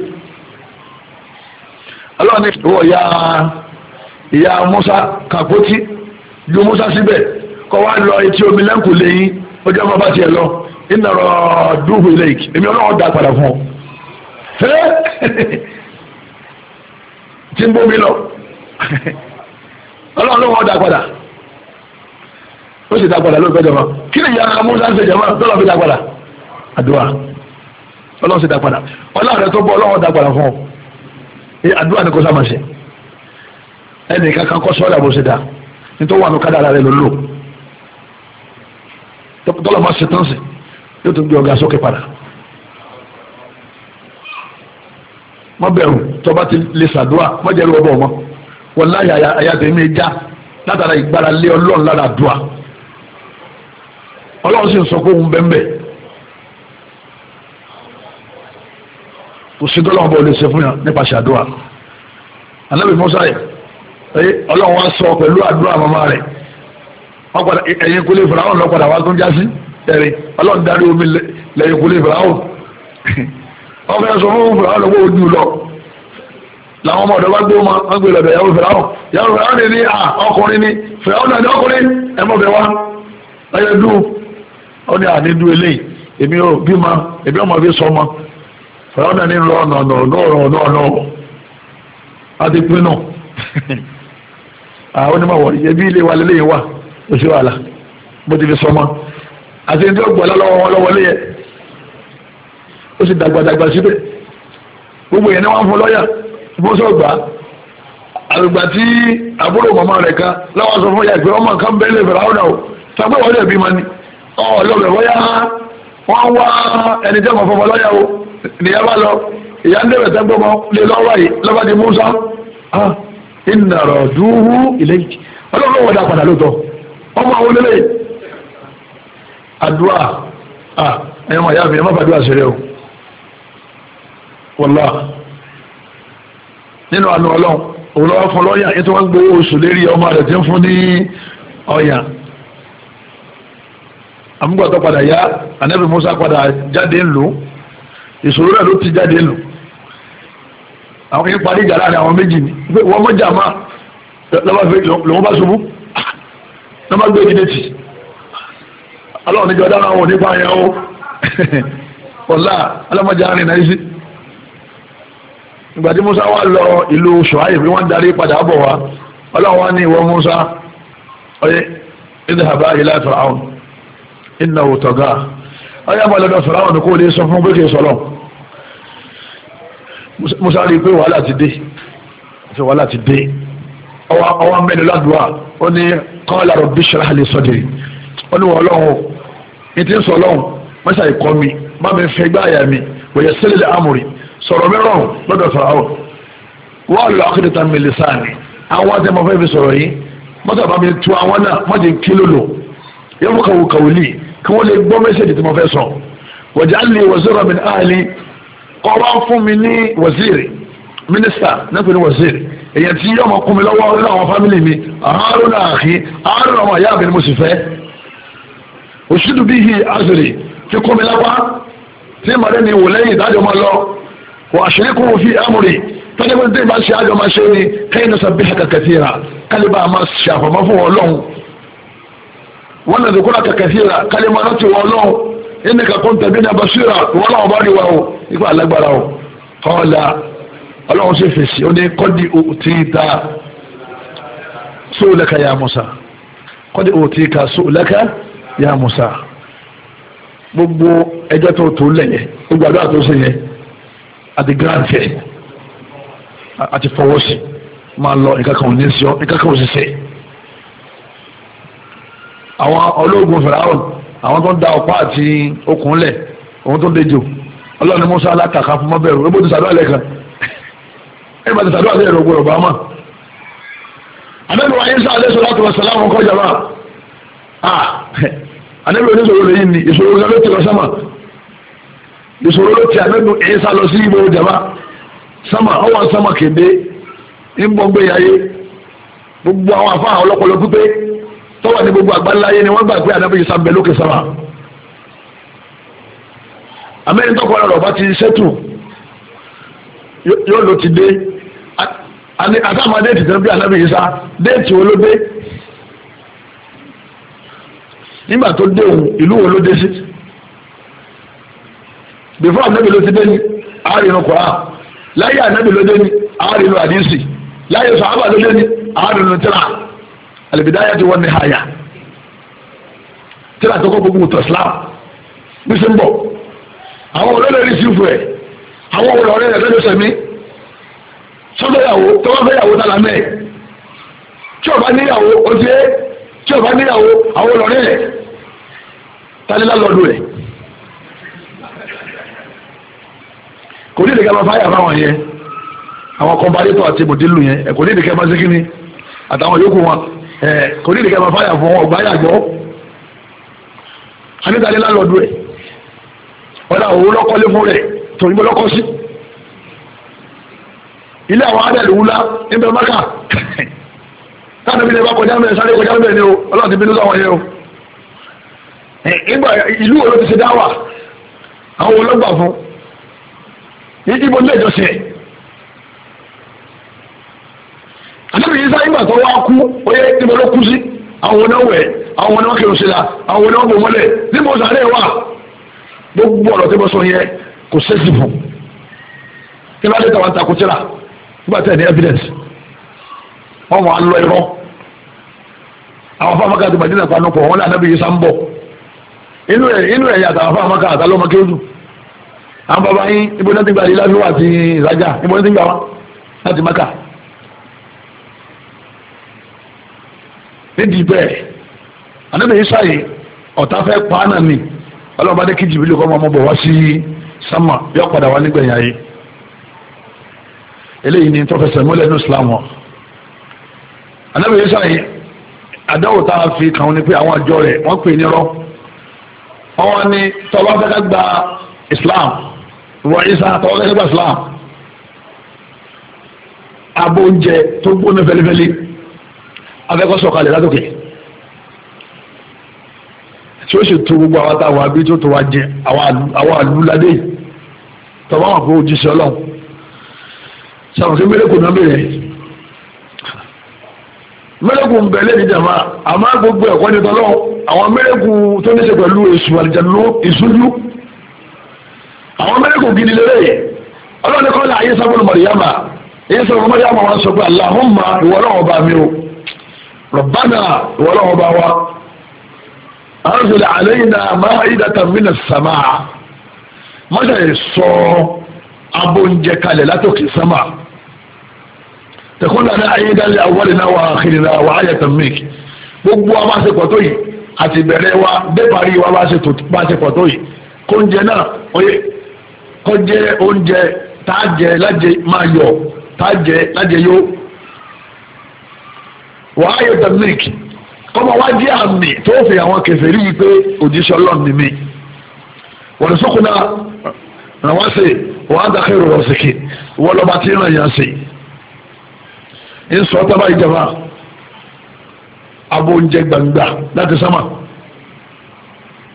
ọlọ́run ní ìwọ̀ ìyá musa kàkótí ju musa síbẹ̀ kọ́ wá lọ etí omi lẹ́kùn lẹ́yìn ọjọ́ bàbá tiẹ̀ lọ ìnàrọ̀ dùhù ilé ìkì èmi ọlọ́run dà padà fún ọ. tí ń bómi lọ ọlọ́run lóun ọ̀dà padà ó sì dà padà lóun fẹ́ jọba kí ni ìyá musa ń ṣe jọba tọ́lọ́ fi dà padà àdúrà ọlọ́run sì dà padà ọlọ́run rẹ tó bọ́ ọlọ́run dà padà fún ọ àdúrà ni kò sábà ṣe ẹnì kankan kọ́ sọ́ọ́dà bó ṣe dá nítorí wà ní kádà ara rẹ ló lò tọ́lọ̀ máa ṣe tán sí yóò tún gbé ọ̀gá sókè padà má bẹ̀rù tọ́ba ti lè ṣàdúrà má jẹ́rú ọbọ̀ ọmọ wọn láyà àyàtẹ̀ mi já látara ìgbára lé ọlọ́run lára àdúrà ọlọ́run sì ń sọ pé òun bẹ́ẹ̀ kò sí tọ́lọ́run lè ṣe fún yàn nípa ṣàdúrà anábì Mùsá yẹn ọlọ́run wá sọ pẹ̀lú àdúrà màmá rẹ̀ ẹ̀yìn kúlé fìràwọ̀n lọ padà wá tó ń jásí ẹ̀rẹ̀ ọlọ́run darí omi lẹ́yìn kúlé fìràwọ̀n ọmọ ẹ̀ sọ fún fìràwọ̀n lọ́wọ́ ojú lọ làwọn ọmọ ọ̀dọ́ bá gbé wọn wọn gbé lọ́dọ̀ yàwó fìràwọ̀n yàwó fìràwọ̀n ní à ọkùnrin ní fìràwọ̀n náà ní ọkùnrin ẹ mọ̀ bẹ̀ wá ẹyẹ dú ọ ní àní dú eléyìí èmi ò bí ma èmi ọmọ fi sọ ma fìràwọ̀n náà ní lọ ọ̀nà ọ̀nà ọ̀nà ọ̀nà ọ̀nà àwọn ah, onímọ̀wọ̀ yẹ bí ilé wa lélẹ́yìn wà ó sì wàhálà bó ti fi sọmọ àti ní ọgbọ̀n lọ́wọ́ wọn lọ́wọ́ lé yẹ ó sì dàgbàdàgbà síbẹ̀ gbogbo yẹn ni wọ́n fún lọ́yà bó sọ gbà àgbà tí àbúrò màmá rẹ̀ kan láwọn sọ fún yà pé ọmọ kan bẹ́ẹ̀ lè fẹ̀rẹ̀ àwọn náà sàgbé wọ́n lè bí ma ni ọ̀ lọ́bẹ̀ bóyá wọ́n wá ẹni jẹ́ mọ̀ fọmọ lọ́yà o nìyẹn bá lọ ìyá ń dẹ̀bẹ̀ sẹ́gbọ́n lé lọ́wọ́ yìí lọ́ba di Musa iná rọ̀ dúró ilé yìí ọlọ́run wọ́n dá padà lóòótọ́ ọmọ àwọn olólè àdúrà a màá yáàfin ẹ̀ má fàdúrà ṣeré o wọ́lá nínú àánú ọlọ́run òun lọ́wọ́ fún lọ́ọ̀yà ètò wọn gbowó oṣù lérí ọmọ rẹ̀ tí ń fún ní ọ̀yà àmúgbàtọ́ padà yá anábì Musa padà jáde ńlò ìṣòro rẹ̀ ló ti jáde ńlò àwọn kìí parí ìjà láàrin àwọn méjì ni pé wọ́n mọ́jà máa lọ́wọ́ bá ṣubú lọ́wọ́ gbé ìdílé tì ọlọ́run níjọ dára wọn nípa yẹn o ọ̀la alámọ̀jà rìn náà sí ìgbà tí Musa wà lọ ìlú Ṣuaib bí wọ́n darí padà bọ̀ wá ọlọ́run wá ní ìwọ Musa ọyẹ ìdàbà ilá Fìràwọn ìnáwó tọ̀gá ọyẹ àbọ̀lọ́dọ̀ Fìràwọn kò lè sọ fún bókè sọlọ́ọ̀ musa rí i pé wàhálà ti dé ṣe wàhálà ti dé ọwọ́ mẹ́rin ládùúgbà ó ní qala rabbi shrah li sadri ó ní wọ́n lọ́hùn ní ti ń sọ lọ́hùn mẹ́sà ìkọ́ mi má mi fẹ́ gbá àyà mi wòye sílẹ̀ amúri sọ̀rọ̀ mẹ́rọ̀hùn lọ́dọ̀ fàáwọ̀ wọ́n lọ akédèta mi lè sáà ni àwọn àti ẹ̀mọ́ fẹ́ fi sọ̀rọ̀ yìí mọ́tò àbámi tu àwọn náà mọ́tò kílòlò yẹ́n mú kàwé lì kí wọ́n lè gbọ́ mẹ́sẹ̀jì tí mo sọ wọ́n jẹ́ àlè wọ́n kọ́ wá fún mi ní waziri mínísítà náà pè ní waziri èyàn tí yọmọ kún mi lọ́wọ́ nínú àwọn fámìlì mi àárọ̀nà àhín àárọ̀nà ọmọ ìyá mi ni mo sì fẹ́ òṣìṣẹ́ bí hi azuri ti kún mi lọ́wọ́ tí màdé ni wòlẹ́yìn ìdájọ́ máa lọ wà àṣírí kún fi amúri tọ́jú pé tí màá ṣe àjọ máa ṣe ni kẹ́yìn náà sàbí ṣàkà kẹsíra kálíbà máa ṣàfọ̀mọ́ fún wọn lọ́hùn wọn nàdìkúrà kẹkẹsíra kálíbà náà ti wọn lọ́hùn ẹnì kankan tẹ̀bí ní abasira wọn làwọn bá rí wa o ipa alágbára o kọ́ọ̀lá ọlọ́run sì o ó ní o òtí ta sóòlẹ́ka ya Musa kọ́dí òtí ka sóòlẹ́ka ya Musa gbogbo ẹjọ́ tó tó lẹ̀yẹ gbogbo àdúrà tó ṣe yẹ àti grand fẹ́ àti a sí máa lọ nǹkan kan ò ní sí ọ nǹkan kan ò sì sẹ́yìn àwọn ológun fìràwọn àwọn tó ń da ọ̀pá àti okùn lẹ̀ òun tó ń dejò ọlọ́run musa alákàkà fún mọ́bẹ̀rù ebó ti sàdúrà lẹ́kan ẹ bá ti sàdúrà lẹ́rọ gbọ́dọ̀ bá mọ́. àbẹ́bí wa yín láti wọ sàlámù oníṣòro ni ìṣòro ti lọ ìṣòro ti àbẹ́bí yín tọ́wọ́ ní gbogbo àgbáláyé ni wọ́n gbà pé ànábì Ìsá bẹ lókè sábà amẹ́rin tọ́kọ ọ̀rọ̀ bá ti ṣẹ́tù yóò ló ti dé àtàwọn déètì tẹ́lẹ̀ bí ànábì Ìsá déètì wo ló dé nígbà tó dé òun ìlú wo ló dé sí before ànábì ló ti dé ní àárínú kọ́ra láyé ànábì ló dé ní àárínú àdìsí láyé sàhábà ló dé ní àárínú tírà alìbìdáyà ti wọ́n ní àyà tí láti kọ́ gbogbo ìtọ̀ islam bí sí ń bọ̀ àwọn olóòlè rí sífù ẹ̀ àwọn olóòlè ọ̀rẹ́ rẹ̀ lọ́jọ́ sẹ̀mí sọ́dọ̀yàwó tó wọ́n fẹ́yàwó tààlà mẹ́ẹ̀ tí ọba níyàwó ó ti é tí ọba níyàwó àwọn olóòlè rẹ̀ tálílá lọ́dún rẹ̀ kò ní ìdíkẹ́ máa fáyà fáwọn yẹn àwọn kọ́mbárítọ̀ àti mòdìlù yẹn kò ní ìdíkẹ́ máa sí kíní àtàwọn yòókù wọn Eh, kò ní ìdíkẹ́ máa fáyà fún ọgbà yàgbọ́ anídàálẹ́ lálọ́dún rẹ̀ ọ̀dà òun lọ́kọ́lé fún rẹ̀ tòun bọ́ lọ́kọ́ sí ilé àwọn adẹ́lú wúlá níbẹ̀ mọ́kà táwọn ibi ní bá kọjá mẹ́rin sáré kọjá o bínú yẹn o eh, ìgbà ìlú ti ṣe dáwà àwọn olóògbà fún àtàkì yìí sáyé gbà tó wá kú oyè níbo ló kú sí àwọn náà wẹ̀ àwọn náà kẹrù síla àwọn náà bò mọ́lẹ̀ níbo sàárẹ̀ wà gbogbo ọ̀rọ̀ tí mo sọ yẹ kò sẹ́sì fún kí ló dé tàwọn takùtìrà nígbà tí ẹ̀ ní evidence wọ́n wà á lọ irọ́ àwọn fáwọn káàtì bàjẹ́ náà panupọ̀ wọn lànà bíi sáńbọ̀ inú ẹ̀ inú ẹ̀ yàtọ̀ àwọn fáwọn káàtà lọ́mọ kéwù àwọn bàbá yín ibo náà ti gbà yín lábíwá àti ìrajà ibo náà ti gbà wá láti Mákà. nídìí bẹ́ẹ̀ ànábì Ìsá yìí ọ̀tá fẹ́ pa á náà ni ọlọ́ba dé kí jìbìlì kọ́ ọmọ bọ̀ wá sí sámà yọ padà wá nígbẹ̀yìn ayé eléyìí ni tọ́fẹsẹ̀ múlẹ̀ ní Islam wọn ànábì Ìsá yìí àdáwò tá a fi kàn ní pé àwọn àjọ rẹ̀ wọ́n pè ní rọ́ wọ́n ní tọ́ba fẹ́ gba Islam ìwọ Ìsá tọ́ba fẹ́ gba Islam abóúnjẹ tó gbóná fẹlifẹli afẹ́kọ́ sọ̀kalẹ̀ látòkè tí ó sì tó gbogbo àwọn táwọn abí tó tó wá jẹ àwọn àlúladé tọ́wọ́ àwọn àpò òjíṣẹ́ ọlọ́run sàmù sí mẹ́lẹ́kù náà bẹ̀rẹ̀ mẹ́lẹ́kù ń bẹ̀lẹ́ ní jàmá àmọ́ gbogbo ẹ̀kọ́ ní tọ́lọ́run àwọn mẹ́lẹ́kù tó ní ṣe pẹ̀lú èṣù àlìjàlú ìṣújú àwọn mẹ́lẹ́kù gidi lélẹ̀ ọlọ́run kọ́lá ayé sábọ̀lù mọ̀rìyàmà ayé sábọ̀lù mọ̀rìyàmà wọn sọ pé Allahumma ìwọ́lọ́wọ́ bá mi o rọ̀bánà ìwọ́lọ́wọ́ bá wa anzil alayna ma'idatan minas samaa mọ́tà yìí sọ abóúnjẹ kalẹ̀ látòkè sámà tẹ̀kọ́ lana aydan li awwalina wa akhirina wa ayatan mink gbogbo wa bá ṣe pọ̀ tó yìí àti bẹ̀rẹ̀ wa débàrí wa bá ṣe pọ̀ tó yìí kóúnjẹ náà oyè kọjẹ oúnjẹ tá a jẹ lájẹ máa yọ tá a jẹ lájẹ yóò wàá yọ dominic kọ́mọ wá jẹ́ àmì tó fi àwọn kẹfẹ́rí wípé òjíṣẹ́ ọlọ́run ni mí wọ́n sọ́kùn náà ràn wá sí wọ́n á dákẹ́ ìrọ̀rọ̀ síkì wọ́n lọ́ba tí ń ràn yàn sí ń sọ tábà ìjọba abo oúnjẹ gbangba láti sámà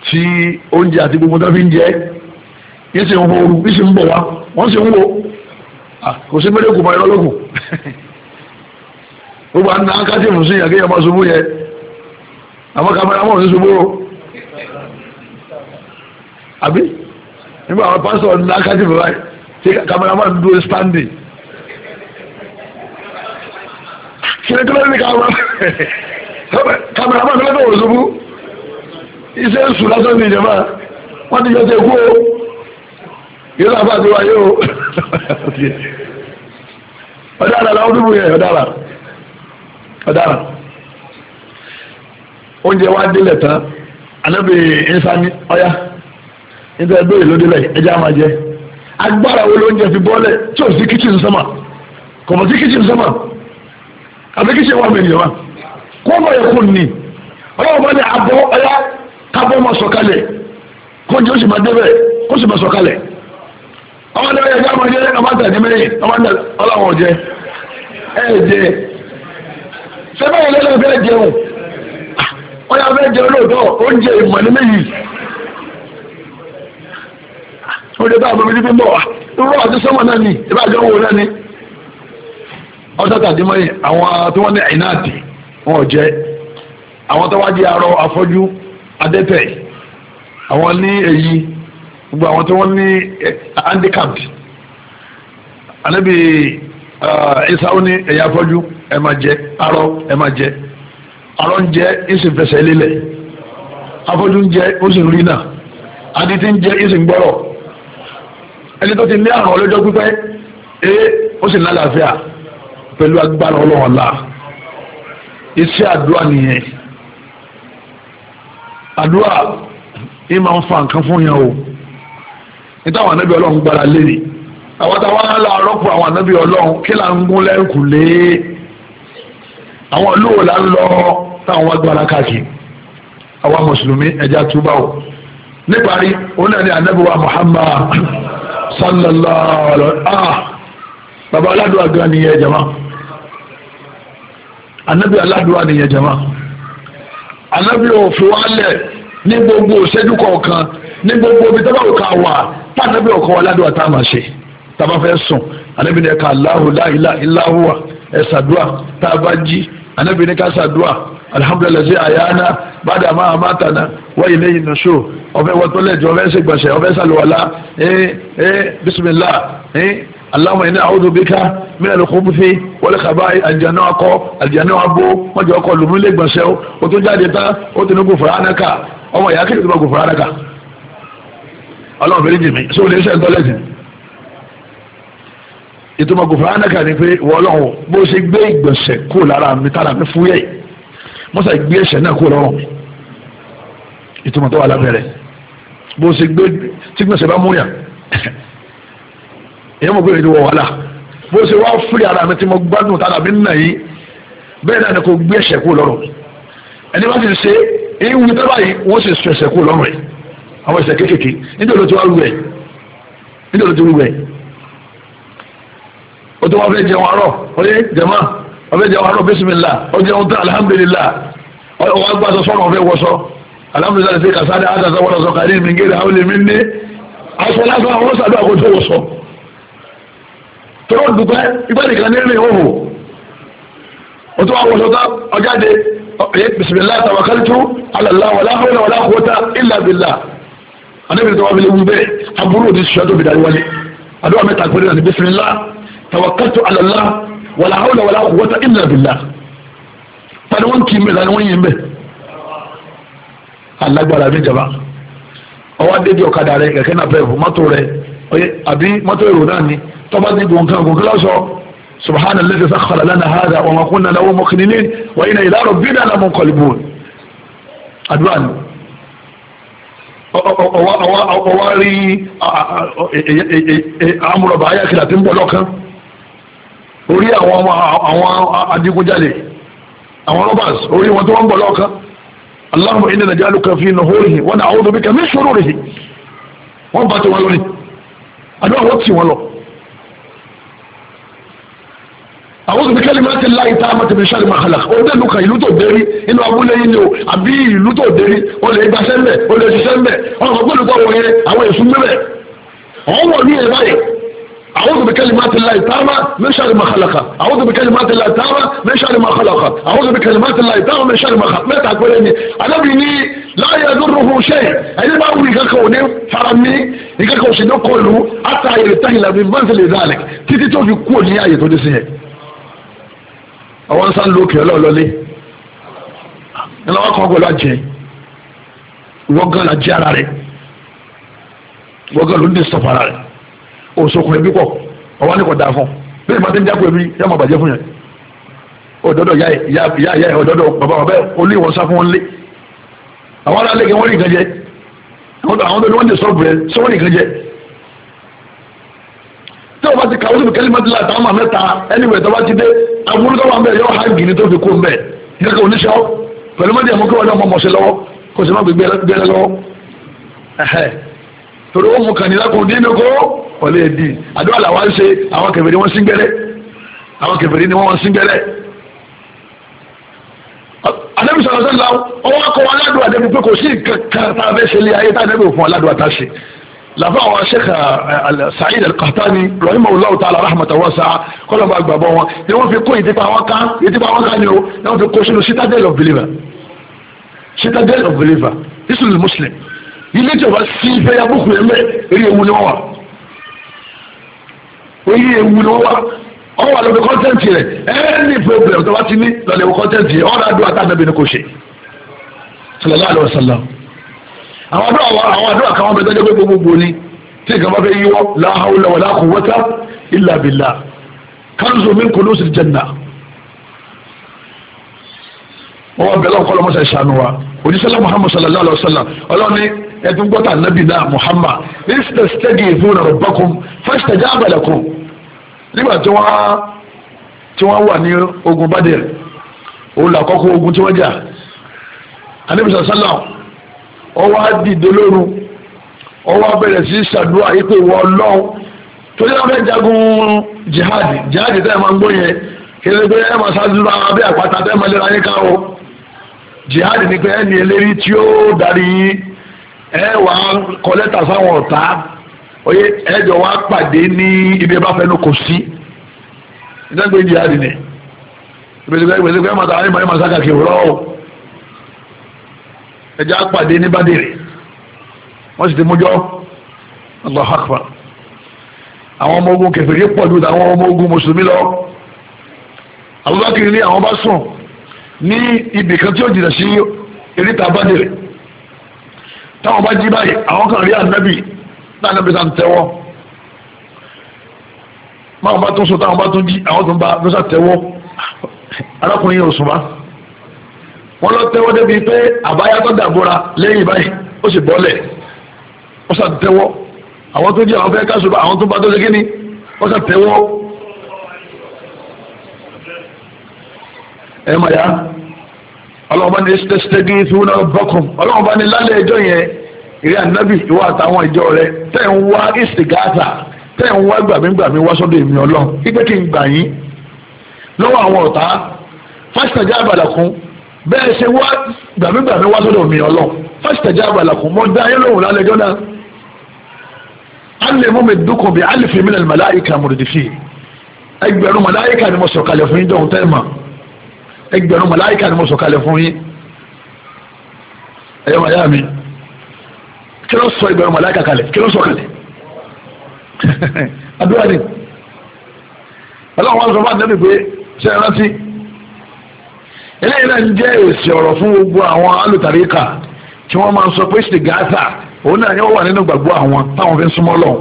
tí oúnjẹ àti gbogbo tó fi ń jẹ yín sì ń ho ooru yín sì ń bọ̀ wá wọ́n sì ń wo kò sí mẹ́rẹ́kù mọ́ ẹ̀rọ gbogbo àti náà kájí fún sí àkéyàn máa ṣubú yẹ àmọ́ kámẹ́rà mọ̀ ní ṣubú o àbí nígbà àwọn pásítọ̀ náà kájí fún báyìí tí kámẹ́rà máa ń dúró stándì kíni tó lórí ní kámẹ́rà máa ń lọ́dọ̀ wò ṣubú iṣẹ́ sùn lásán ní ìjọba wọ́n ti jọ ṣe kú o yóò lọ́ọ́ bá ti wáyé o ọ̀dà àdàlà ọdún mú yẹ ọ̀dà àdàlà. ọ̀daràn oúnjẹ wa délẹ̀ tán anábì ìsáni ọ̀yá níta ẹgbẹ́rẹ́ ló délẹ̀ ẹjẹ́ á máa jẹ agbára wo lóúnjẹ fi bọ́ọ̀lẹ̀ tí ò sí kíchìn sọ́mà kò mọ̀ sí kíchìn sọ́mà àbí kíchìn wà mẹ́rin wa kó ọmọ yẹ kó ní ọlọ́wọ́ bá ní abọ́ ọ̀yá kábọ́ máa kó oúnjẹ máa débẹ̀ kó máa ọmọdé ọmọdé ṣé báyìí lẹ́nu fẹ́ jẹun wọ́n yà fẹ́ jẹun lóòótọ́ oúnjẹ ìmọ̀ ní méjì ó lè bá àwọn ọmọdé bí bọ̀ wá irú àti sọ́mọ náà ni ìbájọ́ wo náà ni ọjọ́ tàdímọ́yìn àwọn tí wọ́n ní àìnáàtì wọn ò jẹ́ àwọn tó wá jẹ́ arọ afọ́jú adẹ́tẹ̀ àwọn ní èyí gbogbo àwọn tí wọ́n ní eh, handicapped ànábì ah, ìsáwó ní ẹ̀yà afọ́jú ẹ máa jẹ arọ ẹ máa jẹ arọ ń jẹ ìsìn fẹsẹ̀ lélẹ̀ afọ́jú ń jẹ ó sì ń rí náà adití ń jẹ ìsìn gbọ́rọ̀ ẹni tó ti ní àrùn ọlọ́jọ́ pípẹ́ ee ó sì lálàáfíà pẹ̀lú agbára ọlọ́run ọ̀la iṣẹ́ àdúrà nìyẹn àdúrà yìí máa ń fa nǹkan fún yẹn o nítawọn anábì ọlọ́run gbára lé ni àwọn táwọn aláàárọ̀ pọ̀ àwọn anábì ọlọ́run kí là ń gún lẹ́kùn lé àwọn olówó là ń lọ táwọn wá gbára káàkiri àwa mùsùlùmí ẹja túbà o níparí òun náà ni anabiwa muhammad sallallahu alaihi wa sallam ah, baba aládùúgbò gan ni yẹn jama anabi aládùúgbò ni yẹn jama anabi òfin wa lẹ ní gbogbo ìṣẹ́jú kọ̀ọ̀kan ní gbogbo ibi tábà òkà wà tànàbí ọkọ̀ wa ládùúgbò tá a máa ṣe tábà fẹ́ sùn anabi ni ẹ̀ka Allahu la ilaha illa huwa ẹ̀sàdúà tá a bá jí anábì ní ká ṣàdúà alhamdulilayi ṣe àyáná bàdà máa má tànà wọ́n ilé yìí nùṣó ọ̀fẹ́ wọ́n tó lẹ́jọ́ ọ̀fẹ́ ṣe gbọ̀nsẹ̀ ọ̀fẹ́ ṣàlùwàlá bisimilá aláwọ̀ iná àwùjọ bíkà mílẹ̀ ló kó fi wọlé kaba àjànà akọ àjànà abo wọn jọ ọkọ lùmílẹ̀ gbọ̀nsẹ̀ o tó jáde tán o tó ní gòfòrò ànàkà ọmọ ìyá kékeré tó bá gòfòrò ànàkà ọlọ́run fẹ́rẹ́ jì mí sóòlù iṣẹ́ ń tọ́lẹ̀ jì mí ìtumọ̀ gòfàánàkà ni pé wọ́lọ́hùn bó ṣe gbé ìgbọ̀nsẹ̀ kó lára mi tára mi fúyẹ́ yìí mọ́sá gbé ẹ̀ṣẹ̀ náà kó lọ́rùn ìtumọ̀ tó wà lábẹ́rẹ̀ bó ṣe gbé tí gbọ̀nsẹ̀ bá múyàn èyí mọ̀ pé èdè wọ̀ wàhálà bó ṣe wá fúri ara mi tí mo gbádùn tára mi nà yìí bẹ́ẹ̀ náà ni kò gbé ẹ̀ṣẹ̀ kó lọ́rùn ẹni bá ti ṣe èyí wù tábà yìí wọ́n sì sọ ẹ̀ṣẹ̀ kó lọ́rùn rẹ̀ àwọn ẹ̀ṣẹ̀ kéékèèké nítorí tí wọ́n rú ẹ̀ nítorí tí wọ́n rú ẹ̀ ó tó wá fẹ́ jẹun àárọ̀ ó yé jẹ̀mọ́ wọ́n fẹ́ jẹun àárọ̀ bísímìlá ó jẹun tán alihamudulilá wọ́n gbàtọ̀ sọ́run fẹ́ wọ́sọ alihamudulilá ti kàsáde àtàtà wọ́n sọ kàrí mi gèrè àwọn èmi ní aṣọ lásán àwọn sàdó àkótó wọ́sọ. tọ́lọ́ dùpẹ́ ibà nìkan ní rìn òhò ó tó wá wọ́sọ tán ọjáde bisimilá tawakaltu alàlá wàlá hàwùlà wàlá kóta ìlà bìlà anábìrì tó wà fi lè wú bẹ́ẹ̀ aburú òdì sùn tawakkaltu ala Allah wala hawla wala quwwata illa billah tani wọn kì í mbẹ tani wọn yìí mbẹ alágbára mi jaba ọwọ́ adé di ọ̀kadà rẹ kẹ̀kẹ́ náà bẹ̀rẹ̀ fún mọ́tò rẹ oye àbí mọ́tò èrò náà ni tọ́ba ti gùn kan gùn kí lọ́sọ̀ subhana lẹ́sẹ̀ sakhkhara lana hadha wa ma kunna lahu muqrinin wa inna ila rabbina lamunqalibun àdúrà ni ọwọ́ rí àmúrọ̀bà ayé àkìlà tí ń bọ̀ lọ́kàn orí àwọn ọmọ àwọn adigunjalè àwọn robbers orí wọn tó wọ́n ń bọ̀ lọ́ọ̀kan Allahumma inna naj'aluka fi nuhurihi wa na'udhu bika min shururihi wọ́n bá ti wọn lọ ni àdúrà wọ́n tì wọ́n lọ. a'udhu bi kalimati llahi tammati min sharri ma khalaq ó dé ìlú kan ìlú tó dérí inú abúlé yín ni o àbí ìlú tó dérí o lè gbaṣẹ́ mbẹ̀ o lè ṣiṣẹ́ mbẹ̀ ọ̀nà fún pẹ̀lú أعوذ بكلمات الله التامة من شر ما خلق أعوذ بكلمات الله التامة من شر ما خلق أعوذ بكلمات الله التامة من شر ما خلق mẹ́ta péré ni alábìíní láyé ẹdúnrúhu ṣe ẹni bá wù ìkẹ́kọ̀ọ́ òní farami ìkẹ́kọ̀ọ́ òṣèlú kọlu ata ayẹyẹ tahila mi mọ́nsẹ̀lẹ̀ dàlẹ̀ títí tó fi kú òní ayé tó dé sí yẹn. àwọn sá lókè ọlọ́ọ̀lọ́lé ẹnlá wọn kọ́ pẹ̀lú àjẹ wọ́gán la jẹ́ ara rẹ̀ wọ́gán ló ń dé sọ̀fọ̀ ara rẹ̀ òṣòkùn ẹbí pọ̀ ọwọ́ ní kò dáa fún bí ìmọ̀ tí ń jákò ẹbí yóò máa bàjẹ́ fún yẹn òdọ́dọ̀ ìyá ìyá ẹ̀ òdọ́dọ̀ bàbá bàbá olú ìwọ̀n sá fún wọn lé àwọn ará lẹ́gẹ̀ẹ́ wọ́n rí nǹkan jẹ àwọn tó ní wọ́n lè sọ́ọ̀bù rẹ̀ sọ wọ́n rí nǹkan jẹ tí wọ́n bá ti kàwé síbi kẹ́límẹ́tì láti àwọn máa mẹ́ta ẹni wẹ̀ tó bá ti dé aburú tó torí ó mú kànílákùn dínú kó wọlé dín àdúrà làwọn ń ṣe àwọn kèfèrí wọn síngbẹ́rẹ́ àwọn kèfèrí ni wọ́n síngbẹ́rẹ́ anabi sọ̀rọ̀ sọ́ni la ọwọ́ akọ aládùúgbò àdébí pé kò sí kankan tá a fẹ́ ṣe lé ayé tá a nẹ́bí òfin aládùúgbò àtà ṣe làbá àwọn sheikh eh, Sa'id al-Qahtani rahimahullah ta'ala rahmatan wasi'a kọ́lọ́ bá gbàgbọ́ wọn ni wọ́n fi kó ìdípa wọn ká ìdípa wọn ká ni o ni wọ́n fi kó sínú citadel of believer citadel of believer islam muslim ilé tí o bá sí ife abúkù yẹn mẹ eré ewu ni wọn wà eré ewu ni wọn wà wọn wà lóbi kọ́ńtẹ́ǹtì rẹ ẹni problem tó bá ti ní lọ́lẹ̀ wọ kọ́ńtẹ́ǹtì yẹn wọn náà dùn àtàbẹ̀bẹ̀ ni kò ṣe sallallahu alaihi wasallam àwọn àdúrà wa àwọn àdúrà kan wọn bẹ dájọ́ pé gbogbo ni tí nǹkan bá fẹ́ yíwọ́ la hawla wala quwwata illa billah kanzu min kunusil janna wọn wà bẹ̀rẹ̀ ọkọ̀ lọ́mọ́sẹ̀ ṣàánú wa òjísẹ́lẹ̀ Muhammad sallallahu alaihi wasallam ọlọ́ni ẹ̀dùn gbọ́dọ̀ ànábì na Muhammad ìsìtà sítẹ́gì ìfúnra rabbakum fastajaba lakum nígbà tí wọ́n tí wọ́n wà ní ogun Badr òun là ogun tí wọ́n jà ànábì sàlá ọwọ́ á dìde lóru ọwọ́ á bẹ̀rẹ̀ sí ipò jagun jihad jihad tẹ́ a ń yẹn pé ẹ abẹ́ àpáta tẹ́ ma lera yín jihad ni pé ẹ wà á kọ lẹ́tà sáwọn ọ̀tá oye ẹ jọ wá pàdé ní ibi ẹ bá fẹnu kò sí ìdágbé ìdí àdì ni ìbẹ̀sẹ̀gbẹ̀ ìbẹ̀sẹ̀gbẹ̀ ẹ̀ máa ta ayé máa sáka kì í rọ́ ọ́ ẹ jẹ́ àpàdé ní bàdìrì wọ́n sì ti mújọ́ Allahu Akbar àwọn ọmọ ogun kẹfìrí pọ̀lú àwọn ọmọ ogun mùsùlùmí lọ Abubakar ní àwọn bá sùn ní ibì tí ó jìnnà sí eréta bàdìrì táwọn bá jí báyìí àwọn kan rí ànábì náà ànábì sá ń tẹ́wọ́ máa bá tún sọ táwọn bá tún jí àwọn tó ń bá lọ́sà tẹ́wọ́ arákùnrin yóò sùn wá wọ́n lọ tẹ́wọ́ débi pé àbáyá tó dàbúra lẹ́yìn báyìí ó sì bọ́lẹ̀ ó sà tẹ́wọ́ àwọn tó jí àwọn fẹ́ ká ṣùgbọ́n àwọn tó bá tó ṣe kíni ó sà tẹ́wọ́ ẹ̀ máa yá ọlọ́ọ̀bá ní ṣẹ́ṣẹ́gí fún ọ̀bọ̀kùn ọlọ́ọ̀bá ní lálẹ́ ẹjọ́ yẹn ìrẹ́ ànábì ìwọ àtàwọn ìjọ rẹ tẹ́ ń wá ìsìgáàtà tẹ́ ń wá gbàmígbàmí wá sọ́dọ̀ èmi ọlọ́run ipe kí n gbà yín lọ́wọ́ àwọn ọ̀tá fásitẹ̀já àbàlàkùn bẹ́ẹ̀ ṣe wá gbàmígbàmí wá sọ́dọ̀ èmi ọlọ́run fásitẹ̀já àbàlàkùn mọ́ dá ayé lóhùn lálẹ́ ẹjọ́ náà alẹ́ mú mi dúkùn ẹgbẹ̀rún màláìka ni mo sọ̀kalẹ̀ fún yín ẹ̀yọ́ màyá mi kí ló sọ ẹgbẹ̀rún màláìka kalẹ̀ kí ló sọ kalẹ̀ àdúrà ni ọlọ́run wọn sọ fún àdébì pé ṣe é rántí eléyìí náà ń jẹ́ èsì ọ̀rọ̀ fún gbogbo àwọn alùtàríkà tí wọ́n máa ń sọ pé ṣì gáàsà òun náà yóò wà nínú gbàgbọ́ àwọn táwọn fi ń súnmọ́ lọ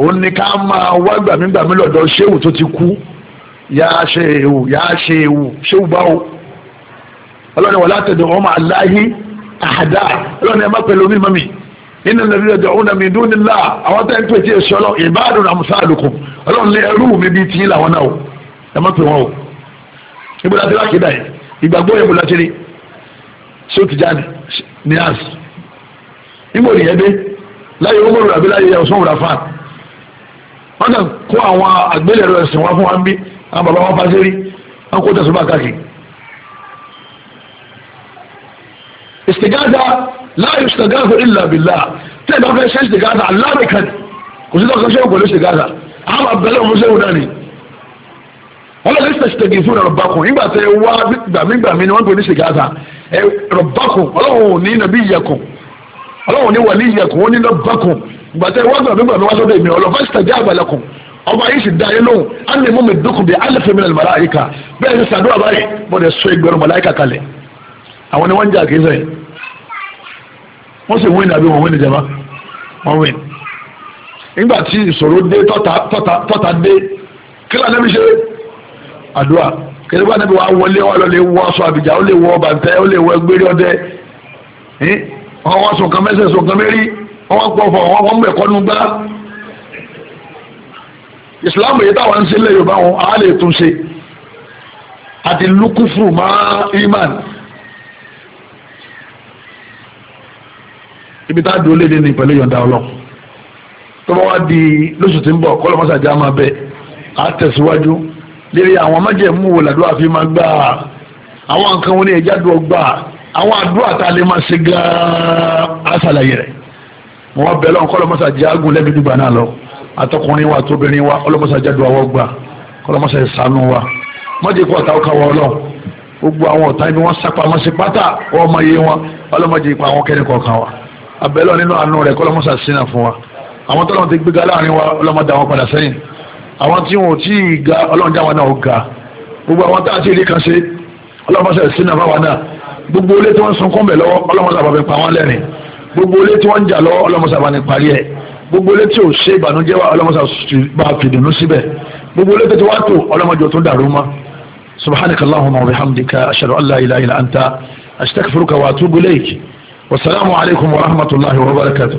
òun ni ká máa wá gbàmígbàmí lọ́dọ̀ ṣéwù tó ti kú yá ṣeéwù yá ṣeéwù ṣeéwù báwo ọlọ́ni wàlá tẹ̀dọ̀ wọn máa láyé àhàdá ọlọ́ni ẹ̀ má pẹ̀lú omi mọ́mi nínú nàbí ọjọ́ òun nàmí dún nílá àwọn tẹ́ ń pè tí èso ọlọ́ ìbáàdùn àmúṣá àlùkùn ọlọ́run lé ẹrú mi bíi tiyín làwọn náà o ẹ má pè wọn o ìbúra tí láàkì dà yìí ìgbàgbọ́ yẹn bùrọ̀ tiri sí jáde ní àṣì ìgbò nìyẹn dé láyé owó rẹ̀ àbí láyé ọ̀sán òrà fáà wọ́n kàn kó àwọn àgbélẹ̀rọ ẹ̀sìn wá fún wa ń bí àwọn bàbá wọn fásẹ́ rí wọn kó tẹ̀sùn bá káàkiri. ìsìgáàdà láàyè ìsìgáàdà ìlà bìlà tẹ́ẹ̀ bá fẹ́ ṣe ìsìgáàdà aláàbẹ̀kan kò sí lọ́kàn ṣẹ́wọ̀n pẹ̀lú ìsìgáàdà àwọn abẹ́lẹ̀ ọmọ ṣẹ́wọ̀n náà ni wọ́n lọ́kàn ṣèṣègì fún rọ̀bàkùn nígbà tẹ́ ẹ wá gbàmígbàmí ni wọ́n pè ní ìsìgáàdà rọ̀bàkùn ọlọ́run ní nàbí ìyẹ̀kùn ọlọ́run ní wàlí ìyẹ̀kùn ó ní lọ́bàkùn gbàtẹ́ wọ́n gbàmígbàmí wá sọ́dọ̀ èmi ọlọ́fẹ́ ṣèṣègì àgbàlẹ̀kùn ọba yìí sì dáyé lóhùn á lè mú mi dúkùn bíi alẹ́fẹ́ mi nàlùmọ́lá àyíká bẹ́ẹ̀ ni sàdúrà báyìí mo lè so ìgbẹ́rùn màláìka kalẹ̀ àwọn ni wọ́n ń jà kí sẹ́yìn wọ́n sì wíìn àbí wọ́n wíìn ìjàmbá wọ́n wíìn nígbà tí ìṣòro dé tọ́ta tọ́ta tọ́ta dé kí lóò ṣe àdúrà kẹ́lẹ́ bá níbi wàá wọlé ọ lọ́lẹ̀ wọ aṣọ àbíjà ó lè wọ bàtẹ́ ó lè wọ ẹgbẹ́rí ọdẹ wọ́n wọ́n sùn kan mẹ́sẹ̀ sùn kan mẹ́rí wọ́n wọ́n pọ̀ fọ̀ wọ́n mẹ́kọ́ nú gbá ìsìláàmù yìí táwọn ń ṣe lẹ́yìn bá wọn àá lè tún ṣe àti lukufuru mọ́ iman ibi tá a dúró léde ní pẹ̀lú yọ̀ǹda ọlọ́ tó bá wá di lóṣù tí ń bọ̀ kọ́lọ́ mọ́sàájá máa bẹ̀ á tẹ̀síwájú lérí àwọn májẹ̀mú wo làdúrà fi máa gbà àwọn nǹkan wọn ní ẹ̀já dùn ọgbà àwọn àdúrà tá a lè máa ṣe gan-an á ṣàlàyé rẹ̀ wọ́n bẹ̀ lọ́n kọ́lọ́ mọ́sàájá gùn lẹ́bi dùgbà náà lọ àtọkùnrin wa tóbìnrin wa ọlọ́mọṣà jáde wa wọ́gbà ọlọ́mọṣà ìsànú wa mọ́jẹ́ kó ọ̀tá ọkà wa ọlọ́run gbogbo àwọn ọ̀tá ibi wọ́n sápá wọn sí pátá wọ́n mọ iye wọn ọlọ́mọdé ipa àwọn kẹ́ni kọ̀ọ̀kan wa abẹ́lọ́ nínú àánú rẹ̀ kọ́lọ́mọṣà sínà fún wa àwọn tọ́lọ́mọ ti gbéga láàrin wa ọlọ́mọdé àwọn padà sẹ́yìn àwọn tí wọn ò tí ì ga ọlọ́mọdé àwọn náà ò ga gbogbo àwọn tá a ti rí kan ṣe ọlọ́mọṣà sínà fáwa náà gbogbo ilé tí wọ́n gbogbo létí ò ṣe ìbànújẹ́ wa ọlọ́mọsà bá a fìdùnnú síbẹ̀ gbogbo létí tí wàá tó ọlọ́mọjọ tó dàrú ma subhanaka allahumma wa bihamdika ashhadu an la ilaha illa anta astaghfiruka wa atubu ilayk wasalaamu alaykum wa rahmatulahi wa barakatuh.